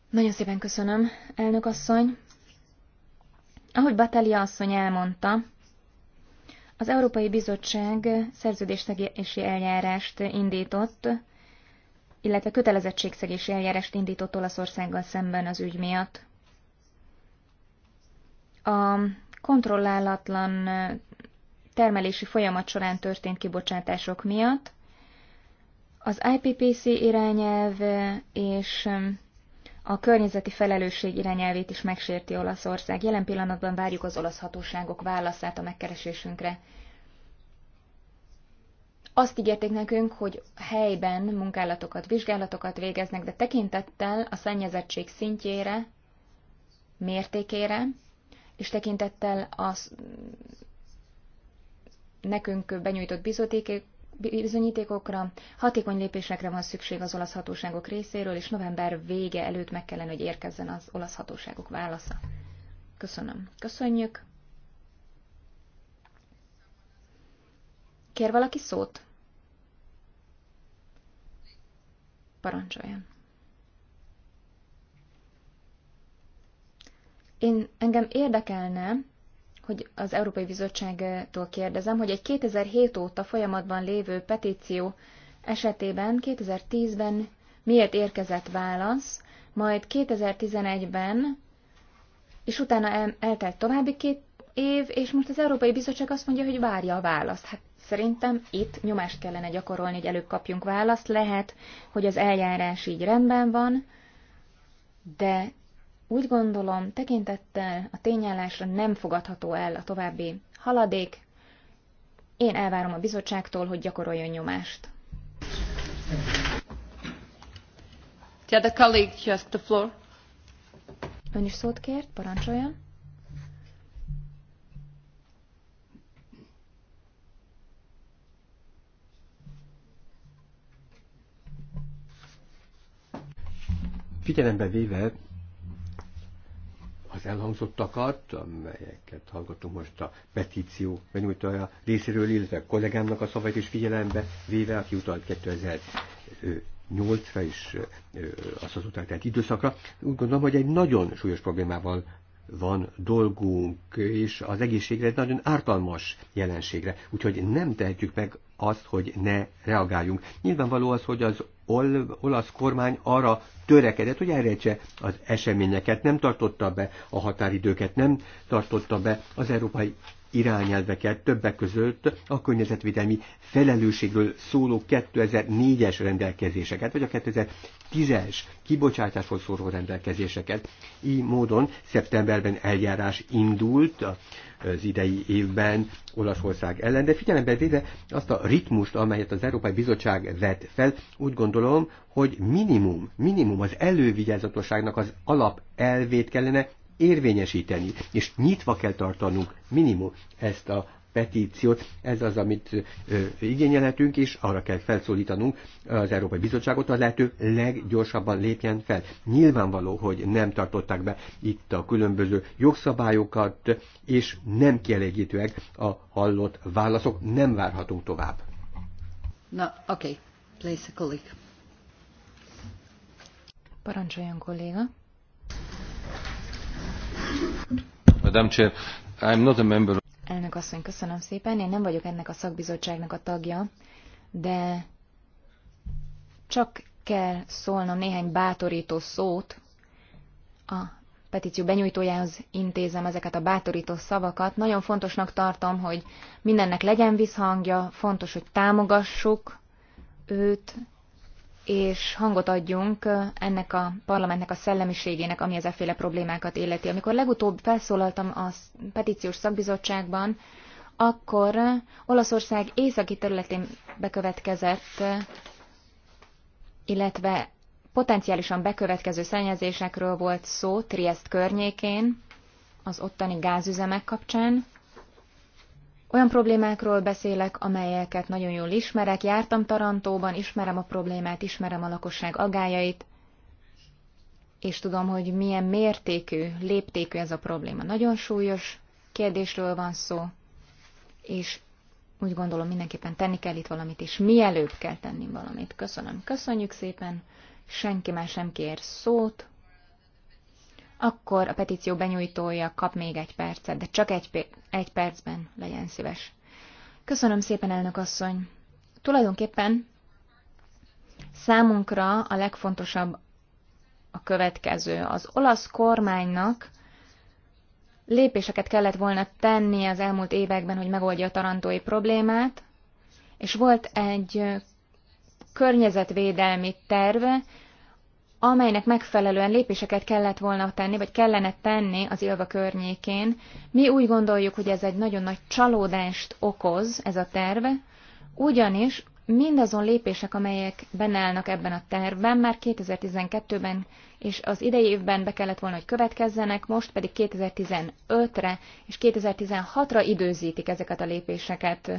Nagyon szépen köszönöm, elnök asszony. Ahogy Batalia asszony elmondta, az Európai Bizottság szerződésszegési eljárást indított, illetve kötelezettségszegési eljárást indított Olaszországgal szemben az ügy miatt. A kontrollálatlan termelési folyamat során történt kibocsátások miatt az IPPC irányelv és a környezeti felelősség irányelvét is megsérti Olaszország. Jelen pillanatban várjuk az olasz hatóságok válaszát a megkeresésünkre. Azt ígérték nekünk, hogy helyben munkálatokat, vizsgálatokat végeznek, de tekintettel a szennyezettség szintjére, mértékére, és tekintettel a nekünk benyújtott bizotékok, bizonyítékokra, hatékony lépésekre van szükség az olasz hatóságok részéről, és november vége előtt meg kellene, hogy érkezzen az olasz hatóságok válasza. Köszönöm. Köszönjük. Kér valaki szót? Parancsoljon. Én engem érdekelne, hogy az Európai Bizottságtól kérdezem, hogy egy 2007 óta folyamatban lévő petíció esetében 2010-ben miért érkezett válasz, majd 2011-ben, és utána el, eltelt további két év, és most az Európai Bizottság azt mondja, hogy várja a választ. Hát szerintem itt nyomást kellene gyakorolni, hogy előbb kapjunk választ. Lehet, hogy az eljárás így rendben van, de úgy gondolom, tekintettel a tényállásra nem fogadható el a további haladék. Én elvárom a bizottságtól, hogy gyakoroljon nyomást. The other colleague has the floor. Ön is szót kért, parancsoljon. Figyelembe véve az elhangzottakat, amelyeket hallgatom most a petíció benyújtója részéről, illetve a kollégámnak a szavait is figyelembe véve, aki utalt 2008-ra és azt az utána tehát időszakra. Úgy gondolom, hogy egy nagyon súlyos problémával van dolgunk, és az egészségre egy nagyon ártalmas jelenségre. Úgyhogy nem tehetjük meg azt, hogy ne reagáljunk. Nyilvánvaló az, hogy az ol- olasz kormány arra törekedett, hogy elrejtse az eseményeket, nem tartotta be a határidőket, nem tartotta be az európai irányelveket többek között a környezetvédelmi felelősségről szóló 2004-es rendelkezéseket, vagy a 2010-es kibocsátásról szóló rendelkezéseket. Így módon szeptemberben eljárás indult az idei évben Olaszország ellen, de figyelembe véve azt a ritmust, amelyet az Európai Bizottság vett fel, úgy gondolom, hogy minimum, minimum az elővigyázatosságnak az alapelvét kellene érvényesíteni, és nyitva kell tartanunk minimum ezt a petíciót, ez az, amit ö, igényelhetünk, és arra kell felszólítanunk az Európai Bizottságot, a lehető leggyorsabban lépjen fel. Nyilvánvaló, hogy nem tartották be itt a különböző jogszabályokat, és nem kielégítőek a hallott válaszok, nem várhatunk tovább. Na, oké, okay. place a colleague. Parancsoljon kolléga. Madam Chair, I'm not a member. Elnök asszony, köszönöm szépen. Én nem vagyok ennek a szakbizottságnak a tagja, de csak kell szólnom néhány bátorító szót a petíció benyújtójához intézem ezeket a bátorító szavakat. Nagyon fontosnak tartom, hogy mindennek legyen visszhangja, fontos, hogy támogassuk őt, és hangot adjunk ennek a parlamentnek a szellemiségének, ami ezeféle problémákat illeti. Amikor legutóbb felszólaltam a petíciós szakbizottságban, akkor Olaszország északi területén bekövetkezett, illetve potenciálisan bekövetkező szennyezésekről volt szó Triest környékén, az ottani gázüzemek kapcsán, olyan problémákról beszélek, amelyeket nagyon jól ismerek, jártam Tarantóban, ismerem a problémát, ismerem a lakosság agájait, és tudom, hogy milyen mértékű, léptékű ez a probléma. Nagyon súlyos kérdésről van szó, és úgy gondolom mindenképpen tenni kell itt valamit, és mielőbb kell tenni valamit. Köszönöm. Köszönjük szépen. Senki már sem kér szót akkor a petíció benyújtója kap még egy percet, de csak egy, egy percben legyen szíves. Köszönöm szépen, elnök asszony. Tulajdonképpen számunkra a legfontosabb a következő. Az olasz kormánynak lépéseket kellett volna tenni az elmúlt években, hogy megoldja a tarantói problémát, és volt egy környezetvédelmi terve, amelynek megfelelően lépéseket kellett volna tenni, vagy kellene tenni az Ilva környékén. Mi úgy gondoljuk, hogy ez egy nagyon nagy csalódást okoz, ez a terve, ugyanis mindazon lépések, amelyek benne állnak ebben a tervben, már 2012-ben és az idei évben be kellett volna, hogy következzenek, most pedig 2015-re és 2016-ra időzítik ezeket a lépéseket.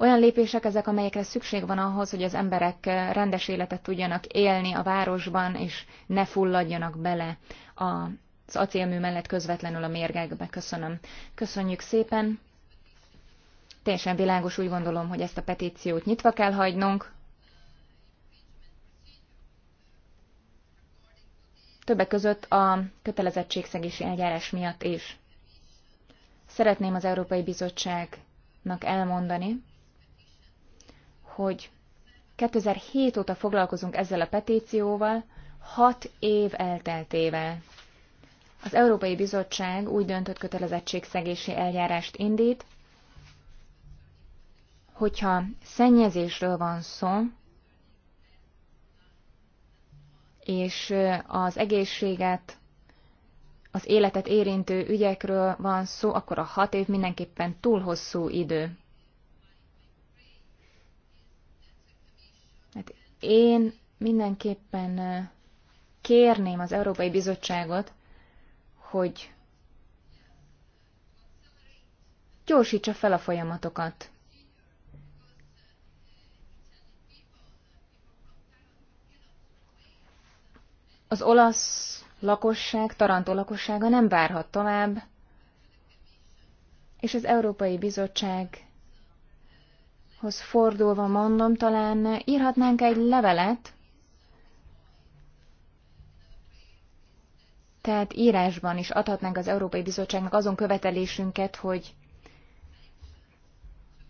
Olyan lépések ezek, amelyekre szükség van ahhoz, hogy az emberek eh, rendes életet tudjanak élni a városban, és ne fulladjanak bele az acélmű mellett közvetlenül a mérgekbe. Köszönöm. Köszönjük szépen. Teljesen világos úgy gondolom, hogy ezt a petíciót nyitva kell hagynunk. Többek között a kötelezettségszegési eljárás miatt is. Szeretném az Európai Bizottságnak elmondani, hogy 2007 óta foglalkozunk ezzel a petícióval, 6 év elteltével. Az Európai Bizottság úgy döntött kötelezettségszegési eljárást indít, hogyha szennyezésről van szó, és az egészséget, az életet érintő ügyekről van szó, akkor a hat év mindenképpen túl hosszú idő. Én mindenképpen kérném az Európai Bizottságot, hogy gyorsítsa fel a folyamatokat. Az olasz lakosság, Tarantó lakossága nem várhat tovább, és az Európai Bizottság hoz fordulva mondom, talán írhatnánk egy levelet, tehát írásban is adhatnánk az Európai Bizottságnak azon követelésünket, hogy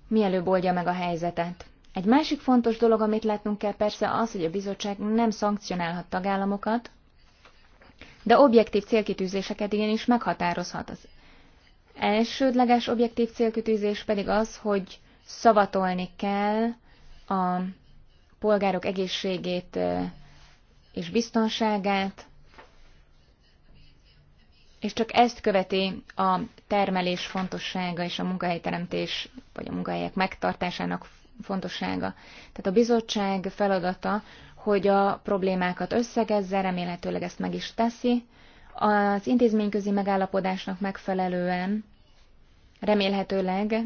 mielőbb oldja meg a helyzetet. Egy másik fontos dolog, amit látnunk kell persze az, hogy a bizottság nem szankcionálhat tagállamokat, de objektív célkitűzéseket igenis meghatározhat. Az elsődleges objektív célkitűzés pedig az, hogy szavatolni kell a polgárok egészségét és biztonságát, és csak ezt követi a termelés fontossága és a munkahelyteremtés, vagy a munkahelyek megtartásának fontossága. Tehát a bizottság feladata, hogy a problémákat összegezze, remélhetőleg ezt meg is teszi. Az intézményközi megállapodásnak megfelelően remélhetőleg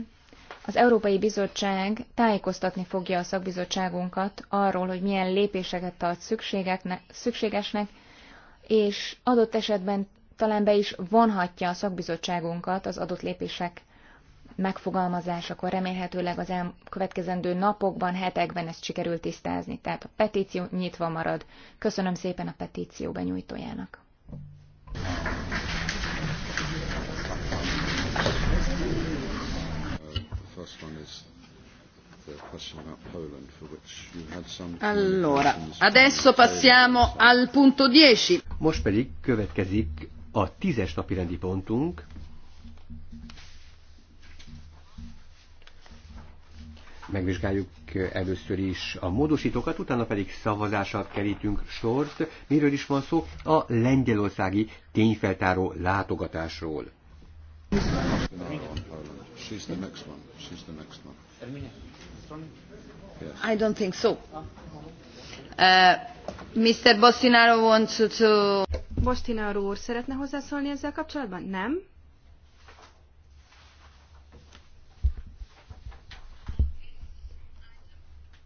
az Európai Bizottság tájékoztatni fogja a szakbizottságunkat arról, hogy milyen lépéseket tart szükségesnek, és adott esetben talán be is vonhatja a szakbizottságunkat az adott lépések megfogalmazásakor. Remélhetőleg az elkövetkezendő napokban, hetekben ezt sikerül tisztázni. Tehát a petíció nyitva marad. Köszönöm szépen a petíció benyújtójának. Allora, adesso passiamo al punto 10. Most pedig következik a tízes napi rendi pontunk. Megvizsgáljuk először is a módosítókat, utána pedig szavazással kerítünk sort. Miről is van szó? A lengyelországi tényfeltáró látogatásról. Köszönöm. She's the next one. She's the next one. Yes. I don't think so. Uh, Mr. Bostinaro wants to... to... Bostinaro úr szeretne hozzászólni ezzel kapcsolatban? Nem?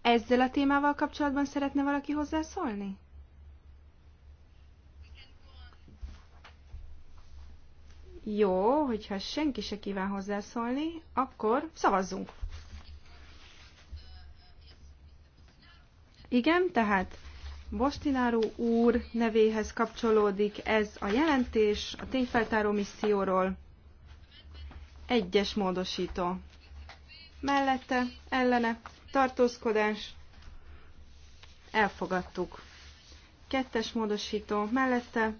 Ezzel a témával kapcsolatban szeretne valaki hozzászólni? Jó, hogyha senki se kíván hozzászólni, akkor szavazzunk. Igen, tehát Bostináró úr nevéhez kapcsolódik ez a jelentés a tényfeltáró misszióról. Egyes módosító. Mellette, ellene, tartózkodás. Elfogadtuk. Kettes módosító mellette,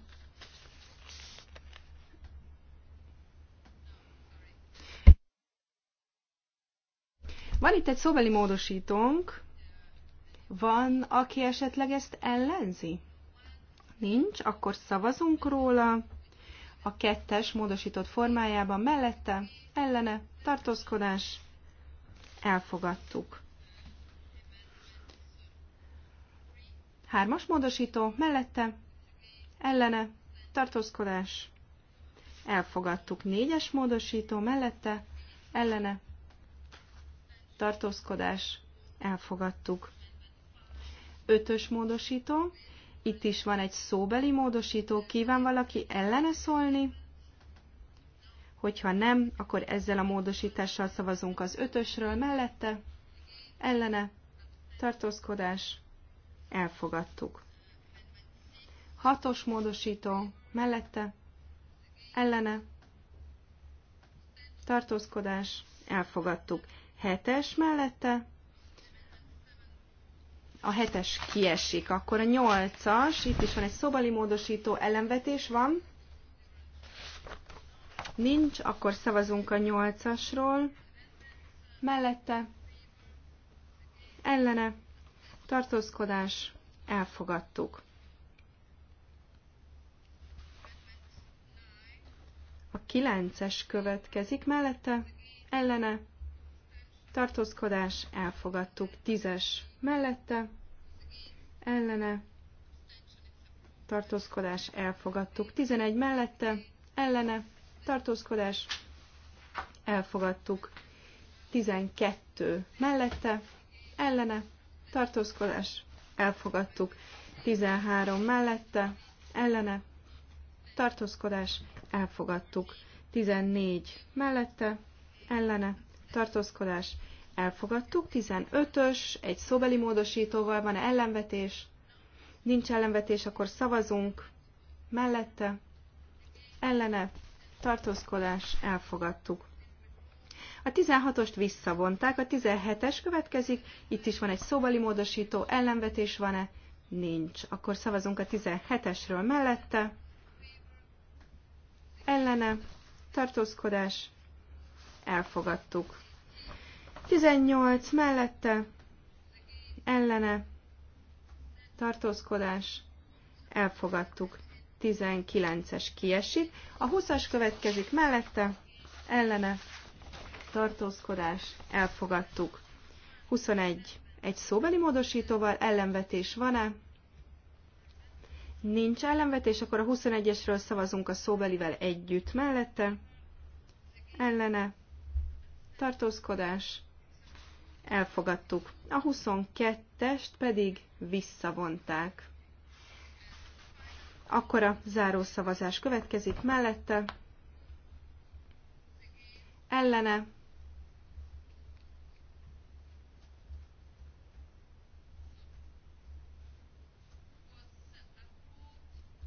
Van itt egy szóbeli módosítónk. Van, aki esetleg ezt ellenzi? Nincs, akkor szavazunk róla a kettes módosított formájában mellette, ellene, tartózkodás, elfogadtuk. Hármas módosító, mellette, ellene, tartózkodás, elfogadtuk. Négyes módosító, mellette, ellene, tartózkodás, elfogadtuk. Ötös módosító, itt is van egy szóbeli módosító, kíván valaki ellene szólni? Hogyha nem, akkor ezzel a módosítással szavazunk az ötösről mellette, ellene, tartózkodás, elfogadtuk. Hatos módosító, mellette, ellene, tartózkodás, elfogadtuk hetes mellette. A hetes kiesik, akkor a nyolcas, itt is van egy szobali módosító, ellenvetés van. Nincs, akkor szavazunk a nyolcasról. Mellette, ellene, tartózkodás, elfogadtuk. A kilences következik mellette, ellene, tartózkodás, elfogadtuk. Tízes mellette, ellene, tartózkodás, elfogadtuk. Tizenegy mellette, ellene, tartózkodás, elfogadtuk. Tizenkettő mellette, ellene, tartózkodás, elfogadtuk. Tizenhárom mellette, ellene, tartózkodás, elfogadtuk. tizennégy mellette, ellene, tartózkodás elfogadtuk. 15-ös, egy szóbeli módosítóval van -e ellenvetés, nincs ellenvetés, akkor szavazunk mellette, ellene, tartózkodás elfogadtuk. A 16-ost visszavonták, a 17-es következik, itt is van egy szóbeli módosító, ellenvetés van-e? Nincs. Akkor szavazunk a 17-esről mellette. Ellene, tartózkodás, elfogadtuk. 18 mellette, ellene, tartózkodás, elfogadtuk. 19-es kiesik, a 20-as következik mellette, ellene, tartózkodás, elfogadtuk. 21. Egy szóbeli módosítóval ellenvetés van-e? Nincs ellenvetés, akkor a 21-esről szavazunk a szóbelivel együtt mellette, ellene, tartózkodás, elfogadtuk. A 22-est pedig visszavonták. Akkor a záró szavazás következik mellette. Ellene.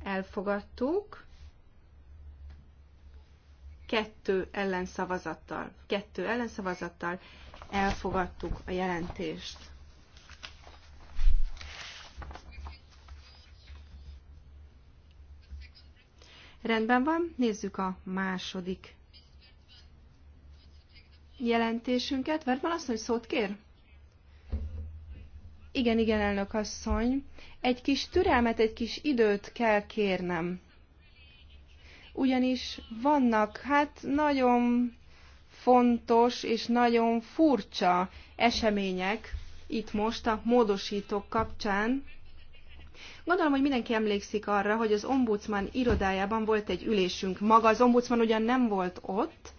Elfogadtuk kettő ellenszavazattal. Kettő ellenszavazattal elfogadtuk a jelentést. Rendben van, nézzük a második jelentésünket. Vertman asszony szót kér? Igen, igen, elnök asszony. Egy kis türelmet, egy kis időt kell kérnem ugyanis vannak hát nagyon fontos és nagyon furcsa események itt most a módosítók kapcsán. Gondolom, hogy mindenki emlékszik arra, hogy az ombudsman irodájában volt egy ülésünk. Maga az ombudsman ugyan nem volt ott,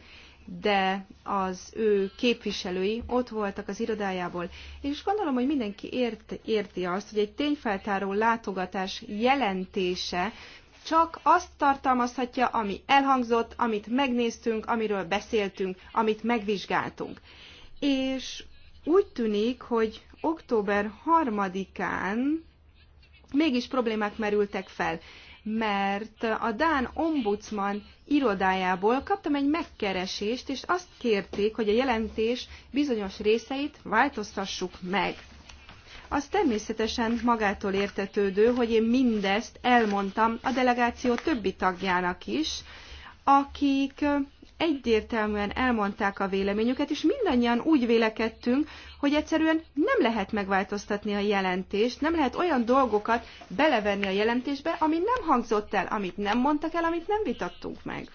de az ő képviselői ott voltak az irodájából. És gondolom, hogy mindenki ért, érti azt, hogy egy tényfeltáró látogatás jelentése csak azt tartalmazhatja, ami elhangzott, amit megnéztünk, amiről beszéltünk, amit megvizsgáltunk. És úgy tűnik, hogy október 3-án mégis problémák merültek fel, mert a Dán ombudsman irodájából kaptam egy megkeresést, és azt kérték, hogy a jelentés bizonyos részeit változtassuk meg az természetesen magától értetődő, hogy én mindezt elmondtam a delegáció többi tagjának is, akik egyértelműen elmondták a véleményüket, és mindannyian úgy vélekedtünk, hogy egyszerűen nem lehet megváltoztatni a jelentést, nem lehet olyan dolgokat belevenni a jelentésbe, ami nem hangzott el, amit nem mondtak el, amit nem vitattunk meg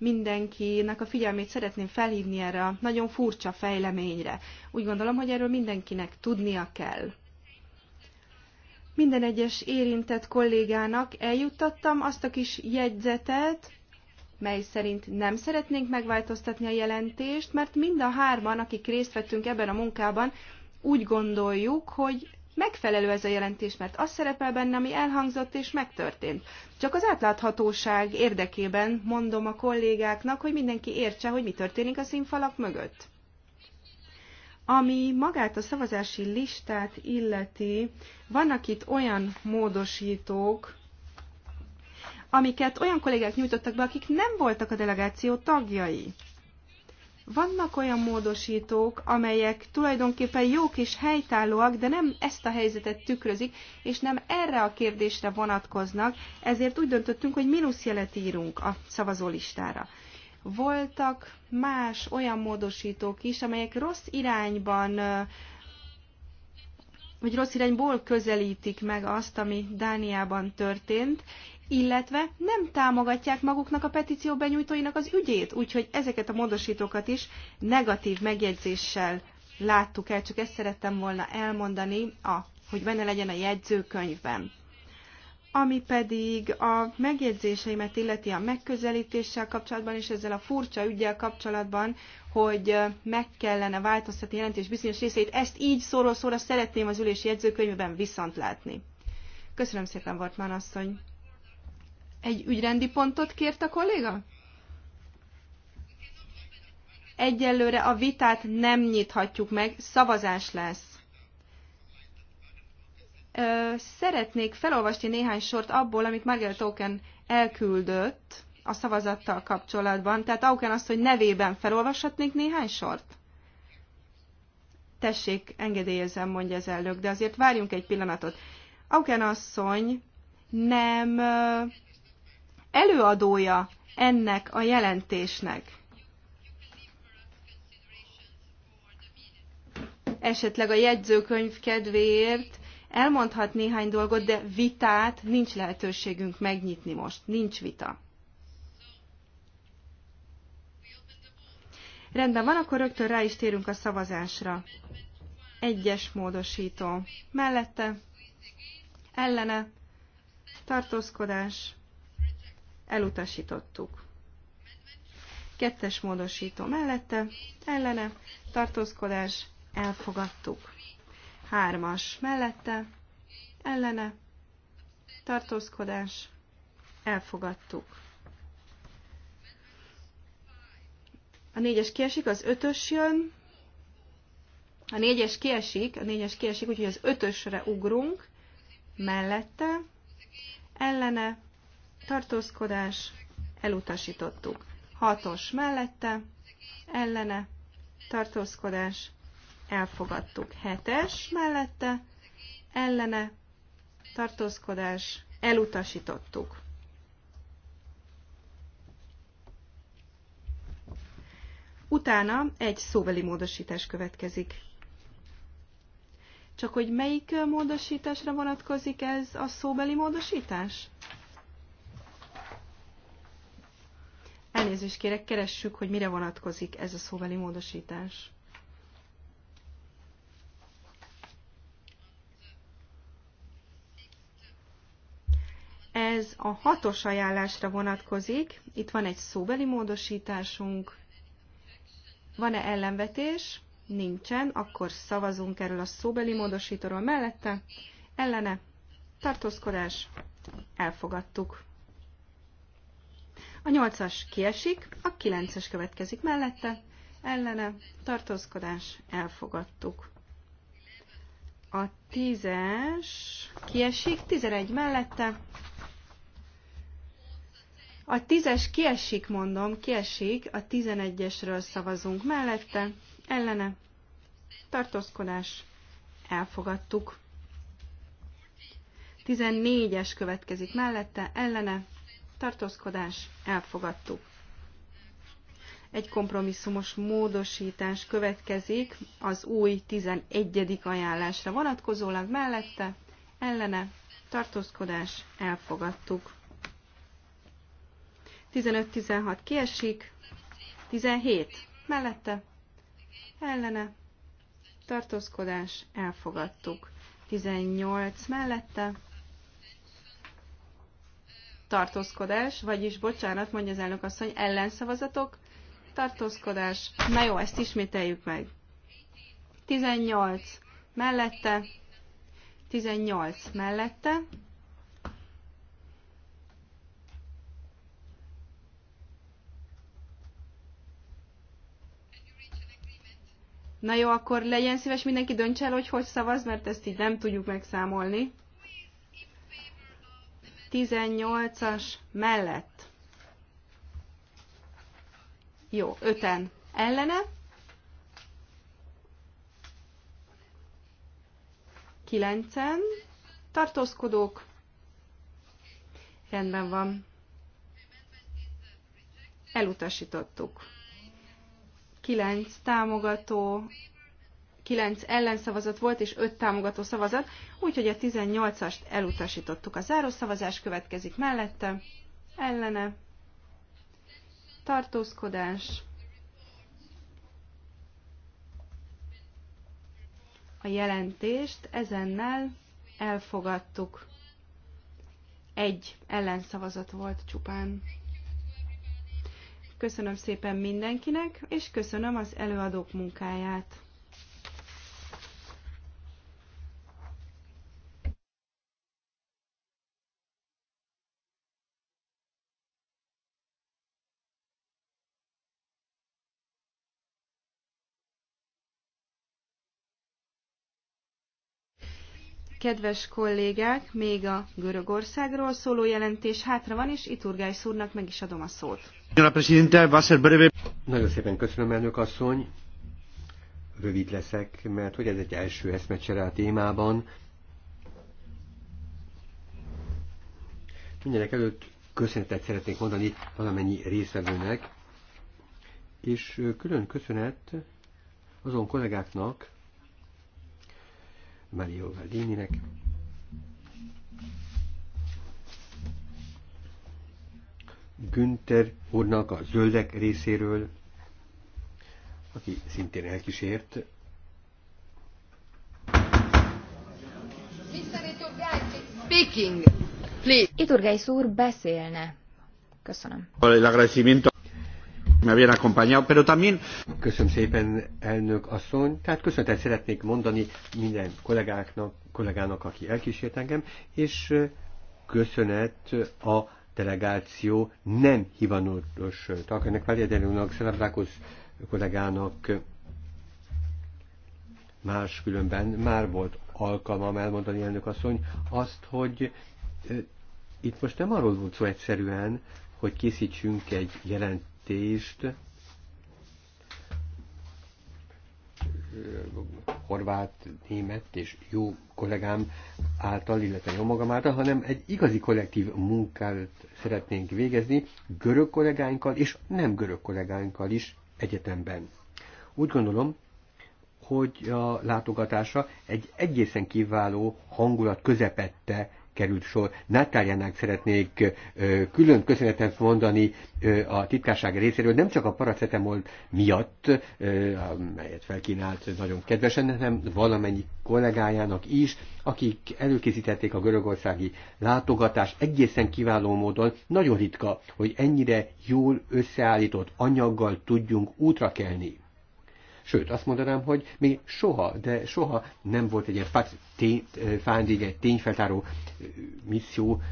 mindenkinek a figyelmét szeretném felhívni erre a nagyon furcsa fejleményre. Úgy gondolom, hogy erről mindenkinek tudnia kell. Minden egyes érintett kollégának eljuttattam azt a kis jegyzetet, mely szerint nem szeretnénk megváltoztatni a jelentést, mert mind a hárman, akik részt vettünk ebben a munkában, úgy gondoljuk, hogy megfelelő ez a jelentés, mert az szerepel benne, ami elhangzott és megtörtént. Csak az átláthatóság érdekében mondom a kollégáknak, hogy mindenki értse, hogy mi történik a színfalak mögött. Ami magát a szavazási listát illeti, vannak itt olyan módosítók, amiket olyan kollégák nyújtottak be, akik nem voltak a delegáció tagjai. Vannak olyan módosítók, amelyek tulajdonképpen jók és helytállóak, de nem ezt a helyzetet tükrözik, és nem erre a kérdésre vonatkoznak, ezért úgy döntöttünk, hogy mínuszjelet írunk a szavazólistára. Voltak más olyan módosítók is, amelyek rossz irányban vagy rossz irányból közelítik meg azt, ami Dániában történt, illetve nem támogatják maguknak a petíció benyújtóinak az ügyét, úgyhogy ezeket a módosítókat is negatív megjegyzéssel láttuk el, csak ezt szerettem volna elmondani, a, hogy benne legyen a jegyzőkönyvben. Ami pedig a megjegyzéseimet illeti a megközelítéssel kapcsolatban, és ezzel a furcsa ügyel kapcsolatban, hogy meg kellene változtatni jelentés bizonyos részét, ezt így szóról szóra szeretném az ülési jegyzőkönyvben viszont látni. Köszönöm szépen, Vartmán asszony! Egy ügyrendi pontot kért a kolléga? Egyelőre a vitát nem nyithatjuk meg, szavazás lesz. Ö, szeretnék felolvasni néhány sort abból, amit Margaret Token elküldött a szavazattal kapcsolatban. Tehát Auken azt, hogy nevében felolvashatnék néhány sort? Tessék, engedélyezem, mondja az elnök, de azért várjunk egy pillanatot. Auken asszony nem előadója ennek a jelentésnek. Esetleg a jegyzőkönyv kedvéért elmondhat néhány dolgot, de vitát nincs lehetőségünk megnyitni most. Nincs vita. Rendben van, akkor rögtön rá is térünk a szavazásra. Egyes módosító. Mellette. Ellene. Tartózkodás elutasítottuk. Kettes módosító mellette, ellene, tartózkodás, elfogadtuk. Hármas mellette, ellene, tartózkodás, elfogadtuk. A négyes kiesik, az ötös jön, a négyes kiesik, a négyes kiesik, úgyhogy az ötösre ugrunk, mellette, ellene, tartózkodás, elutasítottuk. Hatos mellette, ellene, tartózkodás, elfogadtuk. Hetes mellette, ellene, tartózkodás, elutasítottuk. Utána egy szóbeli módosítás következik. Csak hogy melyik módosításra vonatkozik ez a szóbeli módosítás? Elnézést kérek, keressük, hogy mire vonatkozik ez a szóbeli módosítás. Ez a hatos ajánlásra vonatkozik. Itt van egy szóbeli módosításunk. Van-e ellenvetés? Nincsen. Akkor szavazunk erről a szóbeli módosítóról mellette. Ellene. Tartózkodás. Elfogadtuk. A nyolcas kiesik, a kilences következik mellette, ellene, tartózkodás, elfogadtuk. A tízes kiesik, tizenegy mellette. A tízes kiesik, mondom, kiesik, a tizenegyesről szavazunk mellette, ellene, tartózkodás, elfogadtuk. 14-es következik mellette, ellene, tartózkodás, elfogadtuk. Egy kompromisszumos módosítás következik az új 11. ajánlásra vonatkozólag mellette, ellene, tartózkodás, elfogadtuk. 15-16 kiesik, 17 mellette, ellene, tartózkodás, elfogadtuk. 18 mellette, tartózkodás, vagyis bocsánat, mondja az elnök asszony, ellenszavazatok, tartózkodás. Na jó, ezt ismételjük meg. 18 mellette, 18 mellette, Na jó, akkor legyen szíves mindenki döntse el, hogy hogy szavaz, mert ezt így nem tudjuk megszámolni. 18-as mellett. Jó, öten ellene. Kilencen. Tartózkodók. Rendben van. Elutasítottuk. Kilenc támogató 9 ellenszavazat volt és 5 támogató szavazat, úgyhogy a 18-ast elutasítottuk. A záró szavazás következik mellette, ellene, tartózkodás, a jelentést ezennel elfogadtuk. Egy ellenszavazat volt csupán. Köszönöm szépen mindenkinek, és köszönöm az előadók munkáját. Kedves kollégák, még a Görögországról szóló jelentés hátra van, és Iturgály szúrnak meg is adom a szót. Nagyon szépen köszönöm, elnök asszony. Rövid leszek, mert hogy ez egy első eszmecsere a témában. Mindenek előtt köszönetet szeretnék mondani valamennyi részvevőnek, és külön köszönet azon kollégáknak, Mario Valdininek. Günther úrnak a zöldek részéről, aki szintén elkísért. Speaking, please. úr beszélne. Köszönöm. Köszönöm szépen, elnök asszony. Tehát köszönetet szeretnék mondani minden kollégáknak, kollégának, aki elkísért engem, és köszönet a delegáció nem hivatalos tagjának, Valjedelónak, Szelebrákos kollégának máskülönben különben már volt alkalmam elmondani elnök asszony azt, hogy itt most nem arról volt szó egyszerűen, hogy készítsünk egy jelent jelentést. horvát, német és jó kollégám által, illetve jó magam által, hanem egy igazi kollektív munkát szeretnénk végezni görög kollégáinkkal és nem görög kollégáinkkal is egyetemben. Úgy gondolom, hogy a látogatása egy egészen kiváló hangulat közepette került sor. Nátáljának szeretnék külön köszönetet mondani a titkárság részéről, nem csak a paracetamol miatt, melyet felkínált nagyon kedvesen, hanem valamennyi kollégájának is, akik előkészítették a görögországi látogatást egészen kiváló módon. Nagyon ritka, hogy ennyire jól összeállított anyaggal tudjunk útra kelni. Sőt, azt mondanám, hogy még soha, de soha nem volt egy ilyen tény, egy tényfeltáró misszió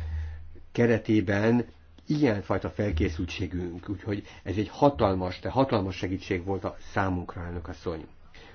keretében ilyenfajta felkészültségünk, úgyhogy ez egy hatalmas, de hatalmas segítség volt a számunkra, elnök asszony.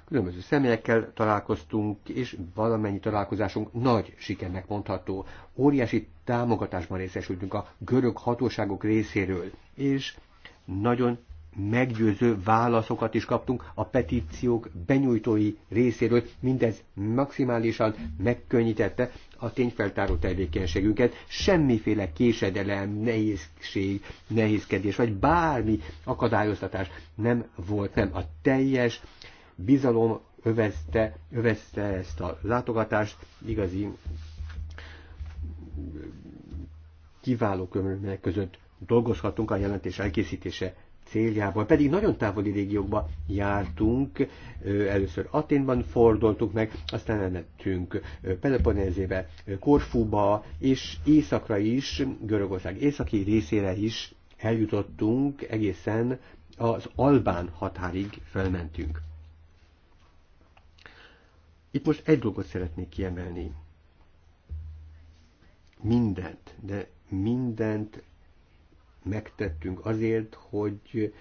Különböző személyekkel találkoztunk, és valamennyi találkozásunk nagy sikernek mondható. Óriási támogatásban részesültünk a görög hatóságok részéről, és nagyon meggyőző válaszokat is kaptunk a petíciók benyújtói részéről. Mindez maximálisan megkönnyítette a tényfeltáró tevékenységünket. Semmiféle késedelem, nehézség, nehézkedés, vagy bármi akadályoztatás nem volt, nem. A teljes bizalom övezte, övezte ezt a látogatást, igazi kiváló körülmények között dolgozhatunk a jelentés elkészítése céljából, pedig nagyon távoli régiókba jártunk, először Aténban fordultunk meg, aztán elmentünk Peloponnézébe, Korfuba, és északra is, Görögország északi részére is eljutottunk, egészen az Albán határig felmentünk. Itt most egy dolgot szeretnék kiemelni. Mindent, de mindent megtettünk azért, hogy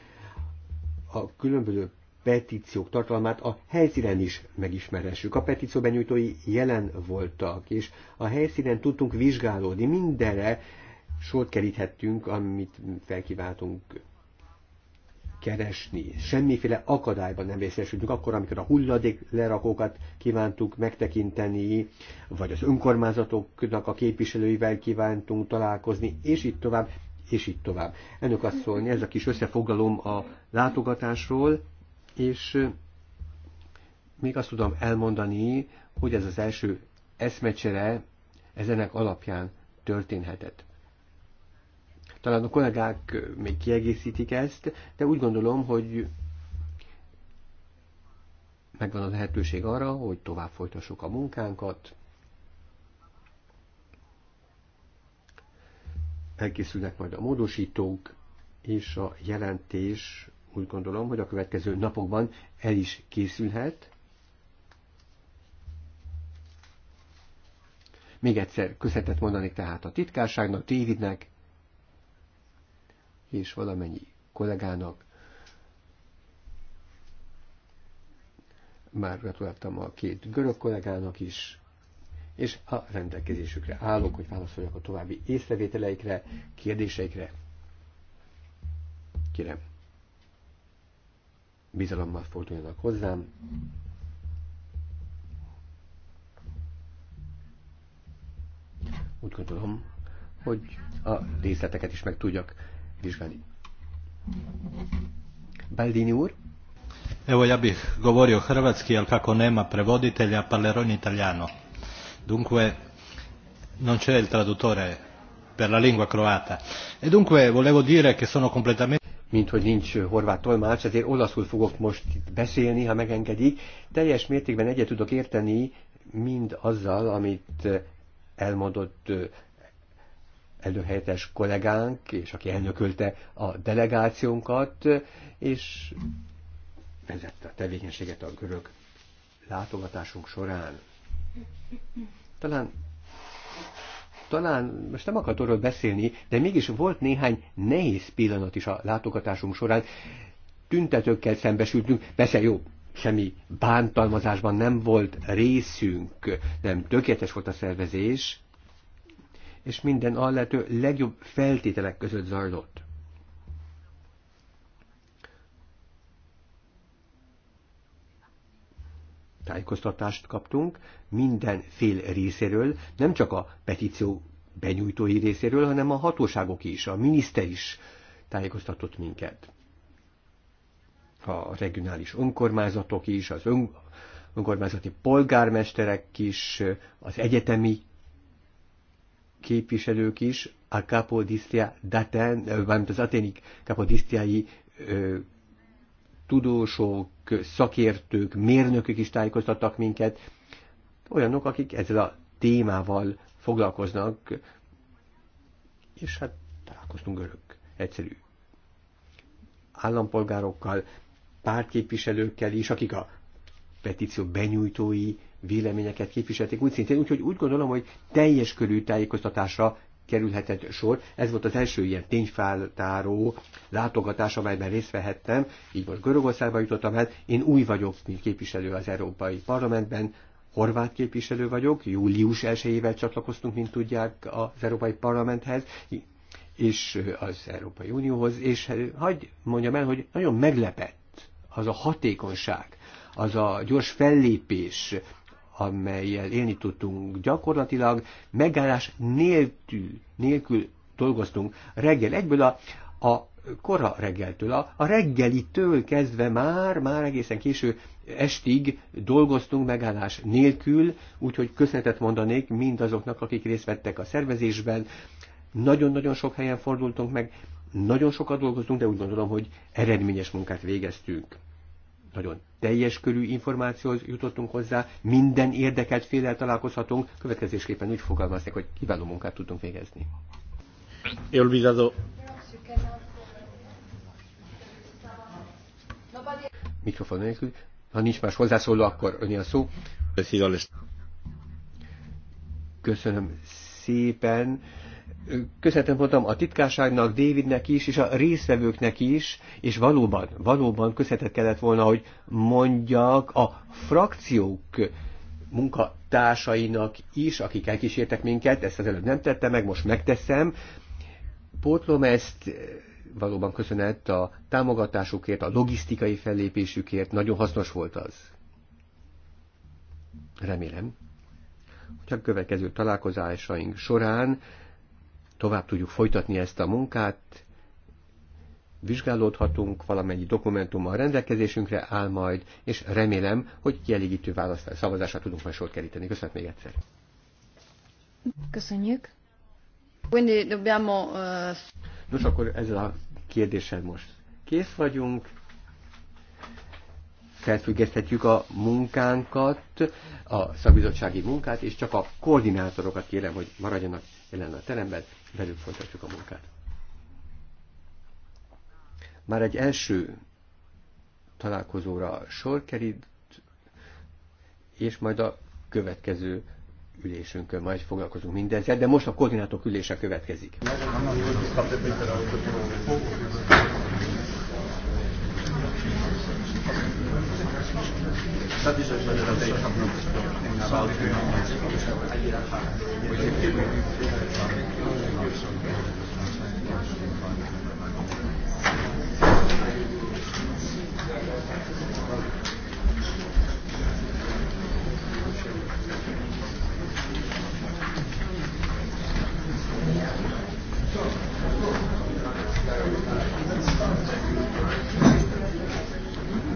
a különböző petíciók tartalmát a helyszínen is megismerhessük. A petíció benyújtói jelen voltak, és a helyszínen tudtunk vizsgálódni, mindenre sort keríthettünk, amit felkíváltunk keresni. Semmiféle akadályban nem részesültünk akkor, amikor a hulladék lerakókat kívántuk megtekinteni, vagy az önkormányzatoknak a képviselőivel kívántunk találkozni, és itt tovább és így tovább. Ennek azt szólni, ez a kis összefoglalom a látogatásról, és még azt tudom elmondani, hogy ez az első eszmecsere ezenek alapján történhetett. Talán a kollégák még kiegészítik ezt, de úgy gondolom, hogy megvan a lehetőség arra, hogy tovább folytassuk a munkánkat, elkészülnek majd a módosítók, és a jelentés úgy gondolom, hogy a következő napokban el is készülhet. Még egyszer köszönetet mondani tehát a titkárságnak, Davidnek, és valamennyi kollégának. Már gratuláltam a két görög kollégának is, és a rendelkezésükre állok, hogy válaszoljak a további észrevételeikre, kérdéseikre. Kérem, bizalommal forduljanak hozzám. Úgy gondolom, hogy a részleteket is meg tudjak vizsgálni. Baldini úr? Evo, ja bih govorio hrvatski, jer kako nema prevoditelja, parlerò in italiano dunque non c'è il traduttore per la lingua croata e dunque volevo dire che sono completamente mint hogy nincs horvát tolmács, ezért olaszul fogok most itt beszélni, ha megengedik. Teljes mértékben egyet tudok érteni mind azzal, amit elmondott előhelyettes kollégánk, és aki elnökölte a delegációnkat, és vezette a tevékenységet a görög látogatásunk során. Talán talán most nem akart arról beszélni, de mégis volt néhány nehéz pillanat is a látogatásunk során. Tüntetőkkel szembesültünk, persze jó, semmi bántalmazásban nem volt részünk, nem tökéletes volt a szervezés, és minden a lehető legjobb feltételek között zajlott. tájékoztatást kaptunk minden fél részéről, nem csak a petíció benyújtói részéről, hanem a hatóságok is, a miniszter is tájékoztatott minket. A regionális önkormányzatok is, az ön, önkormányzati polgármesterek is, az egyetemi képviselők is, a kapodisztia daten, valamint az aténik kapodisztiai tudósok, szakértők, mérnökök is tájékoztattak minket, olyanok, akik ezzel a témával foglalkoznak, és hát találkoztunk örök, egyszerű állampolgárokkal, pártképviselőkkel is, akik a petíció benyújtói véleményeket képviselték úgy szintén, úgyhogy úgy gondolom, hogy teljes körű tájékoztatásra kerülhetett sor. Ez volt az első ilyen tényfeltáró látogatás, amelyben részt vehettem. Így most Görögországba jutottam, el. Hát én új vagyok, mint képviselő az Európai Parlamentben, horvát képviselő vagyok, július 1 csatlakoztunk, mint tudják, az Európai Parlamenthez, és az Európai Unióhoz, és eh, hagyd mondjam el, hogy nagyon meglepett az a hatékonyság, az a gyors fellépés, amelyel élni tudtunk. Gyakorlatilag megállás nélkül, nélkül dolgoztunk. Reggel egyből a, a kora reggeltől, a, a reggelitől kezdve már, már egészen késő estig dolgoztunk megállás nélkül, úgyhogy köszönetet mondanék mindazoknak, akik részt vettek a szervezésben. Nagyon-nagyon sok helyen fordultunk meg, nagyon sokat dolgoztunk, de úgy gondolom, hogy eredményes munkát végeztünk nagyon teljes körű információhoz jutottunk hozzá, minden érdekelt félel találkozhatunk, következésképpen úgy fogalmazták, hogy kiváló munkát tudtunk végezni. Jól bizadó. Mikrofon nélkül. Ha nincs más hozzászóló, akkor öni a szó. Köszönöm szépen köszönhetem mondtam a titkárságnak, Davidnek is, és a részvevőknek is, és valóban, valóban köszönhetett kellett volna, hogy mondjak a frakciók munkatársainak is, akik elkísértek minket, ezt az előbb nem tettem meg, most megteszem. Pótlom ezt, eh, valóban köszönet a támogatásukért, a logisztikai fellépésükért, nagyon hasznos volt az. Remélem, hogy a következő találkozásaink során tovább tudjuk folytatni ezt a munkát, vizsgálódhatunk, valamennyi a rendelkezésünkre áll majd, és remélem, hogy kielégítő választás, szavazásra tudunk majd sor keríteni. Köszönöm még egyszer. Köszönjük. Eh, Nos, akkor ezzel a kérdéssel most kész vagyunk. Felfüggeszthetjük a munkánkat, a szabizottsági munkát, és csak a koordinátorokat kérem, hogy maradjanak jelen a teremben belül folytatjuk a munkát. Már egy első találkozóra sor kerít, és majd a következő ülésünkön majd foglalkozunk mindezzel, de most a koordinátok ülése következik. Köszönöm köszönöm.